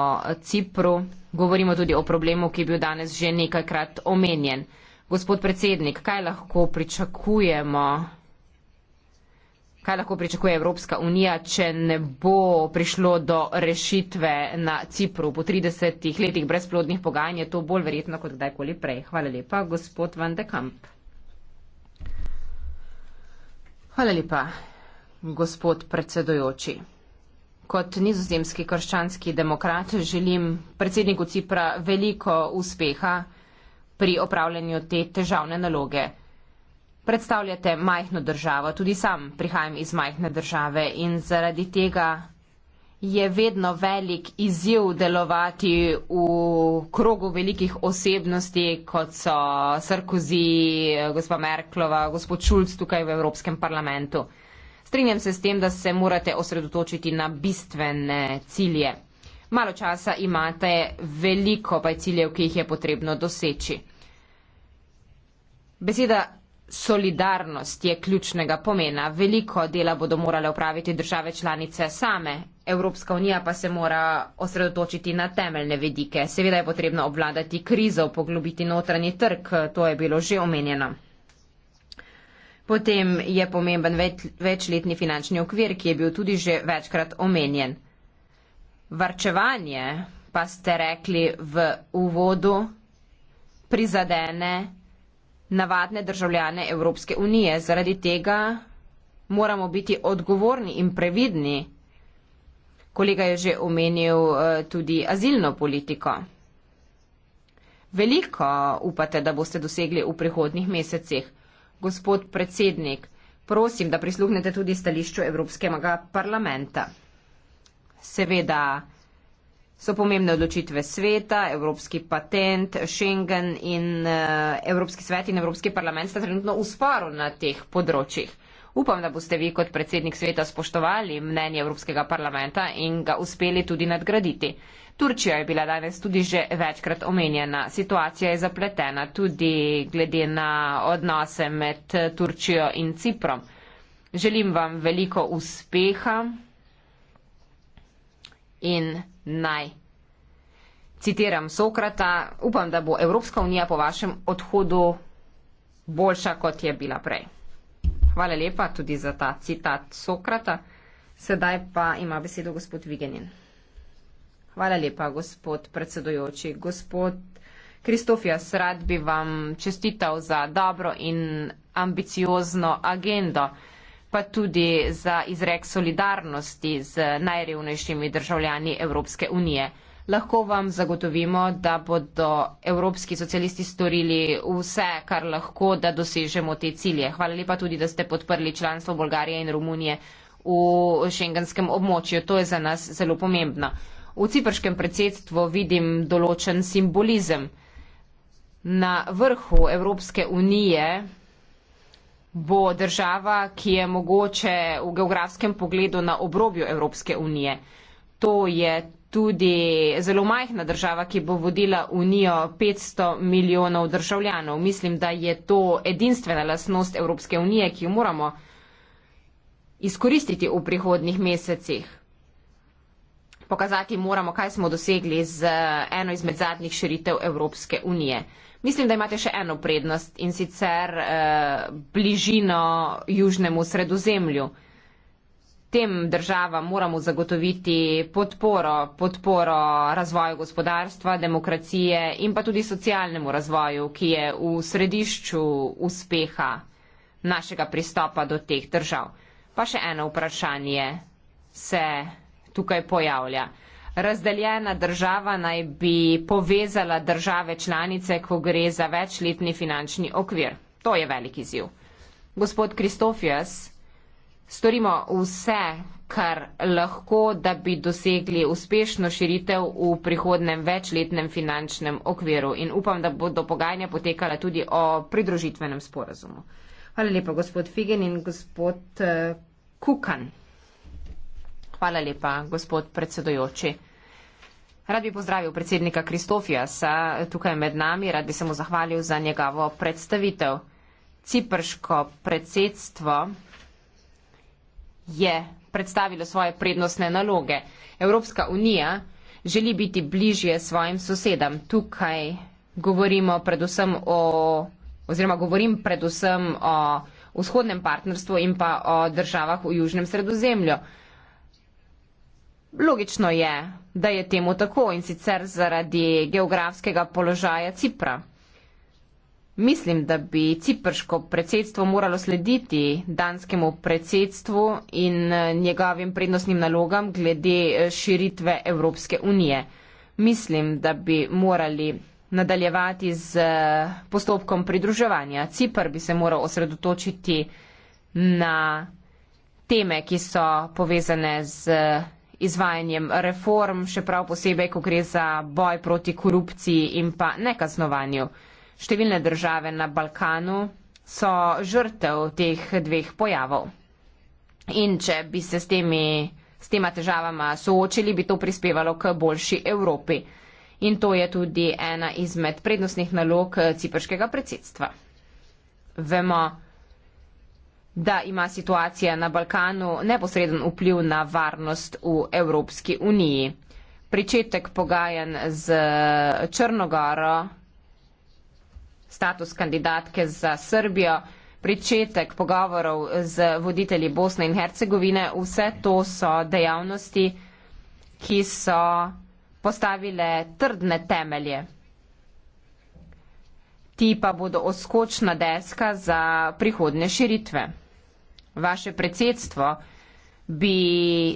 Cipru, govorimo tudi o problemu, ki je bil danes že nekajkrat omenjen. Gospod predsednik, kaj lahko pričakujemo? Kaj lahko pričakuje Evropska unija, če ne bo prišlo do rešitve na Cipru? Po 30 letih brezplodnih pogajanj je to bolj verjetno kot kdajkoli prej. Hvala lepa, gospod Van de Kamp. Hvala lepa, gospod predsedojoči. Kot nizozemski krščanski demokrat želim predsedniku Cipra veliko uspeha pri opravljanju te težavne naloge. Predstavljate majhno državo, tudi sam prihajam iz majhne države in zaradi tega je vedno velik izziv delovati v krogu velikih osebnosti, kot so Sarkozy, gospa Merklova, gospod Šulc tukaj v Evropskem parlamentu. Strinjam se s tem, da se morate osredotočiti na bistvene cilje. Malo časa imate, veliko pa je ciljev, ki jih je potrebno doseči. Beseda Solidarnost je ključnega pomena. Veliko dela bodo morale upraviti države članice same, Evropska unija pa se mora osredotočiti na temeljne vidike. Seveda je potrebno obvladati krizo, poglobiti notranji trg, to je bilo že omenjeno. Potem je pomemben več, večletni finančni okvir, ki je bil tudi že večkrat omenjen. Varčevanje, pa ste rekli v uvodu, prizadene navadne državljane Evropske unije. Zaradi tega moramo biti odgovorni in previdni. Kolega je že omenil eh, tudi azilno politiko. Veliko upate, da boste dosegli v prihodnih mesecih. Gospod predsednik, prosim, da prisluhnete tudi stališču Evropskega parlamenta. Seveda, so pomembne odločitve sveta, evropski patent, Schengen in uh, Evropski svet in Evropski parlament sta trenutno v sporu na teh področjih. Upam, da boste vi kot predsednik sveta spoštovali mnenje Evropskega parlamenta in ga uspeli tudi nadgraditi. Turčija je bila danes tudi že večkrat omenjena. Situacija je zapletena tudi glede na odnose med Turčijo in Ciprom. Želim vam veliko uspeha in naj. Citiram Sokrata, upam, da bo Evropska unija po vašem odhodu boljša, kot je bila prej. Hvala lepa tudi za ta citat Sokrata. Sedaj pa ima besedo gospod Vigenin. Hvala lepa, gospod predsedujoči. Gospod Kristofijas, rad bi vam čestital za dobro in ambiciozno agendo pa tudi za izrek solidarnosti z najrevnejšimi državljani Evropske unije. Lahko vam zagotovimo, da bodo evropski socialisti storili vse, kar lahko, da dosežemo te cilje. Hvala lepa tudi, da ste podprli članstvo Bolgarije in Romunije v šengenskem območju. To je za nas zelo pomembno. V ciprškem predsedstvu vidim določen simbolizem. Na vrhu Evropske unije bo država, ki je mogoče v geografskem pogledu na obrobju Evropske unije. To je tudi zelo majhna država, ki bo vodila Unijo 500 milijonov državljanov. Mislim, da je to edinstvena lasnost Evropske unije, ki jo moramo izkoristiti v prihodnih mesecih. Pokazati moramo, kaj smo dosegli z eno izmed zadnjih širitev Evropske unije. Mislim, da imate še eno prednost in sicer eh, bližino južnemu sredozemlju. Tem državam moramo zagotoviti podporo, podporo razvoju gospodarstva, demokracije in pa tudi socialnemu razvoju, ki je v središču uspeha našega pristopa do teh držav. Pa še eno vprašanje se tukaj pojavlja. Razdeljena država naj bi povezala države članice, ko gre za večletni finančni okvir. To je velik izziv. Gospod Kristofijas, storimo vse, kar lahko, da bi dosegli uspešno širitev v prihodnem večletnem finančnem okviru in upam, da bodo pogajanja potekala tudi o pridružitvenem sporazumu. Hvala lepa, gospod Figen in gospod eh, Kukan. Hvala lepa, gospod predsedojoči. Rad bi pozdravil predsednika Kristofijasa tukaj med nami, rad bi se mu zahvalil za njegovo predstavitev. Ciprško predsedstvo je predstavilo svoje prednostne naloge. Evropska unija želi biti bližje svojim sosedam. Tukaj govorimo predvsem o, oziroma govorim predvsem o vzhodnem partnerstvu in pa o državah v južnem sredozemlju. Logično je, da je temu tako in sicer zaradi geografskega položaja Cipra. Mislim, da bi ciprško predsedstvo moralo slediti danskemu predsedstvu in eh, njegovim prednostnim nalogam glede eh, širitve Evropske unije. Mislim, da bi morali nadaljevati z eh, postopkom pridruževanja. Cipr bi se moral osredotočiti na teme, ki so povezane z izvajanjem reform, še prav posebej, ko gre za boj proti korupciji in pa nekaznovanju. Številne države na Balkanu so žrtev teh dveh pojavov. In če bi se s, temi, s tema težavama soočili, bi to prispevalo k boljši Evropi. In to je tudi ena izmed prednostnih nalog ciprškega predsedstva. Vemo, da ima situacija na Balkanu neposreden vpliv na varnost v Evropski uniji. Pričetek pogajanj z Črnogoro, status kandidatke za Srbijo, pričetek pogovorov z voditelji Bosne in Hercegovine, vse to so dejavnosti, ki so postavile trdne temelje. Ti pa bodo oskočna deska za prihodne širitve vaše predsedstvo bi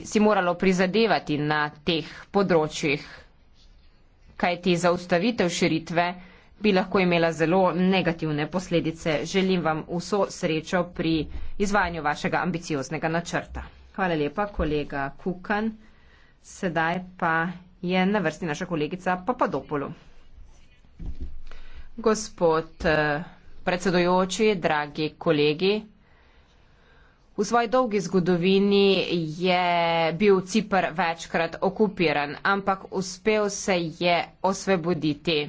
si moralo prizadevati na teh področjih, kajti zaustavitev širitve bi lahko imela zelo negativne posledice. Želim vam vso srečo pri izvajanju vašega ambicioznega načrta. Hvala lepa, kolega Kukan. Sedaj pa je na vrsti naša kolegica Papadopolo. Gospod eh, predsedojoči, dragi kolegi, V svoji dolgi zgodovini je bil Cipr večkrat okupiran, ampak uspel se je osvoboditi.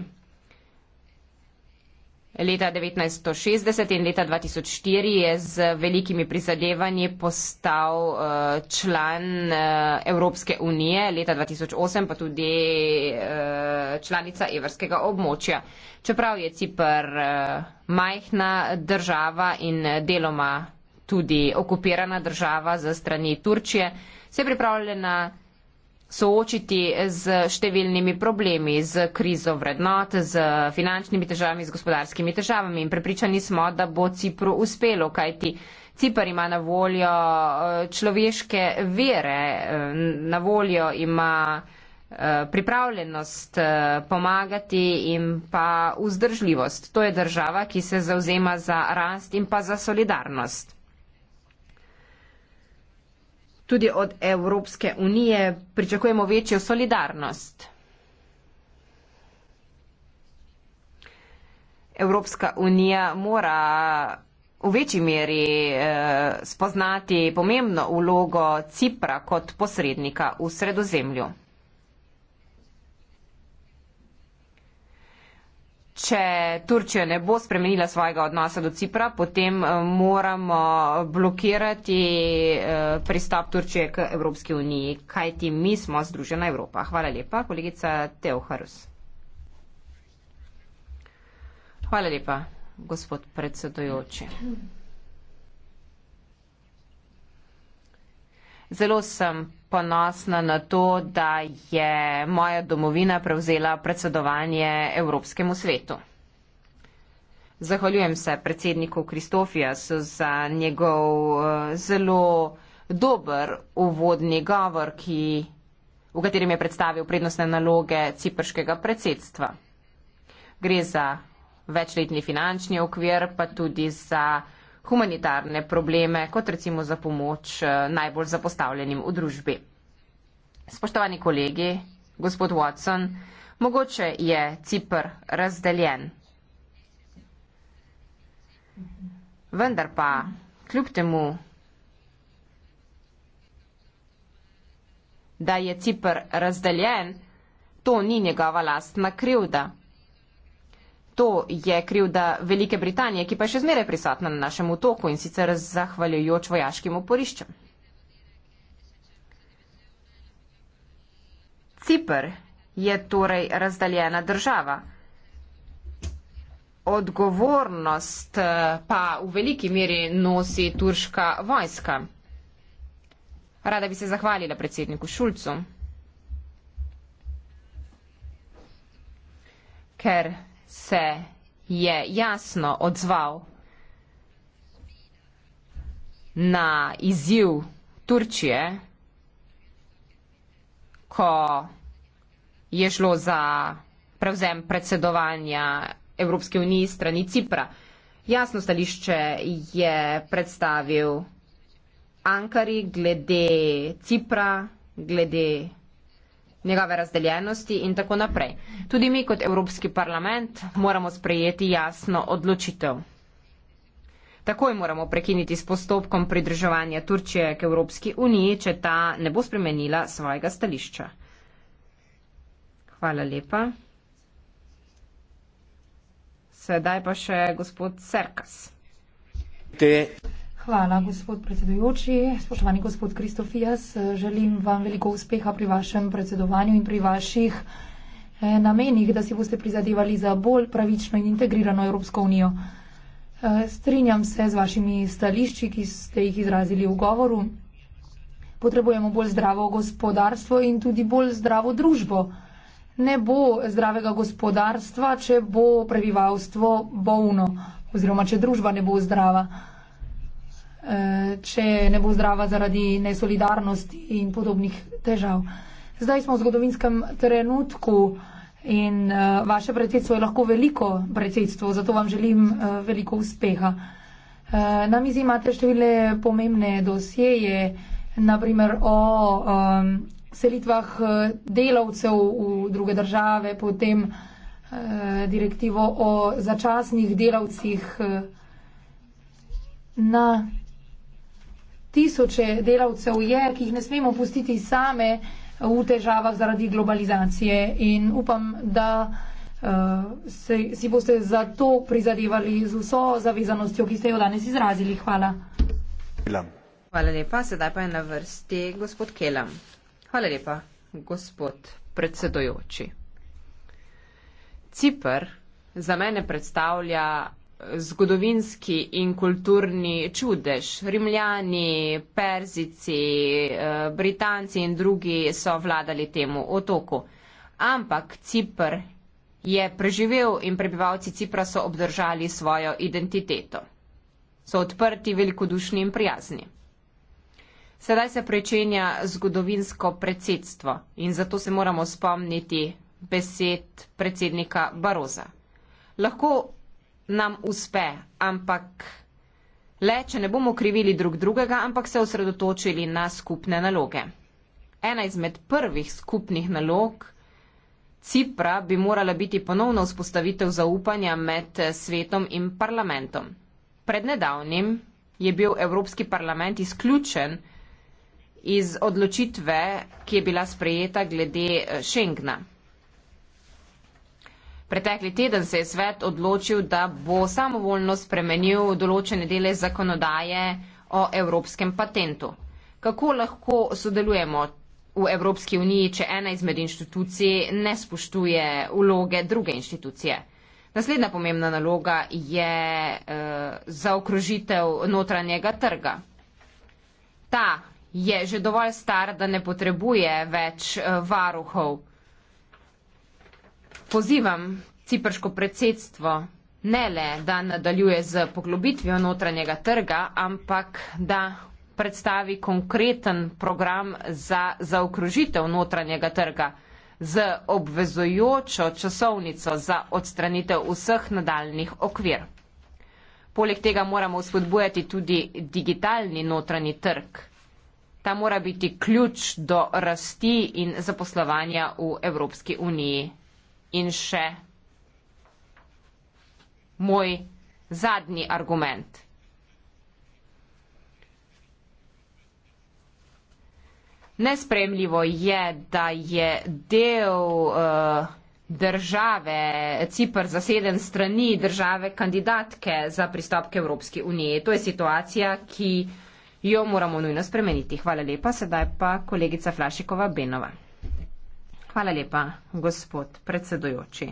Leta 1960 in leta 2004 je z velikimi prizadevanji postal eh, član eh, Evropske unije, leta 2008 pa tudi eh, članica evrskega območja. Čeprav je Cipr majhna država in deloma tudi okupirana država za strani Turčije, se je pripravljena soočiti z številnimi problemi, z krizo vrednot, z finančnimi težavami, z gospodarskimi težavami in prepričani smo, da bo Cipru uspelo, kajti Cipr ima na voljo eh, človeške vere, eh, na voljo ima eh, pripravljenost pomagati in pa vzdržljivost. To je država, ki se zauzema za rast in pa za solidarnost tudi od Evropske unije pričakujemo večjo solidarnost. Evropska unija mora v večji meri eh, spoznati pomembno vlogo Cipra kot posrednika v sredozemlju. Če Turčija ne bo spremenila svojega odnosa do Cipra, potem eh, moramo blokirati eh, pristop Turčije k Evropski uniji, kajti mi smo Združena Evropa. Hvala lepa, kolegica Teoharus. Hvala lepa, gospod predsedujoči. Zelo sem ponosna na to, da je moja domovina prevzela predsedovanje Evropskemu svetu. Zahvaljujem se predsedniku Kristofijasu za njegov eh, zelo dober uvodni govor, ki, v katerem je predstavil prednostne naloge ciprškega predsedstva. Gre za večletni finančni okvir, pa tudi za humanitarne probleme, kot recimo za pomoč eh, najbolj zapostavljenim v družbi. Spoštovani kolegi, gospod Watson, mogoče je Cipr razdeljen. Vendar pa, kljub temu, da je Cipr razdeljen, to ni njegova lastna krivda to je krivda Velike Britanije, ki pa je še zmeraj prisotna na našem otoku in sicer zahvaljujoč vojaškim oporiščem. Cipr je torej razdaljena država. Odgovornost eh, pa v veliki meri nosi turška vojska. Rada bi se zahvalila predsedniku Šulcu, ker se je jasno odzval na izziv Turčije, ko je šlo za prevzem predsedovanja Evropske unije strani Cipra. Jasno stališče je predstavil Ankari glede Cipra, glede njegove razdeljenosti in tako naprej. Tudi mi kot Evropski parlament moramo sprejeti jasno odločitev. Takoj moramo prekiniti s postopkom pridruževanja Turčije k Evropski uniji, če ta ne bo spremenila svojega stališča. Hvala lepa. Sedaj pa še gospod Serkas. Hvala, gospod predsedujoči. Spoštovani gospod Kristof Jas, eh, želim vam veliko uspeha pri vašem predsedovanju in pri vaših eh, namenih, da si boste prizadevali za bolj pravično in integrirano Evropsko unijo. Eh, strinjam se z vašimi stališči, ki ste jih izrazili v govoru. Potrebujemo bolj zdravo gospodarstvo in tudi bolj zdravo družbo. Ne bo zdravega gospodarstva, če bo prebivalstvo bolno oziroma če družba ne bo zdrava. Eh, če ne bo zdrava zaradi nesolidarnosti in podobnih težav. Zdaj smo v zgodovinskem trenutku in eh, vaše predsedstvo je lahko veliko predsedstvo, zato vam želim eh, veliko uspeha. Na mizi imate številne pomembne dosjeje, naprimer o ehm, selitvah delavcev v druge države, potem direktivo o začasnih delavcih na tisoče delavcev je, ki jih ne smemo pustiti same v težavah zaradi globalizacije. In upam, da uh, se, si boste za to prizadevali z vso zavezanostjo, ki ste jo danes izrazili. Hvala. Hvala lepa. Sedaj pa je na vrsti gospod Kelam. Hvala lepa, gospod predsedojoči. Cipr za mene predstavlja zgodovinski in kulturni čudež. Rimljani, Perzici, eh, Britanci in drugi so vladali temu otoku. Ampak Cipr je preživel in prebivalci Cipra so obdržali svojo identiteto. So odprti, velikodušni in prijazni. Sedaj se prečenja zgodovinsko predsedstvo in zato se moramo spomniti besed predsednika Baroza. Lahko nam uspe, ampak le, če ne bomo krivili drug drugega, ampak se osredotočili na skupne naloge. Ena izmed prvih skupnih nalog Cipra bi morala biti ponovna vzpostavitev zaupanja med svetom in parlamentom. Pred nedavnim je bil Evropski parlament izključen iz odločitve, ki je bila sprejeta glede eh, Schengna. Pretekli teden se je svet odločil, da bo samovoljno spremenil določene dele zakonodaje o evropskem patentu. Kako lahko sodelujemo v Evropski uniji, če ena izmed inštitucij ne spoštuje vloge druge inštitucije? Naslednja pomembna naloga je eh, zaokrožitev notranjega trga. Ta je že dovolj star, da ne potrebuje več eh, varuhov pozivam ciprško predsedstvo ne le, da nadaljuje z poglobitvijo notranjega trga, ampak da predstavi konkreten program za zaokrožitev notranjega trga z obvezojočo časovnico za odstranitev vseh nadaljnih okvir. Poleg tega moramo spodbujati tudi digitalni notranji trg. Ta mora biti ključ do rasti in zaposlovanja v Evropski uniji in še moj zadnji argument. Nespremljivo je, da je del uh, države Cipr zaseden strani države kandidatke za pristop k Evropski uniji. To je situacija, ki jo moramo nujno spremeniti. Hvala lepa. Sedaj pa kolegica Flašikova Benova. Hvala lepa, gospod predsedujoči.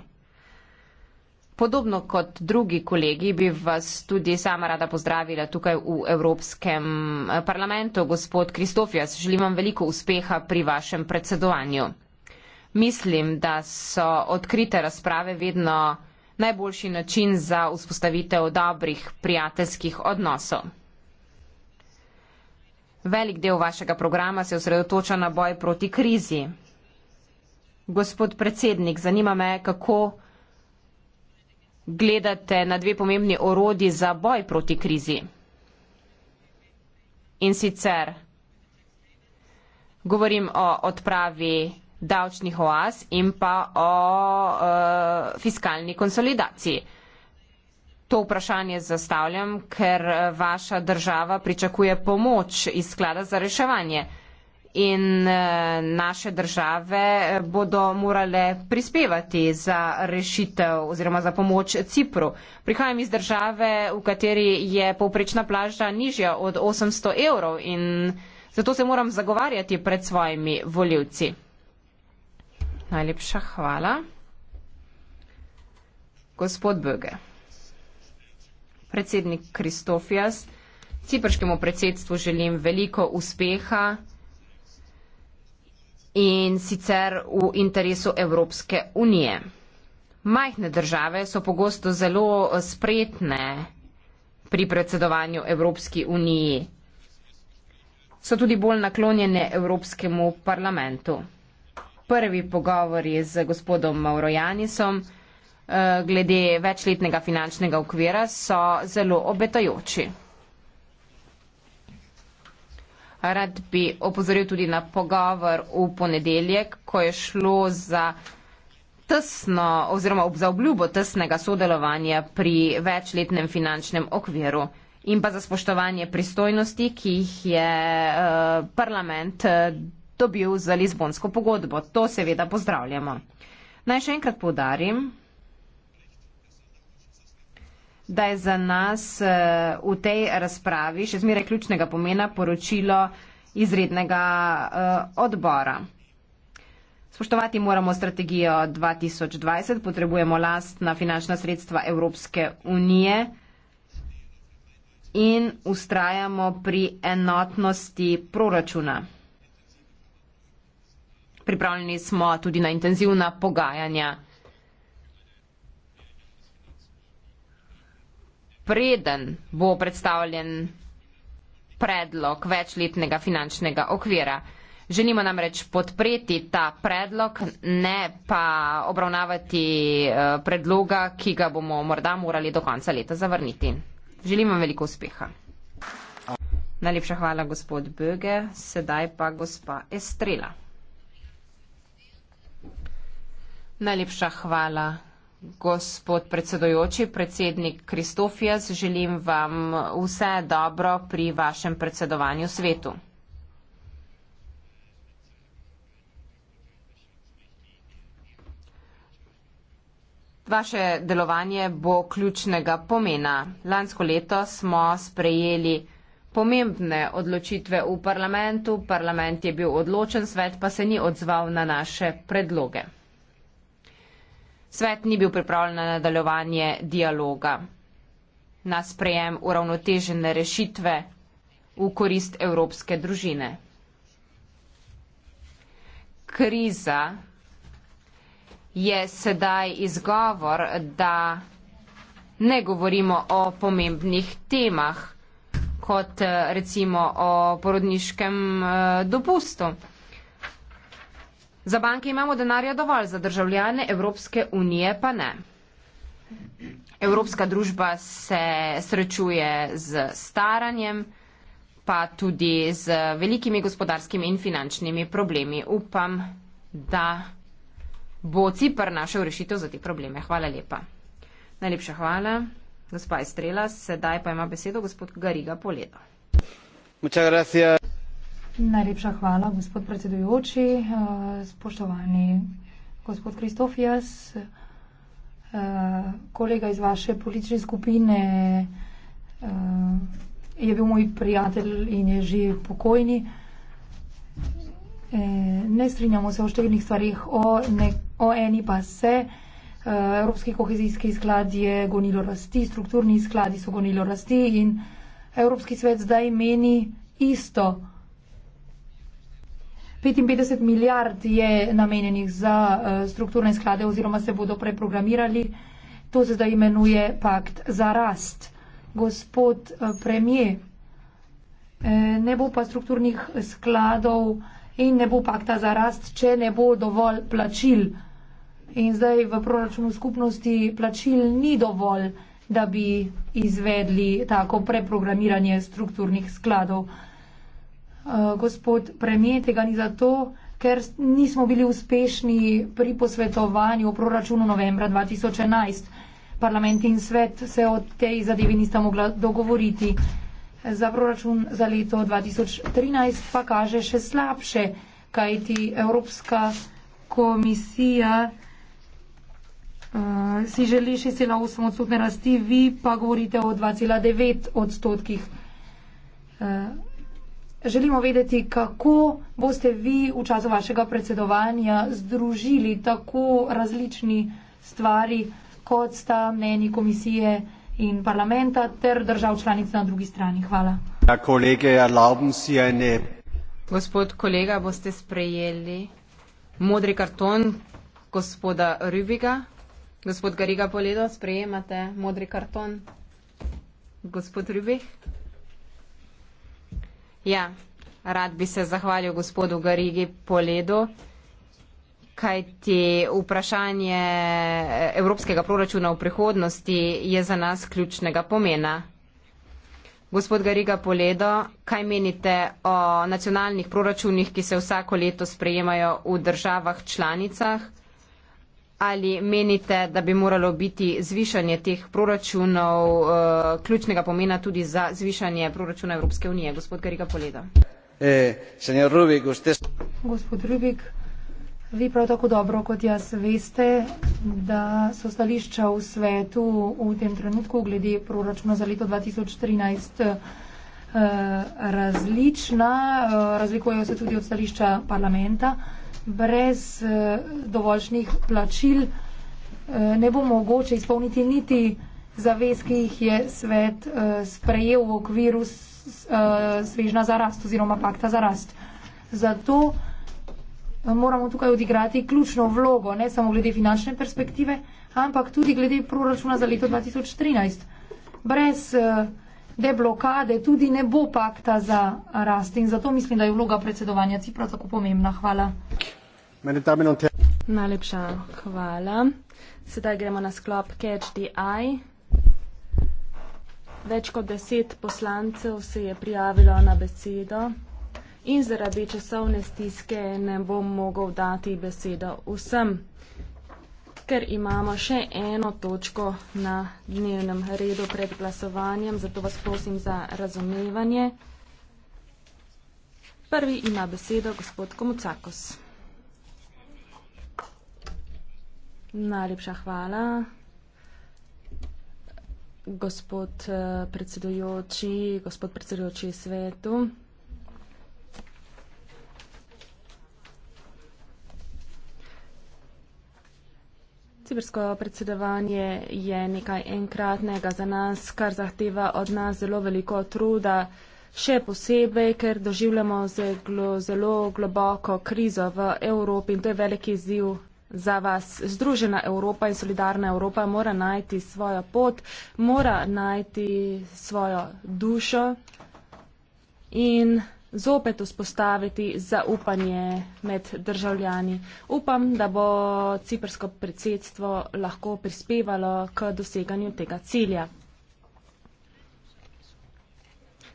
Podobno kot drugi kolegi bi vas tudi sama rada pozdravila tukaj v Evropskem eh, parlamentu. Gospod Kristofijas, želim vam veliko uspeha pri vašem predsedovanju. Mislim, da so odkrite razprave vedno najboljši način za vzpostavitev dobrih prijateljskih odnosov. Velik del vašega programa se osredotoča na boj proti krizi. Gospod predsednik, zanima me, kako gledate na dve pomembni orodi za boj proti krizi. In sicer govorim o odpravi davčnih oaz in pa o e, fiskalni konsolidaciji. To vprašanje zastavljam, ker eh, vaša država pričakuje pomoč iz sklada za reševanje in eh, naše države eh, bodo morale prispevati za rešitev oziroma za pomoč Cipru. Prihajam iz države, v kateri je povprečna plaža nižja od 800 evrov in zato se moram zagovarjati pred svojimi voljivci. Najlepša hvala. Gospod Böge, predsednik Kristofijas, ciprškemu predsedstvu želim veliko uspeha in sicer v interesu Evropske unije. Majhne države so pogosto zelo spretne pri predsedovanju Evropski uniji. So tudi bolj naklonjene Evropskemu parlamentu. Prvi pogovori z gospodom Maurojanisom eh, glede večletnega finančnega okvira so zelo obetajoči. Rad bi opozoril tudi na pogovor v ponedeljek, ko je šlo za tesno oziroma za obljubo tesnega sodelovanja pri večletnem finančnem okviru in pa za spoštovanje pristojnosti, ki jih je eh, parlament eh, dobil za Lizbonsko pogodbo. To seveda pozdravljamo. Naj še enkrat povdarim, da je za nas eh, v tej razpravi še zmeraj ključnega pomena poročilo izrednega eh, odbora. Spoštovati moramo strategijo 2020, potrebujemo lastna finančna sredstva Evropske unije in ustrajamo pri enotnosti proračuna. Pripravljeni smo tudi na intenzivna pogajanja. preden bo predstavljen predlog večletnega finančnega okvira. Želimo namreč podpreti ta predlog, ne pa obravnavati eh, predloga, ki ga bomo morda morali do konca leta zavrniti. Želim vam veliko uspeha. Najlepša hvala, gospod Böge. Sedaj pa gospa Estrela. Najlepša hvala, Gospod predsedojoči, predsednik Kristofijas, želim vam vse dobro pri vašem predsedovanju svetu. Vaše delovanje bo ključnega pomena. Lansko leto smo sprejeli pomembne odločitve v parlamentu, parlament je bil odločen, svet pa se ni odzval na naše predloge. Svet ni bil pripravljen na nadaljevanje dialoga, na sprejem uravnotežene rešitve v korist evropske družine. Kriza je sedaj izgovor, da ne govorimo o pomembnih temah, kot recimo o porodniškem eh, dopustu. Za banke imamo denarja dovolj, za državljane Evropske unije pa ne. Evropska družba se srečuje z staranjem, pa tudi z velikimi gospodarskimi in finančnimi problemi. Upam, da bo Cipr našel rešitev za te probleme. Hvala lepa. Najlepša hvala, gospa Estrela. Sedaj pa ima besedo gospod Gariga Poledo. Najlepša hvala, gospod predsedujoči. Eh, spoštovani gospod Kristofijas, eh, kolega iz vaše politične skupine eh, je bil moj prijatelj in je že pokojni. Ne strinjamo se o številnih stvarih, o, ne, o eni pa se. Evropski kohezijski sklad je gonilo rasti, strukturni skladi so gonilo rasti in Evropski svet zdaj meni isto. 55 milijard je namenjenih za eh, strukturne sklade oziroma se bodo preprogramirali. To se zdaj imenuje pakt za rast. Gospod eh, premije, eh, ne bo pa strukturnih skladov in ne bo pakta za rast, če ne bo dovolj plačil. In zdaj v proračunu skupnosti plačil ni dovolj, da bi izvedli tako preprogramiranje strukturnih skladov. Eh, gospod premijer, tega ni zato, ker nismo bili uspešni pri posvetovanju o proračunu novembra 2011. Parlament in svet se o tej zadevi nista mogla dogovoriti. Za proračun za leto 2013 pa kaže še slabše, kajti Evropska komisija uh, si želi 6,8 odstotne rasti, vi pa govorite o 2,9 odstotkih. Uh, Želimo vedeti, kako boste vi v času vašega predsedovanja združili tako različni stvari, kot sta mnenji komisije in parlamenta ter držav članic na drugi strani. Hvala. Ja, kolege, Gospod kolega, boste sprejeli modri karton gospoda Rübiga. Gospod Gariga Poledo, sprejemate modri karton. Gospod Rübig. Ja, rad bi se zahvalil gospodu Garigi Poledu, kajti vprašanje eh, evropskega proračuna v prihodnosti je za nas ključnega pomena. Gospod Gariga Poledo, kaj menite o nacionalnih proračunih, ki se vsako leto sprejemajo v državah članicah? Ali menite, da bi moralo biti zvišanje teh proračunov uh, ključnega pomena tudi za zvišanje proračuna Evropske unije? Gospod Gariga Poleda. Eh, senjor Rubik, ste... Gospod Rubik, vi prav tako dobro kot jaz veste, da so stališča v svetu v tem trenutku glede proračuna za leto 2013. Eh, različna, eh, razlikujejo se tudi od stališča parlamenta brez uh, dovoljšnih plačil uh, ne bo mogoče izpolniti niti zavez, ki jih je svet uh, sprejel v okviru s, uh, svežna za rast oziroma pakta za rast. Zato moramo tukaj odigrati ključno vlogo, ne samo glede finančne perspektive, ampak tudi glede proračuna za leto 2013. Brez uh, deblokade tudi ne bo pakta za rast in zato mislim, da je vloga predsedovanja Cipra tako pomembna. Hvala. Najlepša hvala. Sedaj gremo na sklop Catch the Eye. Več kot deset poslancev se je prijavilo na besedo in zaradi časovne stiske ne bom mogel dati besedo vsem, ker imamo še eno točko na dnevnem redu pred glasovanjem, zato vas prosim za razumevanje. Prvi ima besedo gospod Komucakos. Najlepša hvala. Gospod eh, predsedujoči, gospod predsedujoči svetu. Cipersko predsedovanje je nekaj enkratnega za nas, kar zahteva od nas zelo veliko truda, še posebej, ker doživljamo zelo, zelo globoko krizo v Evropi in to je veliki izziv za vas. Združena Evropa in solidarna Evropa mora najti svojo pot, mora najti svojo dušo in zopet vzpostaviti zaupanje med državljani. Upam, da bo ciprsko predsedstvo lahko prispevalo k doseganju tega cilja.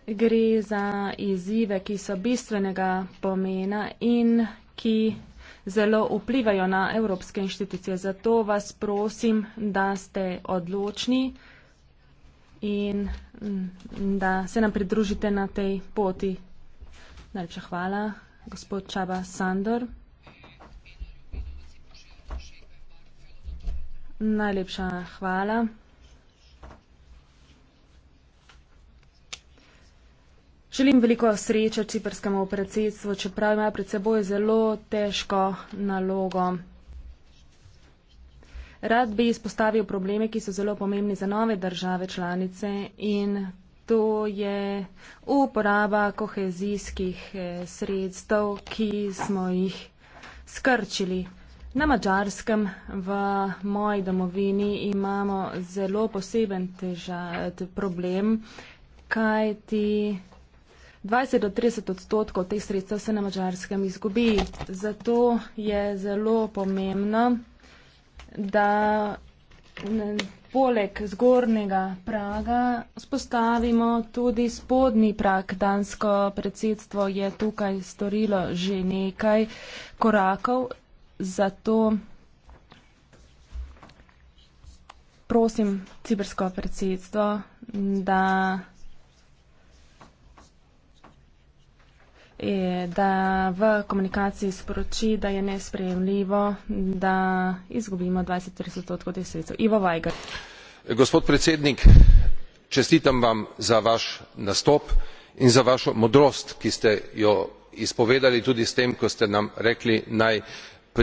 Gre za izzive, ki so bistvenega pomena in ki zelo vplivajo na evropske inštitucije. Zato vas prosim, da ste odločni in mm, da se nam pridružite na tej poti. Najlepša hvala, gospod Čaba Sandor. Najlepša hvala. Želim veliko sreče ciprskemu predsedstvu, čeprav ima pred seboj zelo težko nalogo. Rad bi izpostavil probleme, ki so zelo pomembni za nove države članice in to je uporaba kohezijskih eh, sredstev, ki smo jih skrčili. Na Mačarskem v moji domovini imamo zelo poseben teža, problem, kaj ti. 20 do 30 odstotkov teh sredstev se na mačarskem izgubi. Zato je zelo pomembno, da poleg zgornjega praga spostavimo tudi spodnji prag. Dansko predsedstvo je tukaj storilo že nekaj korakov, zato prosim cibersko predsedstvo, da. da v komunikaciji sporoči, da je nesprejemljivo, da izgubimo 20-30 odstotkov teh sredstev. Ivo Vajgar. Gospod predsednik, čestitam vam za vaš nastop in za vašo modrost, ki ste jo izpovedali tudi s tem, ko ste nam rekli naj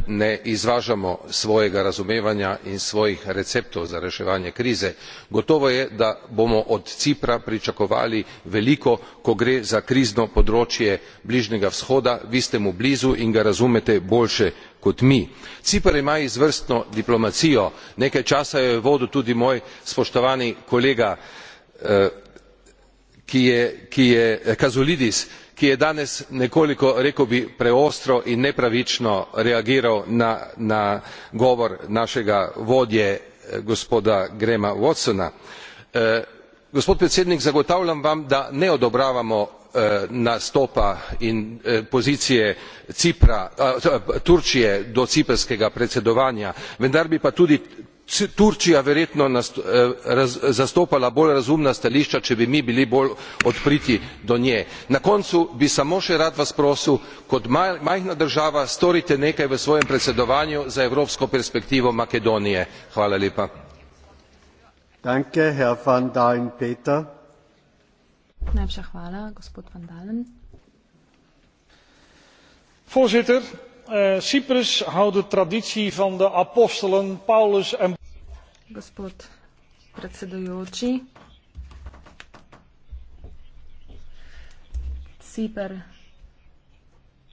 ne izražamo svojega razumevanja in svojih receptov za reševanje krize. gotovo je da bomo od cipra pričakovali veliko ko gre za krizno področje bližnjega vzhoda vi ste mu blizu in ga razumete boljše kot mi. ciper ima izvrstno diplomacijo nekaj časa jo je vodil tudi moj spoštovani kolega eh, eh, kazolidis ki je danes nekoliko rekel bi preostro in nepravično reagiral na govor našega vodje eh, gospoda grahama watsona. Eh, gospod predsednik zagotavljam vam da ne odobravamo eh, nastopa in pozicije turčije do ciprskega predsedovanja vendar bi pa tudi turčija verjetno eh, zastopala bolj razumna stališča če bi mi bili bolj odpriti do nje. na koncu bi samo še rad vas prosil kot majhna država storite nekaj v svojem predsedovanju za evropsko perspektivo makedonije. voorzitter Eh, cyprus houdt de traditie van de apostelen paulus en. Cyper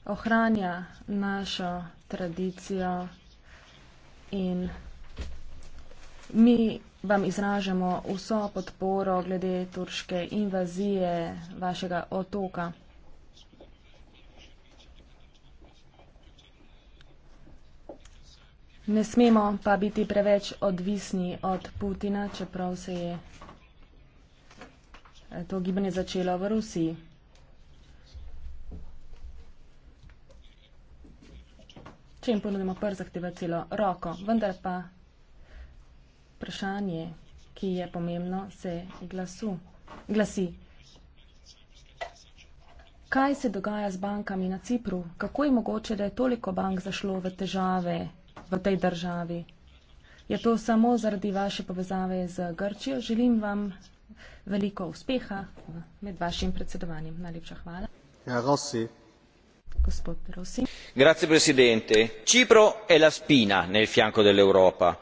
ohranja našo tradicijo in mi vam izražamo vso podporo glede turške invazije vašega otoka. Ne smemo pa biti preveč odvisni od Putina, čeprav se je eh, to gibanje začelo v Rusiji. Če jim ponudimo prst, zahteva celo roko. Vendar pa vprašanje, ki je pomembno, se glasu, glasi. Kaj se dogaja z bankami na Cipru? Kako je mogoče, da je toliko bank zašlo v težave? v tej državi. Je to samo zaradi vaše povezave z Grčijo. Želim vam veliko uspeha med vašim predsedovanjem. Najlepša hvala. Ja, Rossi. Gospod Rossi. Grazie presidente. Cipro è la spina nel fianco dell'Europa.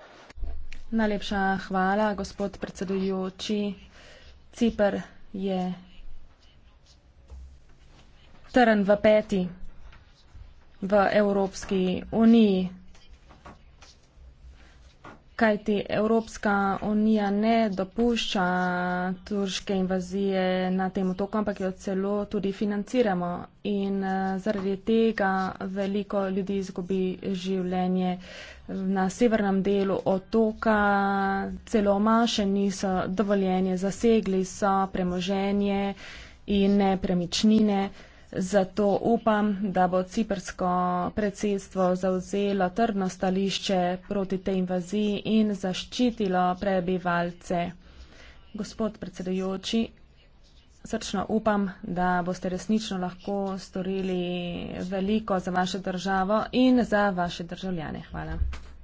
Najlepša hvala, gospod predsedujoči. Cipr je trn v peti v Evropski uniji kajti Evropska unija ne dopušča turške invazije na tem otoku, ampak jo celo tudi financiramo. In eh, zaradi tega veliko ljudi izgubi življenje na severnem delu otoka, celo maše niso dovoljenje, zasegli so premoženje in nepremičnine. Zato upam, da bo ciprsko predsedstvo zauzelo trdno stališče proti tej invaziji in zaščitilo prebivalce. Gospod predsedujoči, srčno upam, da boste resnično lahko storili veliko za vašo državo in za vaše državljane. Hvala.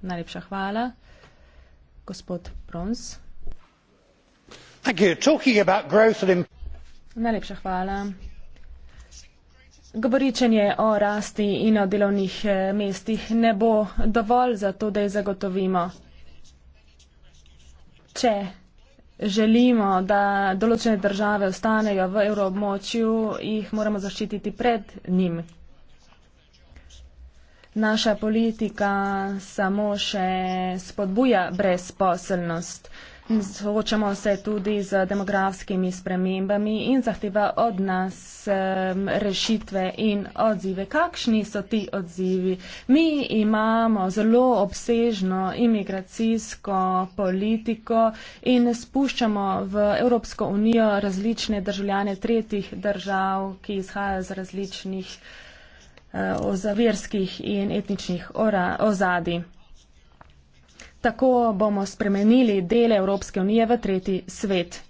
Najlepša hvala. Gospod Prons. Najlepša hvala. Govoričenje o rasti in o delovnih eh, mestih ne bo dovolj za to, da jih zagotovimo. Če želimo, da določene države ostanejo v evroobmočju, jih moramo zaščititi pred njim. Naša politika samo še spodbuja brezposelnost. Soočamo se tudi z demografskimi spremembami in zahteva od nas rešitve in odzive. Kakšni so ti odzivi? Mi imamo zelo obsežno imigracijsko politiko in spuščamo v Evropsko unijo različne državljane tretjih držav, ki izhajajo z različnih eh, ozavirskih in etničnih ozadij. Tako bomo spremenili dele Evropske unije v tretji svet.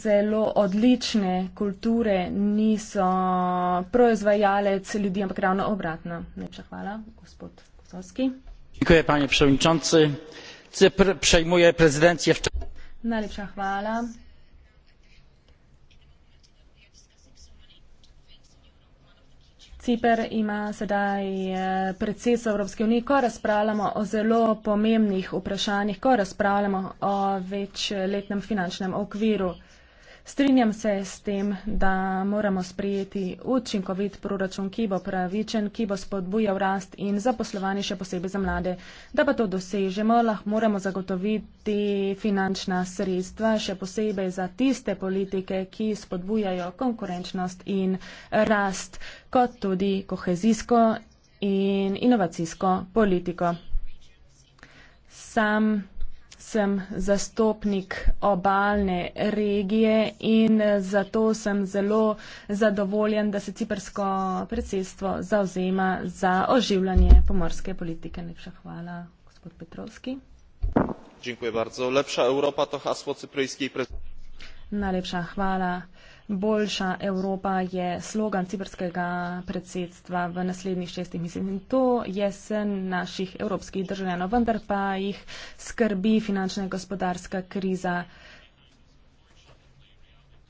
Zelo odlične kulture niso proizvajalec ljudi, ampak ravno obratno. Najlepša hvala, gospod Kosovski. Dziękuję, panie przewodniczący. Cypr przejmuje prezydencję w Najlepša hvala, Cipr ima sedaj eh, predsedstvo Evropske unije, ko razpravljamo o zelo pomembnih vprašanjih, ko razpravljamo o večletnem finančnem okviru. Strinjam se s tem, da moramo sprejeti učinkovit proračun, ki bo pravičen, ki bo spodbujal rast in zaposlovanje še posebej za mlade. Da pa to dosežemo, lahko moramo zagotoviti finančna sredstva, še posebej za tiste politike, ki spodbujajo konkurenčnost in rast, kot tudi kohezijsko in inovacijsko politiko. Sam sem zastopnik obalne regije in zato sem zelo zadovoljen, da se ciprsko predsedstvo zauzema za oživljanje pomorske politike. Najlepša hvala, gospod Petrovski. Dziękuję bardzo. Lepsza Europa to hasło cypryjskiej prezydencji. Najlepsza chwała boljša Evropa je slogan ciprskega predsedstva v naslednjih šestih mesecih. In to je sen naših evropskih državljanov, vendar pa jih skrbi finančna in gospodarska kriza.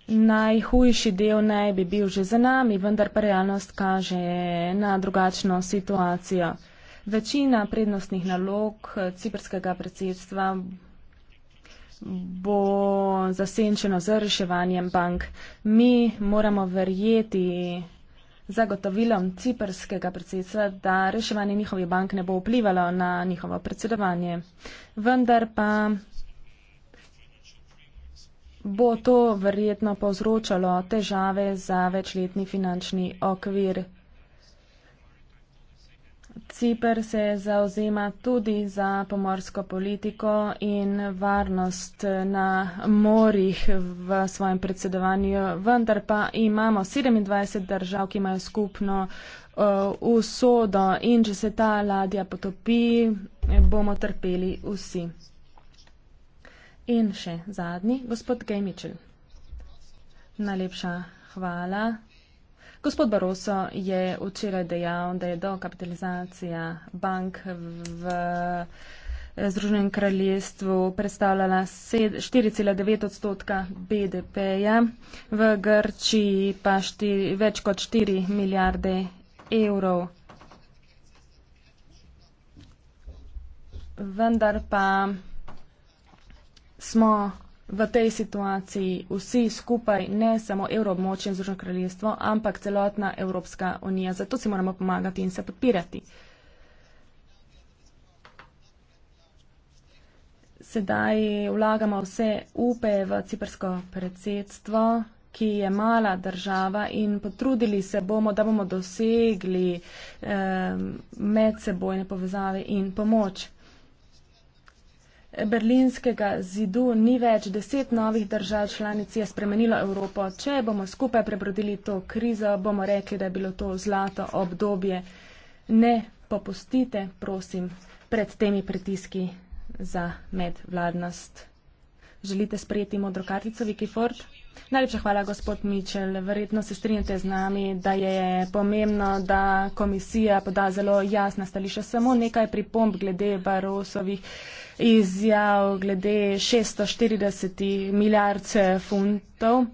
Najhujši del naj bi bil že za nami, vendar pa realnost kaže na drugačno situacijo. Večina prednostnih nalog ciprskega predsedstva bo zasenčeno z reševanjem bank. Mi moramo verjeti zagotovilom ciperskega predsedstva, da reševanje njihovih bank ne bo vplivalo na njihovo predsedovanje. Vendar pa bo to verjetno povzročalo težave za večletni finančni okvir 2014-2020. Cipr se zauzema tudi za pomorsko politiko in varnost na morjih v svojem predsedovanju, vendar pa imamo 27 držav, ki imajo skupno uh, usodo in če se ta ladja potopi, bomo trpeli vsi. In še zadnji, gospod Gej Mičel. Najlepša hvala. Gospod Baroso je včeraj dejal, da je dokapitalizacija bank v eh, Združenem kraljestvu predstavljala 4,9 odstotka BDP-ja, v Grčiji pa štiri, več kot 4 milijarde evrov. Vendar pa smo v tej situaciji vsi skupaj, ne samo evroobmočje in Združeno kraljestvo, ampak celotna Evropska unija. Zato si moramo pomagati in se podpirati. Sedaj vlagamo vse upe v ciprsko predsedstvo, ki je mala država in potrudili se bomo, da bomo dosegli eh, medsebojne povezave in pomoč berlinskega zidu ni več, deset novih držav članic je spremenilo Evropo. Če bomo skupaj prebrodili to krizo, bomo rekli, da je bilo to zlato obdobje. Ne popustite, prosim, pred temi pritiski za medvladnost. Želite sprejeti modro kartico Viki Ford? Najlepša hvala, gospod Mičel. Verjetno se strinjate z nami, da je pomembno, da komisija poda zelo jasna stališča. Samo nekaj pripomb glede Barosovih izjav glede 640 milijard eh, funtov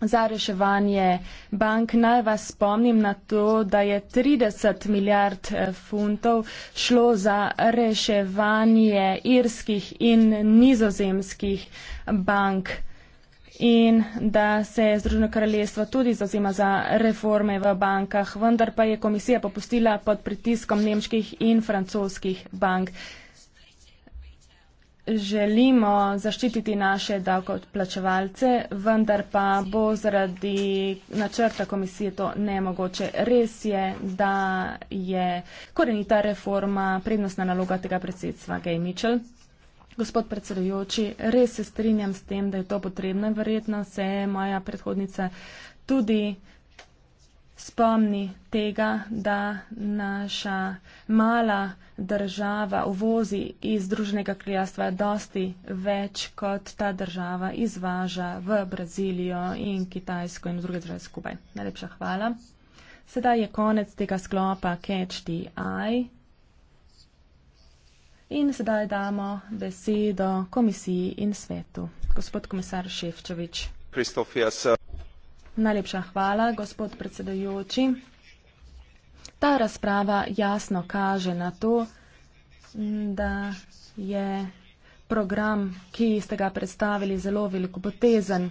za reševanje bank. Naj vas spomnim na to, da je 30 milijard eh, funtov šlo za reševanje irskih in nizozemskih bank in da se je Združeno kraljestvo tudi zazima za reforme v bankah, vendar pa je komisija popustila pod pritiskom nemških in francoskih bank želimo zaščititi naše davkoplačevalce, vendar pa bo zaradi načrta komisije to nemogoče. Res je, da je korenita reforma prednostna naloga tega predsedstva Gay Mitchell. Gospod predsedujoči, res se strinjam s tem, da je to potrebno in verjetno se je moja predhodnica tudi spomni tega, da naša mala država uvozi iz družnega kljastva dosti več, kot ta država izvaža v Brazilijo in Kitajsko in v druge države skupaj. Najlepša hvala. Sedaj je konec tega sklopa Catch the Eye. In sedaj damo besedo komisiji in svetu. Gospod komisar Ševčevič. Kristofija, sir. Najlepša hvala, gospod predsedajoči. Ta razprava jasno kaže na to, da je program, ki ste ga predstavili, zelo veliko potezen.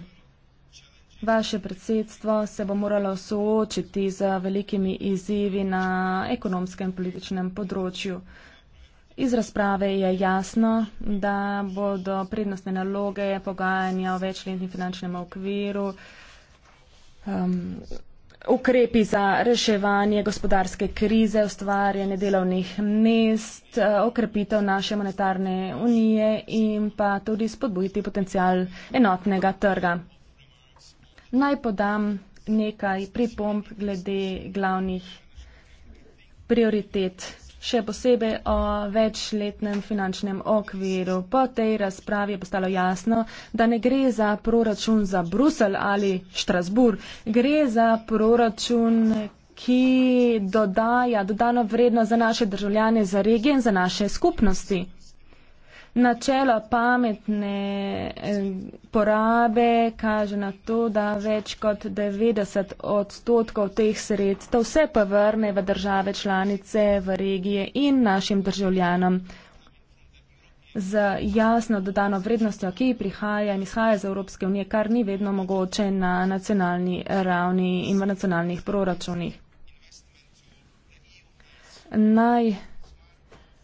Vaše predsedstvo se bo moralo soočiti z velikimi izzivi na ekonomskem in političnem področju. Iz razprave je jasno, da bodo prednostne naloge pogajanja o večletnem finančnem okviru, um, ukrepi za reševanje gospodarske krize, ustvarjanje delovnih mest, uh, okrepitev naše monetarne unije in pa tudi spodbujiti potencial enotnega trga. Naj podam nekaj pripomp glede glavnih prioritet še posebej o večletnem finančnem okviru. Po tej razpravi je postalo jasno, da ne gre za proračun za Brusel ali Štrasbur, gre za proračun ki dodaja dodano vredno za naše državljane, za regije in za naše skupnosti načela pametne eh, porabe kaže na to, da več kot 90 odstotkov teh sredstev se pa vrne v države članice, v regije in našim državljanom z jasno dodano vrednostjo, ki prihaja in izhaja iz Evropske unije, kar ni vedno mogoče na nacionalni ravni in v nacionalnih proračunih. Naj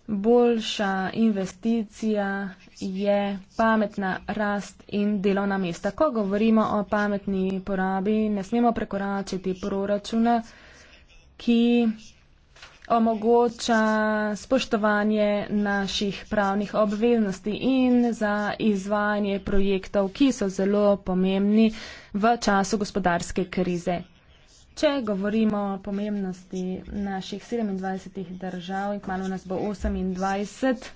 boljša investicija je pametna rast in delovna mesta. Ko govorimo o pametni porabi, ne smemo prekoračiti proračuna, ki omogoča spoštovanje naših pravnih obveznosti in za izvajanje projektov, ki so zelo pomembni v času gospodarske krize. Če govorimo o pomembnosti naših 27 držav in kmalo nas bo 28,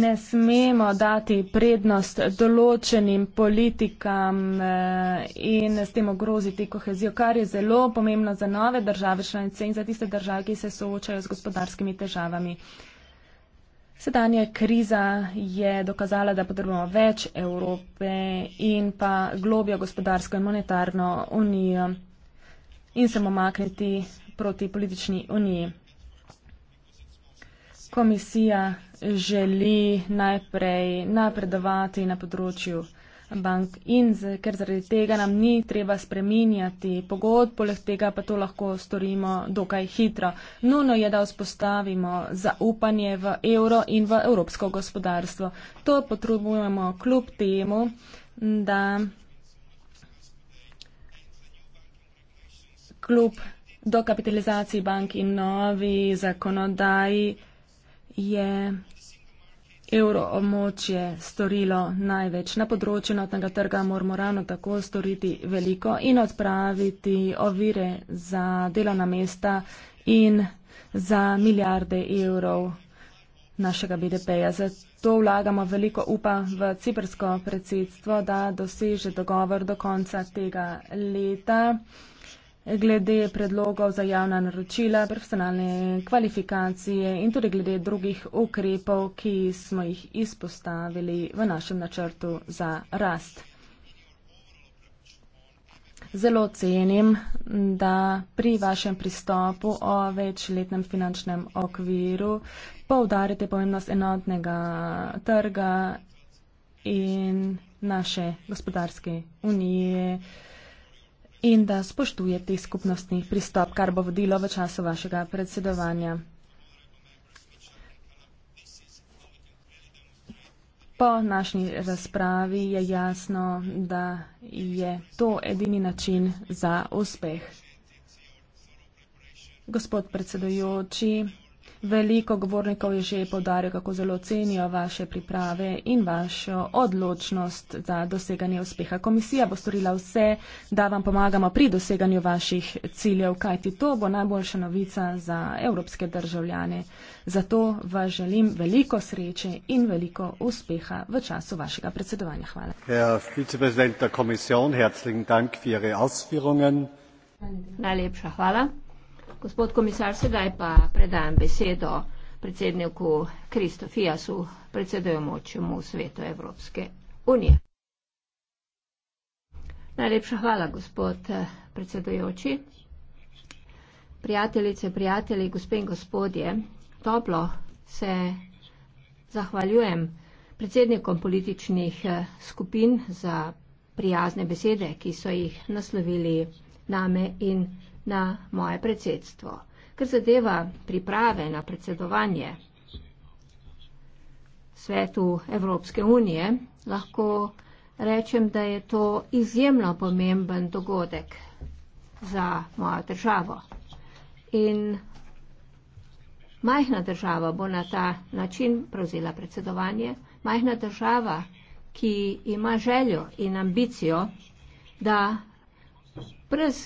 ne smemo dati prednost določenim politikam eh, in s tem ogroziti kohezijo, kar je zelo pomembno za nove države članice in za tiste države, ki se soočajo z gospodarskimi težavami. Sedanja kriza je dokazala, da potrebujemo več Evrope in pa globjo gospodarsko in monetarno unijo in se omakniti proti politični uniji. Komisija želi najprej napredovati na področju bank in ker zaradi tega nam ni treba spreminjati pogod, poleg tega pa to lahko storimo dokaj hitro. Nuno je, da vzpostavimo zaupanje v evro in v evropsko gospodarstvo. To potrebujemo kljub temu, da. kljub dokapitalizaciji bank in novi zakonodaji je evro območje storilo največ. Na področju notnega trga moramo ravno tako storiti veliko in odpraviti ovire za delovna mesta in za milijarde evrov našega BDP-ja. Zato vlagamo veliko upa v ciprsko predsedstvo, da doseže dogovor do konca tega leta glede predlogov za javna naročila, profesionalne kvalifikacije in tudi glede drugih ukrepov, ki smo jih izpostavili v našem načrtu za rast. Zelo cenim, da pri vašem pristopu o večletnem finančnem okviru poudarite pomembnost enotnega trga in naše gospodarske unije in da spoštujete skupnostni pristop, kar bo vodilo v času vašega predsedovanja. Po naši razpravi je jasno, da je to edini način za uspeh. Gospod predsedujoči, Veliko govornikov je že povdarjal, kako zelo cenijo vaše priprave in vašo odločnost za doseganje uspeha. Komisija bo storila vse, da vam pomagamo pri doseganju vaših ciljev, kajti to bo najboljša novica za evropske državljane. Zato vam želim veliko sreče in veliko uspeha v času vašega predsedovanja. Hvala. Najlepša hvala. Gospod komisar, sedaj pa predajam besedo predsedniku Kristo Fijasu, predsedujemočemu svetu Evropske unije. Najlepša hvala, gospod predsedujoči. Prijateljice, prijatelji, gospe in gospodje, toplo se zahvaljujem predsednikom političnih skupin za prijazne besede, ki so jih naslovili name in na moje predsedstvo. Ker zadeva priprave na predsedovanje svetu Evropske unije, lahko rečem, da je to izjemno pomemben dogodek za mojo državo. In majhna država bo na ta način prevzela predsedovanje, majhna država, ki ima željo in ambicijo, da brez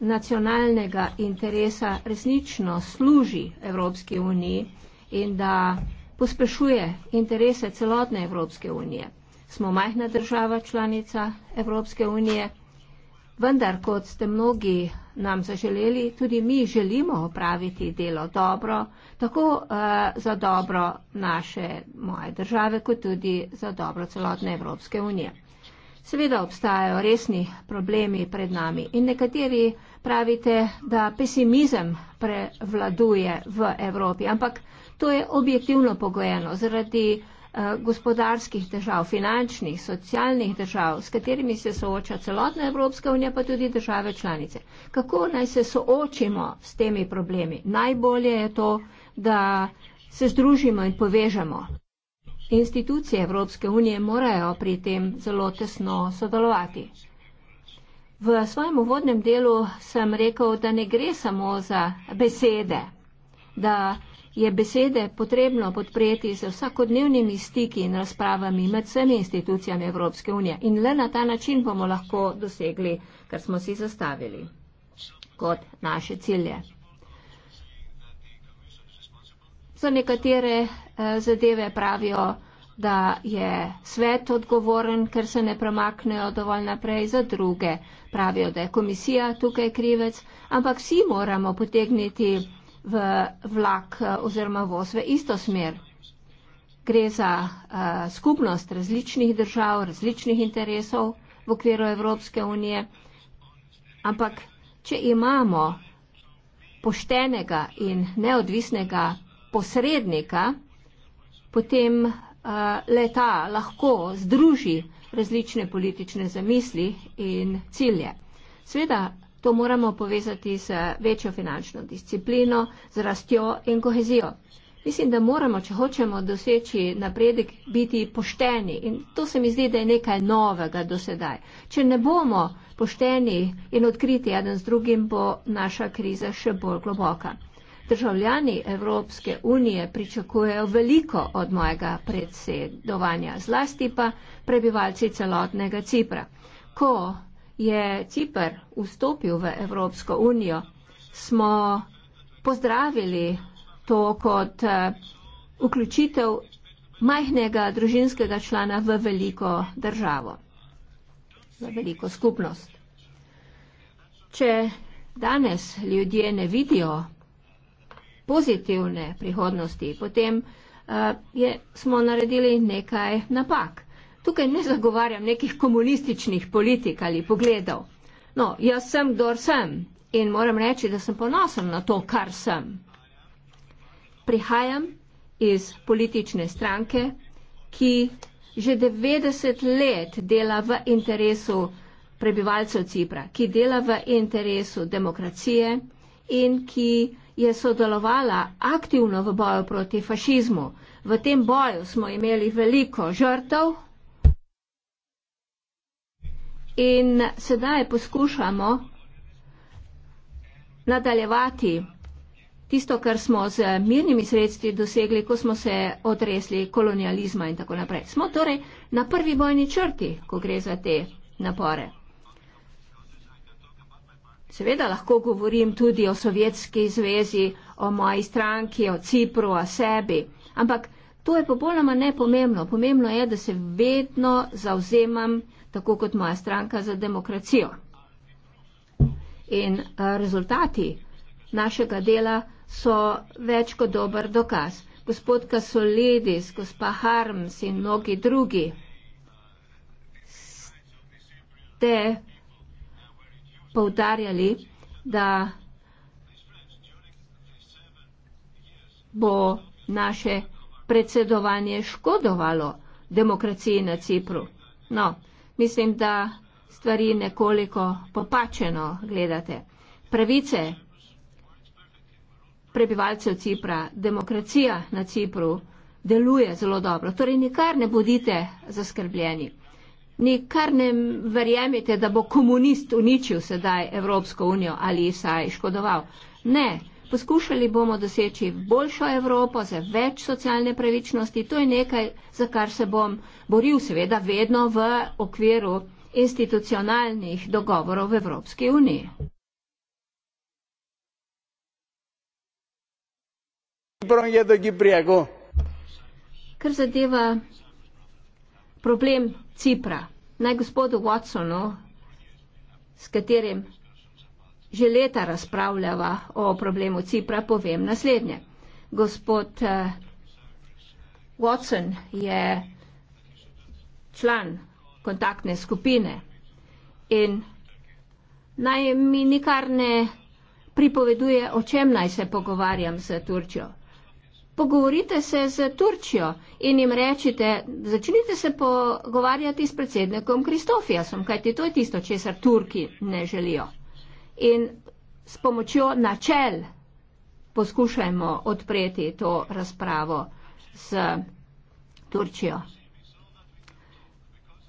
nacionalnega interesa resnično služi Evropski uniji in da pospešuje interese celotne Evropske unije. Smo majhna država članica Evropske unije, vendar, kot ste mnogi nam zaželeli, tudi mi želimo opraviti delo dobro, tako uh, za dobro naše moje države, kot tudi za dobro celotne Evropske unije. Seveda obstajajo resni problemi pred nami in nekateri pravite, da pesimizem prevladuje v Evropi, ampak to je objektivno pogojeno zaradi eh, gospodarskih držav, finančnih, socialnih držav, s katerimi se sooča celotna Evropska unija, pa tudi države članice. Kako naj se soočimo s temi problemi? Najbolje je to, da se združimo in povežemo. Institucije Evropske unije morajo pri tem zelo tesno sodelovati. V svojem uvodnem delu sem rekel, da ne gre samo za besede, da je besede potrebno podpreti z vsakodnevnimi stiki in razpravami med vsemi institucijami Evropske unije in le na ta način bomo lahko dosegli, kar smo si zastavili kot naše cilje. Za nekatere Eh, zadeve pravijo, da je svet odgovoren, ker se ne premaknejo dovolj naprej za druge. Pravijo, da je komisija tukaj krivec, ampak vsi moramo potegniti v vlak eh, oziroma voz v isto smer. Gre za uh, skupnost različnih držav, različnih interesov v okviru Evropske unije, ampak če imamo poštenega in neodvisnega posrednika, potem uh, leta lahko združi različne politične zamisli in cilje. Sveda, to moramo povezati z večjo finančno disciplino, z rastjo in kohezijo. Mislim, da moramo, če hočemo doseči napredek, biti pošteni in to se mi zdi, da je nekaj novega do sedaj. Če ne bomo pošteni in odkriti eden z drugim, bo naša kriza še bolj globoka. Državljani Evropske unije pričakujejo veliko od mojega predsedovanja, zlasti pa prebivalci celotnega Cipra. Ko je Cipr vstopil v Evropsko unijo, smo pozdravili to kot eh, vključitev majhnega družinskega člana v veliko državo, v veliko skupnost. Če danes ljudje ne vidijo pozitivne prihodnosti, potem uh, je, smo naredili nekaj napak. Tukaj ne zagovarjam nekih komunističnih politik ali pogledov. No, jaz sem, kdor sem in moram reči, da sem ponosen na to, kar sem. Prihajam iz politične stranke, ki že 90 let dela v interesu prebivalcev Cipra, ki dela v interesu demokracije in ki je sodelovala aktivno v boju proti fašizmu. V tem boju smo imeli veliko žrtev in sedaj poskušamo nadaljevati tisto, kar smo z mirnimi sredstvi dosegli, ko smo se odresli kolonializma in tako naprej. Smo torej na prvi bojni črti, ko gre za te napore. Seveda lahko govorim tudi o Sovjetski zvezi, o moji stranki, o Cipru, o sebi, ampak to je popolnoma nepomembno. Pomembno je, da se vedno zauzemam, tako kot moja stranka, za demokracijo. In eh, rezultati našega dela so več kot dober dokaz. Gospod Kasolidis, gospa Harms in mnogi drugi ste poudarjali, da bo naše predsedovanje škodovalo demokraciji na Cipru. No, mislim, da stvari nekoliko popačeno gledate. Pravice prebivalcev Cipra, demokracija na Cipru deluje zelo dobro. Torej, nikar ne bodite zaskrbljeni. Nikar ne verjemite, da bo komunist uničil sedaj Evropsko unijo ali saj škodoval. Ne, poskušali bomo doseči boljšo Evropo za več socialne pravičnosti. To je nekaj, za kar se bom boril seveda vedno v okviru institucionalnih dogovorov v Evropski uniji. Kar zadeva problem Cipra. Naj gospodu Watsonu, s katerim že leta razpravljava o problemu Cipra, povem naslednje. Gospod eh, Watson je član kontaktne skupine in naj mi nikar ne pripoveduje, o čem naj se pogovarjam s Turčjo pogovorite se z Turčijo in jim rečite, začnite se pogovarjati s predsednikom Kristofijasom, kajti to je tisto, česar Turki ne želijo. In s pomočjo načel poskušajmo odpreti to razpravo s Turčijo.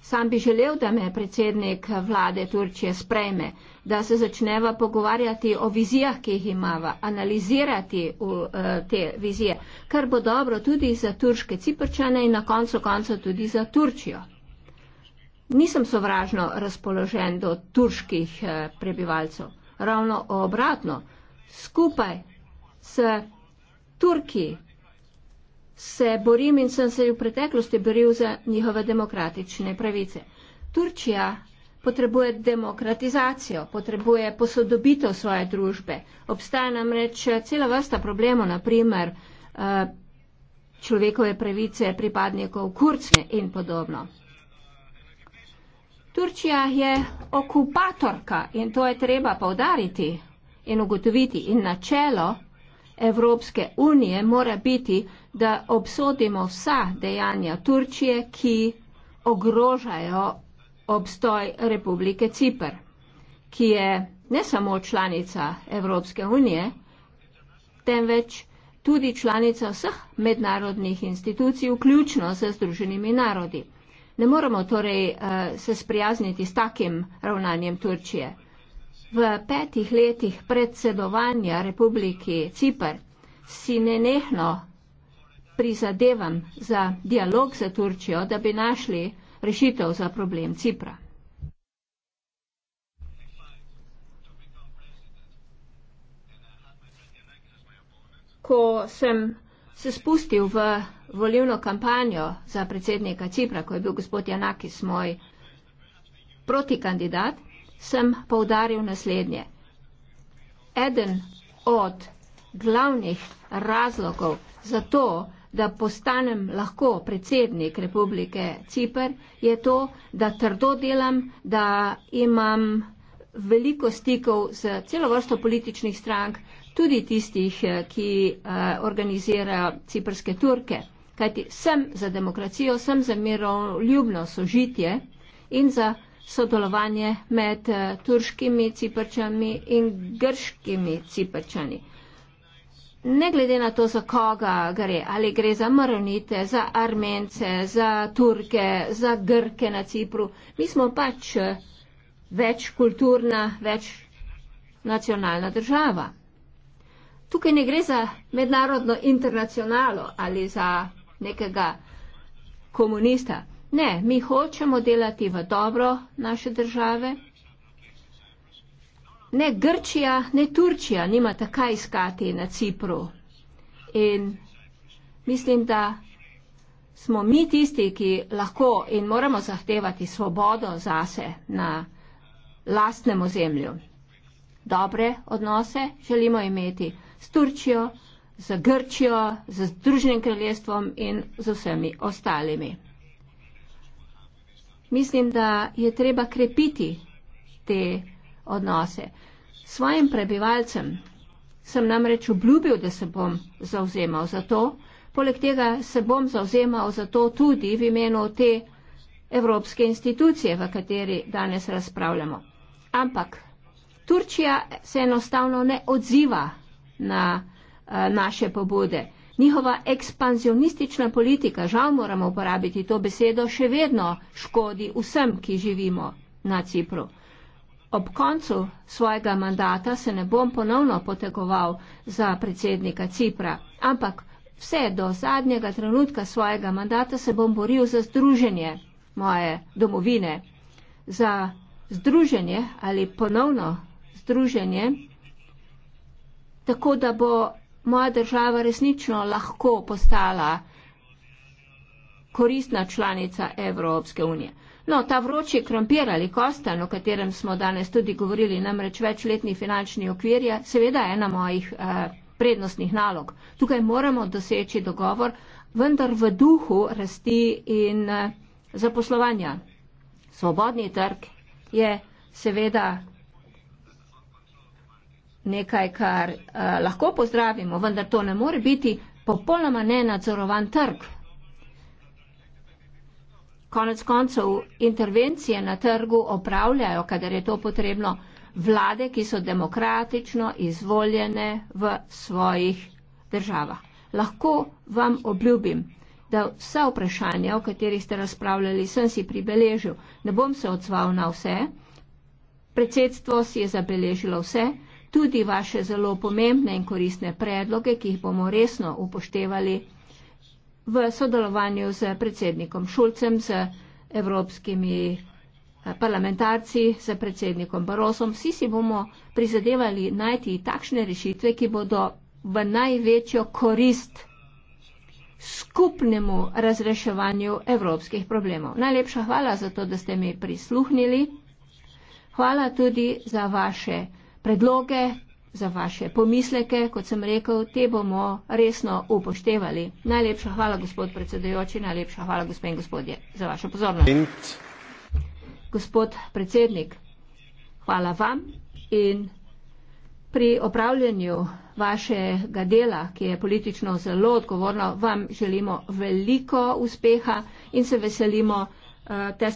Sam bi želel, da me predsednik vlade Turčije sprejme, da se začneva pogovarjati o vizijah, ki jih imava, analizirati v, uh, te vizije, kar bo dobro tudi za turške ciprčane in na koncu konca tudi za Turčijo. Nisem sovražno razpoložen do turških uh, prebivalcev. Ravno obratno, skupaj s Turki, se borim in sem se v preteklosti boril za njihove demokratične pravice. Turčija potrebuje demokratizacijo, potrebuje posodobitev svoje družbe. Obstaja namreč cela vrsta problemov, naprimer eh, človekove pravice pripadnikov kurcne in podobno. Turčija je okupatorka in to je treba povdariti in ugotoviti in načelo Evropske unije mora biti, da obsodimo vsa dejanja Turčije, ki ogrožajo obstoj Republike Cipr, ki je ne samo članica Evropske unije, temveč tudi članica vseh mednarodnih institucij, vključno z Združenimi narodi. Ne moramo torej eh, se sprijazniti s takim ravnanjem Turčije. V petih letih predsedovanja Republiki Cipr si nenehno prizadevam za dialog za Turčijo, da bi našli rešitev za problem Cipra. Ko sem se spustil v volivno kampanjo za predsednika Cipra, ko je bil gospod Janakis moj protikandidat, sem povdaril naslednje. Eden od glavnih razlogov za to, da postanem lahko predsednik Republike Cipr, je to, da trdo delam, da imam veliko stikov z celo vrsto političnih strank, tudi tistih, eh, ki eh, organizirajo ciprske turke. Kajti sem za demokracijo, sem za miroljubno sožitje in za sodelovanje med eh, turškimi ciprčani in grškimi ciprčani. Ne glede na to, za koga gre, ali gre za maronite, za armence, za turke, za grke na Cipru, mi smo pač eh, več kulturna, več nacionalna država. Tukaj ne gre za mednarodno internacionalo ali za nekega komunista. Ne, mi hočemo delati v dobro naše države. Ne Grčija, ne Turčija nima tako iskati na Cipru. In mislim, da smo mi tisti, ki lahko in moramo zahtevati svobodo zase na lastnemu zemlju. Dobre odnose želimo imeti s Turčijo, z Grčijo, z Združenim kraljestvom in z vsemi ostalimi. Mislim, da je treba krepiti te odnose. Svojim prebivalcem sem namreč obljubil, da se bom zauzemal za to. Poleg tega se bom zauzemal za to tudi v imenu te evropske institucije, v kateri danes razpravljamo. Ampak Turčija se enostavno ne odziva na uh, naše pobude. Njihova ekspanzionistična politika, žal moramo uporabiti to besedo, še vedno škodi vsem, ki živimo na Cipru. Ob koncu svojega mandata se ne bom ponovno potegoval za predsednika Cipra, ampak vse do zadnjega trenutka svojega mandata se bom boril za združenje moje domovine, za združenje ali ponovno združenje, tako da bo moja država resnično lahko postala koristna članica Evropske unije. No, ta vroči krompir ali kostan, o katerem smo danes tudi govorili, namreč večletni finančni okvir je seveda ena mojih eh, prednostnih nalog. Tukaj moramo doseči dogovor, vendar v duhu rasti in eh, zaposlovanja. Svobodni trg je seveda nekaj, kar uh, lahko pozdravimo, vendar to ne more biti popolnoma nenadzorovan trg. Konec koncev intervencije na trgu opravljajo, kadar je to potrebno, vlade, ki so demokratično izvoljene v svojih državah. Lahko vam obljubim, da vsa vprašanja, o katerih ste razpravljali, sem si pribeležil. Ne bom se odzval na vse. Predsedstvo si je zabeležilo vse tudi vaše zelo pomembne in koristne predloge, ki jih bomo resno upoštevali v sodelovanju z predsednikom Šulcem, z evropskimi eh, parlamentarci, z predsednikom Barosom. Vsi si bomo prizadevali najti takšne rešitve, ki bodo v največjo korist skupnemu razreševanju evropskih problemov. Najlepša hvala za to, da ste mi prisluhnili. Hvala tudi za vaše predloge, za vaše pomisleke, kot sem rekel, te bomo resno upoštevali. Najlepša hvala, gospod predsedujoči, najlepša hvala, gospod in gospodje, za vašo pozornost. Int. Gospod predsednik, hvala vam in pri opravljanju vašega dela, ki je politično zelo odgovorno, vam želimo veliko uspeha in se veselimo. Uh,